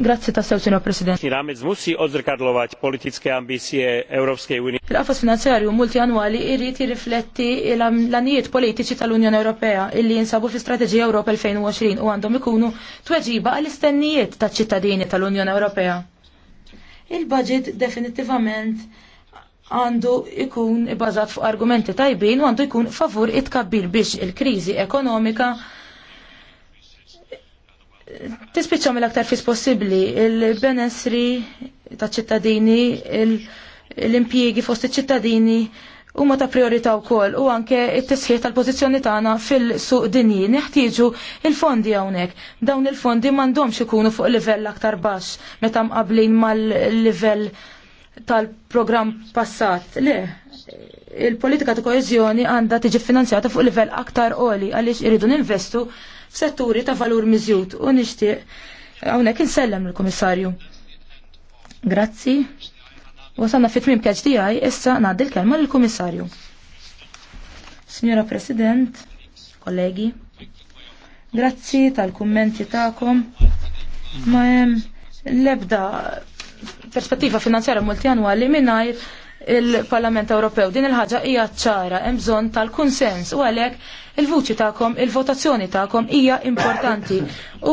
Grazie ta' sew, sinu President. Rámec musí odzrkadlovať politické ambizie Európskej Unii. L-qafas finanzjarju multianwali irrit jirrifletti l-anijiet politiċi tal-Unjoni Ewropea illi jinsabu fi strategija Ewropa 2020 u għandhom ikunu tweġiba għall-istennijiet taċ ċittadini tal-Unjoni Ewropea. Il-budget definitivament għandu ikun ibbażat fuq argumenti tajbin u għandu ikun favur itkabbir biex il-kriżi ekonomika tispiċċa mill-aktar fis possibbli il-benessri ta' ċittadini, l-impjiegi fost iċ-ċittadini huma ta' priorità wkoll u anke t tisħiet tal-pożizzjoni tagħna fil-suq dinji neħtieġu il-fondi hawnhekk. Dawn il-fondi m'għandhomx ikunu fuq livell aktar baxx meta mqablin mal-livell tal-programm passat. Le, il-politika ta' koezjoni għandha tiġi finanzjata fuq livell aktar qoli għaliex iridu ninvestu f'setturi ta' valur miżjud u nixtieq hawnhekk insellem lill-Kummissarju. Grazzi. Wasanna fit tmim kaġ tiegħi issa ngħaddi l-kelma lill-Kummissarju. Signora President, kollegi, grazzi tal-kummenti tagħkom. Ma hemm l-ebda perspettiva finanzjarja multianwali mingħajr il-Parlament Ewropew. Din il-ħaġa hija ċara, hemm bżonn tal-kunsens u għalhekk il-vuċi tagħkom, il-votazzjoni tagħkom hija importanti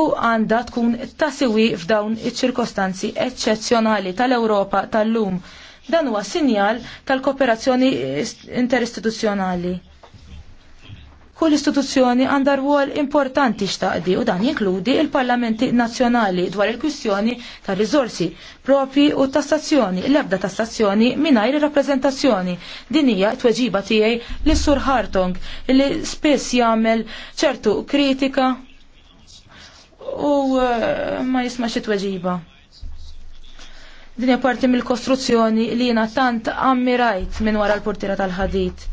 u għandha tkun tasiwi f'dawn iċ-ċirkostanzi eċċezzjonali tal-Ewropa tal-lum. Dan huwa sinjal tal-kooperazzjoni interistituzzjonali. Kull istituzzjoni għandha rwol importanti xtaqdi u dan jinkludi il-parlamenti nazzjonali dwar il-kwistjoni ta' rizorsi propri u tassazzjoni, l-ebda tassazzjoni mingħajr rappreżentazzjoni. Din hija tweġiba tiegħi li sur Hartong li spiss jagħmel ċertu kritika u eh, ma jisma xit weġiba. din parti mill-kostruzzjoni li jiena tant ammirajt minn wara l-portira tal-ħadit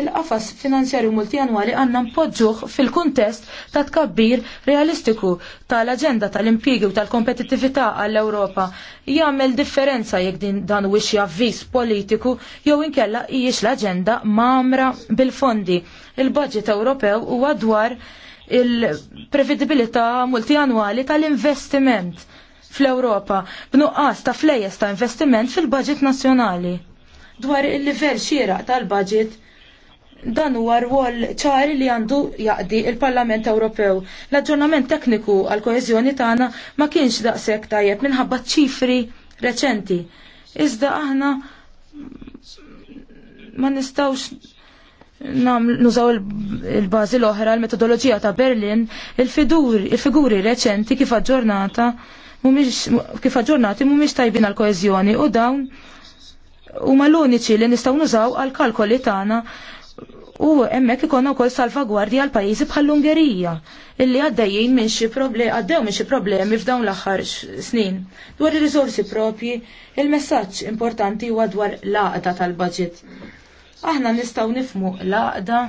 il-qafas finanzjarju multijanwali għanna mpoġġuħ fil-kuntest ta' tkabbir realistiku tal-agenda tal-impjigi u tal kompetitività għall-Ewropa. Jammel differenza jekk din dan wix javviż politiku jew inkella hijiex l-agenda mamra bil-fondi. Il-budget Ewropew huwa dwar il-prevedibilità multijanwali tal-investiment fl-Ewropa b'nuqqas ta' flejjes ta' investiment fil-budget nazzjonali dwar il-livell xieraq tal-budget dan huwa rwol ċari li għandu jaqdi il-Parlament Ewropew. L-aġġornament tekniku għal koeżjoni tagħna ma kienx daqshekk tajjeb minħabba ċifri reċenti. Iżda aħna ma nistgħux nużaw il-bażi l-oħra, l-metodoloġija ta' Berlin, il-figuri reċenti kif aġġornata kif aġġornati mhumiex tajbin għal koeżjoni u dawn huma l-uniċi li nistgħu nużaw għal kalkoli tagħna U emmek ikonu kol salvagwardja għal pajizi bħal l-Ungerija, illi għaddejjien minn xie problemi, għaddew minn xi problemi f'dawn l-aħħar snin. Dwar ir rizorsi propji, il-messaġġ importanti huwa dwar l-għaqda tal-budget. Aħna nistgħu nifmu l-għaqda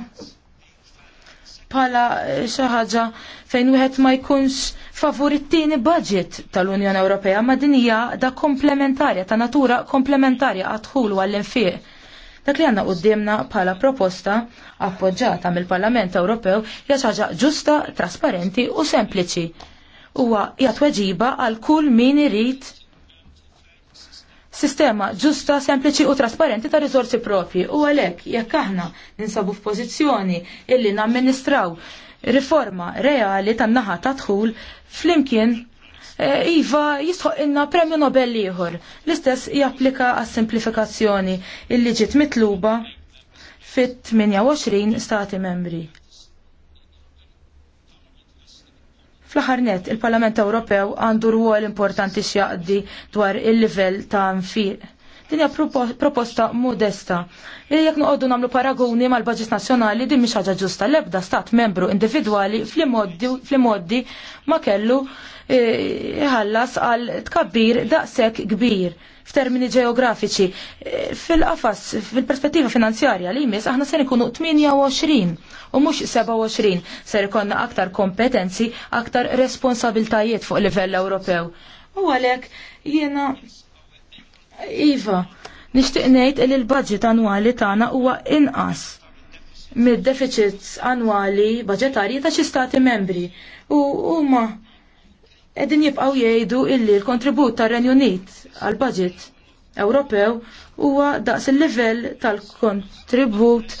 bħala eh, xi ħaġa fejn wieħed ma jkunx favur it-tieni budget tal-Unjoni Ewropea ma din hija da komplementarja ta' natura komplementarja għadħulu għall-infiq Dak li għanna għoddimna bħala proposta appoġġata mill-Parlament Ewropew hija ħaġa ġusta, trasparenti u sempliċi. Huwa hija tweġiba għal kull min irid sistema ġusta, sempliċi u trasparenti ta' riżorsi propri. U għalhekk jekk aħna ninsabu f'pożizzjoni illi namministraw riforma reali tan-naħa ta' dħul flimkien Eh, iva jistħoq inna premju Nobel ieħor. L-istess japplika għas-simplifikazzjoni il liġit mitluba fit-28 stati membri. Fl-aħħar il-Parlament Ewropew għandu rwol importanti x'jaqdi dwar il-livell ta' nfiq. Din hija proposta modesta. Jekk noqogħdu nagħmlu paragoni mal-Baġit Nazzjonali din mhix ħaġa ġusta l-ebda stat membru individwali fl moddi ma kellu jħallas e, għal tkabbir daqshekk kbir f'termini ġeografiċi. E, fil-qafas, fil-perspettiva finanzjarja li jmiss, aħna ser ikunu 28 u mhux 27 ser ikonna aktar kompetenzi, aktar responsabiltajiet fuq livell Ewropew. U għalhekk jiena Iva, nixtieq ngħid li l-budget annwali tagħna huwa inqas mid-deficits annwali budgetarji ta' xi stati membri u huma edin jibqaw jgħidu illi l-kontribut tar renju Unit għal budget Ewropew huwa daqs il-livell tal-kontribut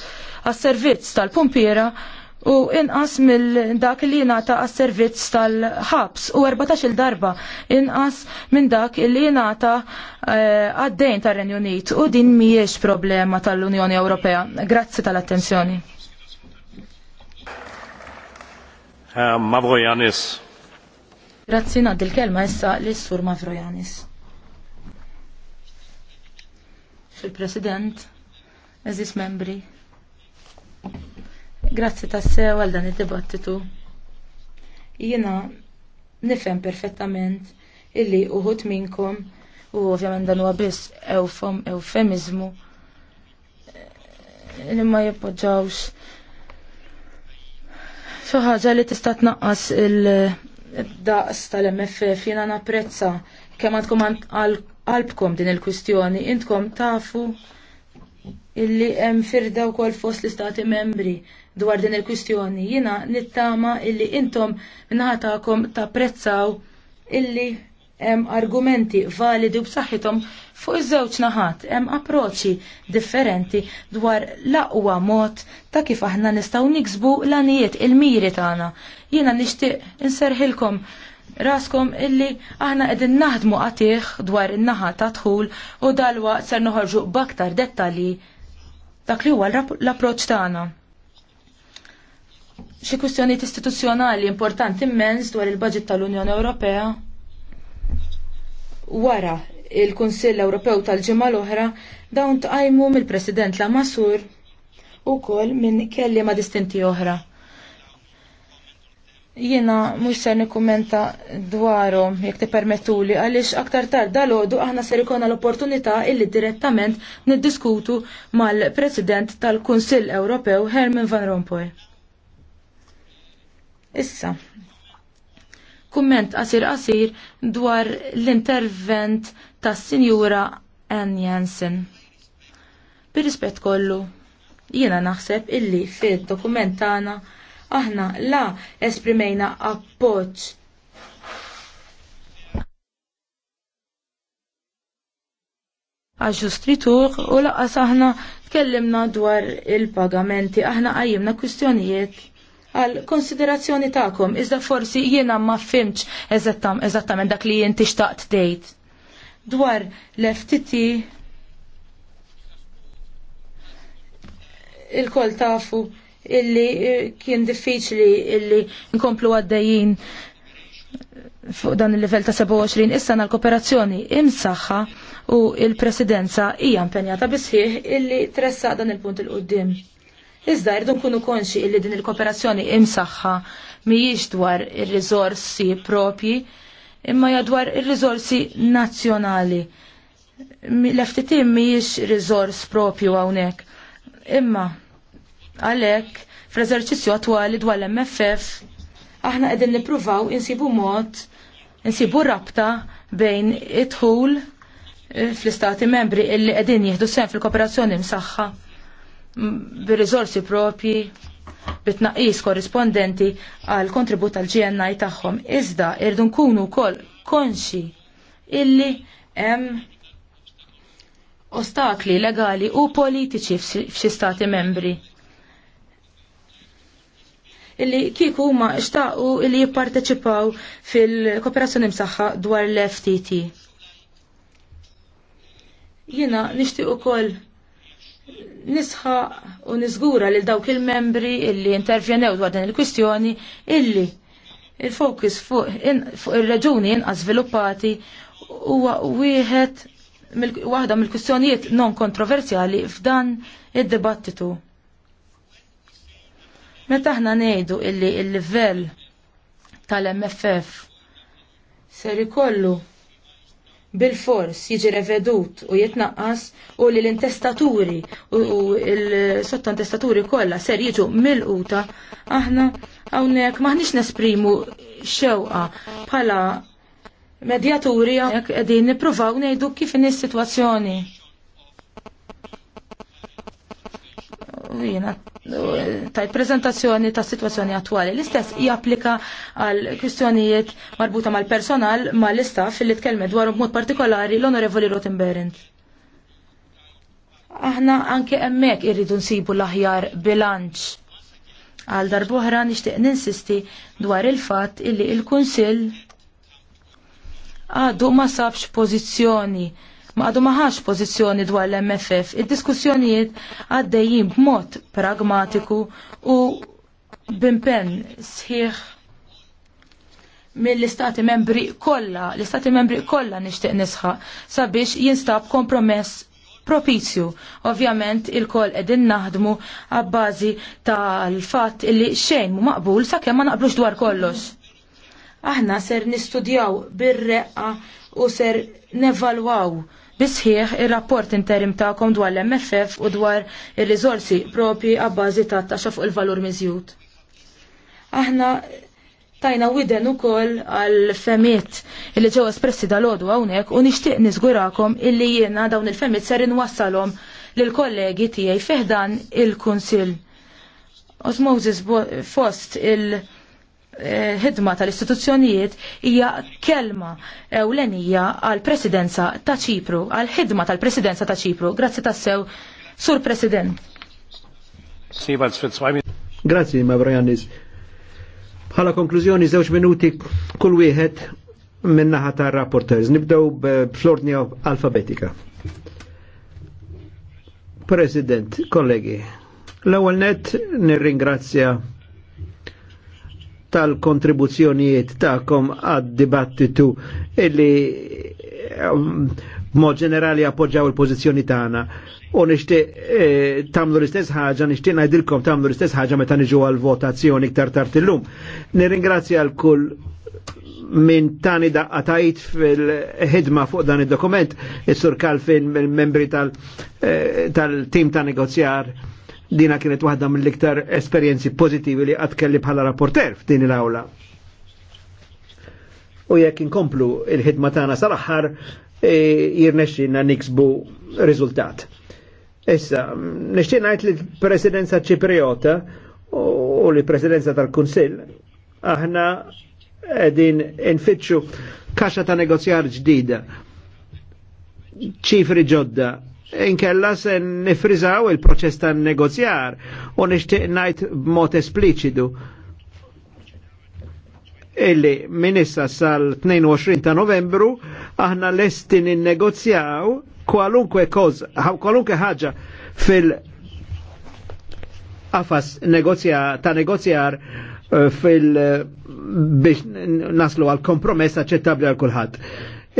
għas servizz tal-pumpiera u inqas mill-dak li jingħata għas servizz tal-ħabs u 14-il darba inqas minn dak li jingħata eh, għad-dejn tar renju Unit u din mhijiex problema tal-Unjoni Ewropea. Grazzi tal-attenzjoni. Mavrojanis. Grazzi na l-kelma issa s sur Mavrojanis. Fil-President, eżis membri, grazzi tassew għal dan id-dibattitu. Jiena nifhem perfettament illi uħut minkom u ovvjament dan huwa biss eufem, eufemizmu li ma jippoġġawx xi ħaġa li tista' tnaqqas il- daqs tal-MFF jiena napprezza kemm għandkom qalbkom din il-kwistjoni, intkom tafu illi hemm firda wkoll fost l-istati membri dwar din il-kwistjoni. Jiena nittama illi intom minnaħatakom tapprezzaw illi hemm argumenti validi u b'saħħithom Fuq iż-żewġ naħat hemm approċċi differenti dwar l-aqwa mod ta' kif aħna nistgħu niksbu l-anijiet il-miri tagħna. Jiena nixtieq inserħilkom raskom illi aħna qegħdin naħdmu qatih dwar in-naħa ta' dħul u dalwaqt ser noħorġu b'aktar dettalji dak li huwa l-approċċ tagħna. Xi kwistjonijiet istituzzjonali importanti immens dwar il-budget tal-Unjoni Ewropea wara il-Kunsill Ewropew tal-ġimgħa l-oħra dawn tqajmu mill-President Lamassur ukoll minn kelliema distinti oħra. Jiena mhux ser nikkumenta dwarhom jekk tippermettuli għaliex aktar tard dalodu aħna ser ikona l-opportunità illi direttament niddiskutu mal-President tal-Kunsill Ewropew Herman Van Rompuy. Issa, kumment qasir qasir dwar l-intervent tas-Sinjura Ann Jansen. Bir-rispett kollu, jiena naħseb illi fid-dokument tagħna aħna la esprimejna appoġġ għal ġustritur u laqas aħna tkellimna dwar il-pagamenti, aħna għajjimna kwistjonijiet għal konsiderazzjoni ta'kom, iżda forsi jiena ma fimċ eżattament dak li jinti xtaqt dejt dwar l-FTT il-kol tafu illi eh, kien diffiċli illi nkomplu għaddejjin fuq dan il-level ta' 27 issa l kooperazzjoni imsaħħa u il-presidenza hija impenjata bisħieħ illi tressa dan il-punt il-qoddim. Iżda irdu nkunu konxi illi din il-kooperazzjoni imsaħħa mhijiex dwar ir-riżorsi propji imma jadwar ir rizorsi nazzjonali. L-FTT mhijiex rizors propju hawnhekk. Imma għalhekk fl-eżerċizzju attwali dwar l-MFF aħna qegħdin nippruvaw insibu mod, insibu rabta bejn it-tħul eh, fl-istati membri illi qegħdin jieħdu sem fil-kooperazzjoni msaħħa mm, bir rizorsi propji bitnaqis korrispondenti għal kontribut tal GNI tagħhom. Iżda irdu nkunu wkoll konxi illi hemm ostakli legali u politiċi f'xi stati membri illi kieku huma xtaqu illi jipparteċipaw fil-kooperazzjoni msaħħa dwar l-FTT. Jiena nixtieq ukoll nisħa u nizgura lil dawk il-membri illi intervjenew dwar dan il-kwistjoni illi il-fokus fuq in, fuq ir-raġuni inqas sviluppati huwa wieħed waħda mill-kwistjonijiet non kontroversjali f'dan id-dibattitu. Meta aħna ngħidu illi il-livell tal-MFF ser ikollu bil-fors jiġi revedut u jitnaqqas u li l-intestaturi u l-sottantestaturi kollha ser jiġu mil quta aħna hawnhekk maħniex nesprimu xewqa bħala medjaturi qegħdin nippruvaw ngħidu kif in-sitwazzjoni. jiena ta' prezentazzjoni ta' situazzjoni attwali. L-istess japplika għal kwistjonijiet marbuta mal-personal mal-istaff li tkellmet dwar b'mod partikolari l-Onorevoli Rotenberend. Aħna anke hemmhekk irridu nsibu l-aħjar bilanċ. Għal darbohra nixtieq ninsisti dwar il-fatt illi il-Kunsill għadu ma sabx pożizzjoni ma għadu maħax pożizzjoni dwar l-MFF. Id-diskussjonijiet għaddejjin b'mod pragmatiku u bimpen sħiħ mill-istati membri kollha, l-istati membri kollha nixtieq nisħa sabiex jinstab kompromess propizju. Ovvjament il-koll edin naħdmu għabbażi tal-fatt illi xejn mu maqbul sakemm ma naqblux dwar kollox. Aħna ser nistudjaw bir-reqqa u ser nevalwaw bisħieħ ir-rapport interim tagħkom dwar l-MFF u dwar ir rizorsi propri għabbażi ta' taxxa fuq il-valur miżjud. Aħna tajna widen u kol għal femiet il-li ġew espressi dal-ħodu għawnek u nishtiq nizgurakom illi jiena dawn il-femiet ser nwassalom l-kollegi tijaj feħdan il-Kunsil. Osmosis fost il- ħidma tal-istituzzjonijiet hija kelma ewlenija għal presidenza ta' Ċipru, għal ħidma tal-presidenza ta' Ċipru. Grazzi ta sew, Sur President. Grazzi, Mavrojanis. Bħala konklużjoni, żewġ minuti kull wieħed minnaħa ta' rapporters. Nibdew b'flordnija alfabetika. President, kollegi, l-ewwel net nirringrazzja tal-kontribuzzjonijiet ta'kom għad-dibattitu illi um, mod ġenerali appoġġaw il-pożizzjoni tagħna. U nixtieq eh, tagħmlu l-istess ħaġa, nixtieq ngħidilkom tagħmlu l-istess ħaġa meta niġu għal votazzjoni iktar tard illum. Nirringrazzja l kull minn tani tajt fil-ħidma fuq dan id-dokument, is-sur Kalfin, membri tal-tim eh, ta' negozjar Dina kienet waħda mill-iktar esperjenzi pozitivi li għad kelli bħala rapporter f'din il-awla. U jekk inkomplu il-ħidma tagħna sal-aħħar e, jirnexxinna niksbu riżultat. Issa, nixtieq ngħid li l-Presidenza Ċipriota u l-Presidenza tal-Kunsill aħna qegħdin infittxu kaxa ta' negozjar ġdida ċifri ġodda inkella se nifrizaw il-proċess ta' negozjar u nishtiq najt b'mod espliċidu illi minissa sal-22 ta' novembru aħna lestin in-negozjaw kwalunkwe koz, kwalunkwe ħagġa fil- għafas negozja, ta' negozjar eh, fil- biex naslu għal kompromess aċċettabli għal kulħadd.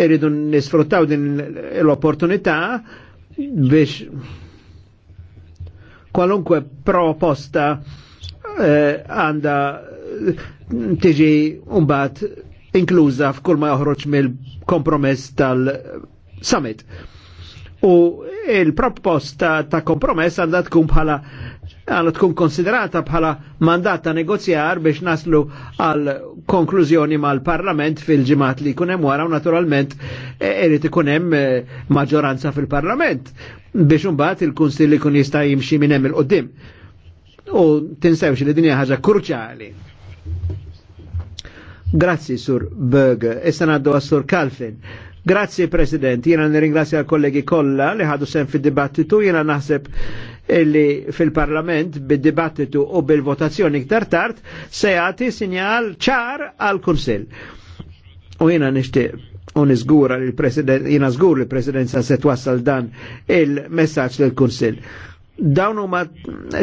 Irridu nisfruttaw din l-opportunità biex kwalunkwe proposta eh, għanda eh, tiġi unbat inkluza f'kull ma joħroġ mill-kompromess tal-summit u il-proposta ta' kompromess għandha tkun bħala għandha tkun konsiderata bħala mandata negozjar biex naslu għal konklużjoni mal-Parlament fil-ġimat li kunem wara u naturalment e, irrid ikun hemm e, maġġoranza fil-Parlament biex imbagħad il li kun jista' jimxi minn hemm il qoddim U tinsewx li dinja ħaġa kruċjali. Grazzi, Sur Berg. Issa naddu għas-Sur Kalfin Grazie President, jena nirringrazzja kollegi kollha li ħadu sen fid-dibattitu, jena naħseb illi fil-parlament bid-dibattitu u bil-votazzjoni iktar tard se jagħti sinjal ċar għal kunsill. U jena nixtieq u niżgura li l-President, jena żgur li l sa se twassal dan il-messaġġ lill-Kunsill. Dawn huma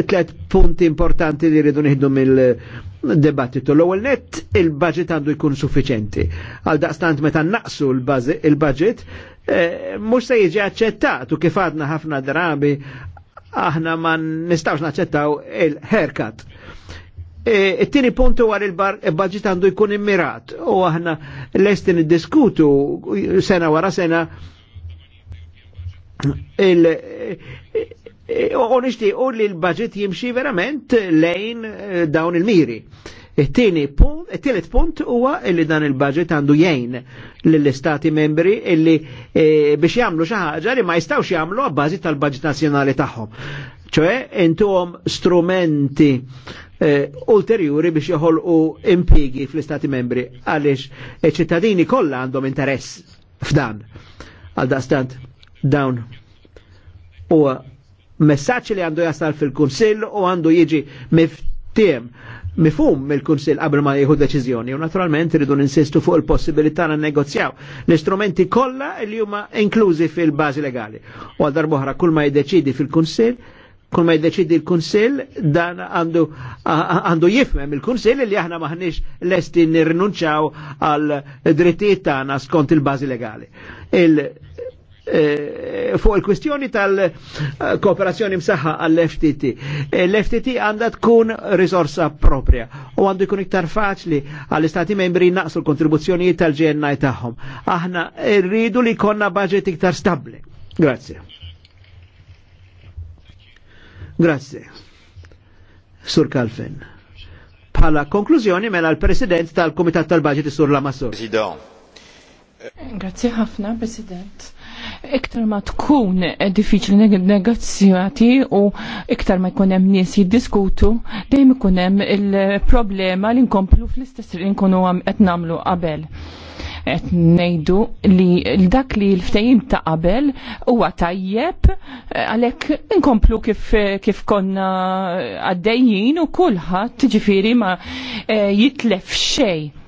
tliet punti importanti li rridu nieħdu mill-debattitu. L-ewwel nett il-budget għandu jkun suffiċenti. Għal daqstant meta naqsu il-budget eh, mhux se jiġi aċċettat u kif għadna ħafna drabi aħna ma nistawx naċċettaw il-haircut. E, it-tieni punt huwa il-budget għandu jkun immirat u aħna lesti niddiskutu sena wara sena Eh, u nixtiequ li l-budget jimxi verament lejn eh, dawn il-miri. Il-tini punt, il punt huwa li dan il-budget għandu jgħin lill-istati membri illi eh, biex jagħmlu xi ħaġa li ma jistgħux jagħmlu għabbażi tal-budget nazzjonali tagħhom. ċoe intuhom strumenti ulterjuri biex joħolqu impigi fl-istati membri għaliex ċittadini kollha għandhom interess f'dan. Għal dastant dawn huwa messaċ li għandu jasal fil-Kunsill u għandu jiġi miftiem mifum mill-Kunsill qabel ma jieħu deċiżjoni u naturalment iridu ninsistu fuq il-possibilità na negozjaw l-istrumenti kollha li huma inklużi fil-bażi legali. U għal darbohra kull ma jiddeċidi fil-Kunsill kull ma jiddeċidi l-Kunsill dan għandu għandu jifhem il-Kunsill li aħna maħniex lesti nirrinunċaw għal drittijiet tagħna skont il-bażi legali. Il Eh, fuq il-kwistjoni tal-kooperazzjoni msaħħa għall-FTT. L-FTT eh, għandha tkun risorsa propria u għandu jkun iktar faċli għall-istati membri naqsu l-kontribuzzjonijiet tal-GNI tagħhom. Aħna rridu li konna budget iktar stabli. Grazie. Grazie. Sur Kalfen. Bħala konklużjoni mela l-President tal-Kumitat tal budget Sur Lamassur. President. Grazie ħafna, President iktar ma tkun diffiċli negozjati u iktar ma jkun hemm nies jiddiskutu, dejjem ikun hemm il-problema li nkomplu fl-istess li nkunu qed nagħmlu qabel qed ngħidu li dak li l-ftehim ta' qabel huwa tajjeb għalhekk inkomplu kif kif konna għaddejjin u kulħadd ġifieri ma eh, jitlef xejn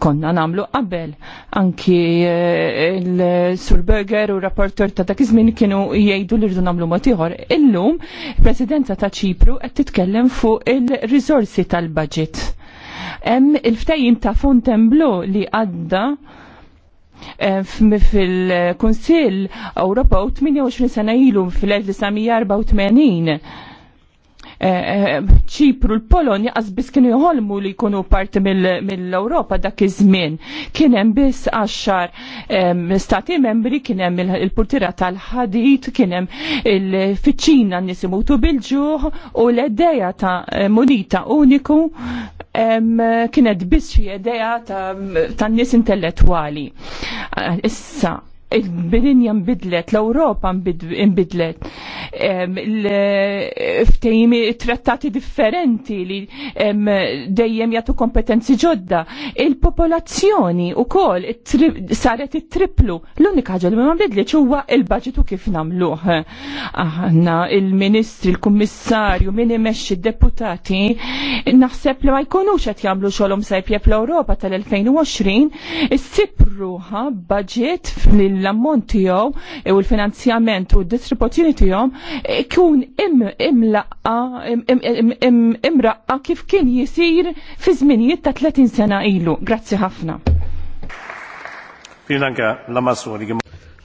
konna namlu qabel. Anki eh, il-Sur Berger u rapporter ta' dak iż kienu jgħidu li rridu namlu mod ieħor. Illum, il-Presidenza ta' Ċipru qed titkellem fuq il-riżorsi tal-budget. Hemm il-ftejjim ta' Fontainebleau li għadda eh, fil-Kunsill Ewropew 28 sena ilu fil-1984 Eh, eh, ċipru l-Polonja għazbis kienu jħolmu li jkunu parti mill-Europa dak iż-żmien. Kien hemm biss għaxar stati membri, kien hemm il-purtira tal-ħadit, kien hemm il-fiċċina nies imutu bil-ġuħ u l-edeja ta' munita uniku kienet biss xi edeja ta' tan-nies intellettwali. Issa il bidinja mbidlet, l-Europa mbidlet, ftejmi trattati differenti li dejjem jagħtu kompetenzi ġodda. Il-popolazzjoni u kol saret it-triplu. L-unika ħagġa li ma mbidlet huwa il-budgetu kif namluħ. Aħna il-ministri, il-kummissarju, min imexxi deputati naħseb li ma jkunux qed jagħmlu xogħolhom sajb l-Ewropa tal-2020 issib ruħa budget fil l-ammont tiegħu u l-finanzjament u d-distribuzzjoni tiegħu e, ikun imraqqa kif kien jisir fi żminijiet ta' 30 sena ilu. Grazzi ħafna.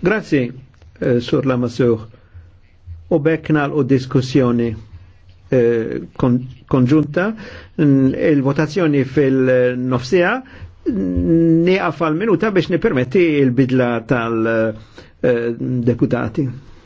Grazzi, eh, Sur Lamassur. U bekna l-diskussjoni eh, konġunta, il-votazzjoni fil-nofsija nieqaf għal minuta biex nipermetti il-bidla tal-deputati. Eh,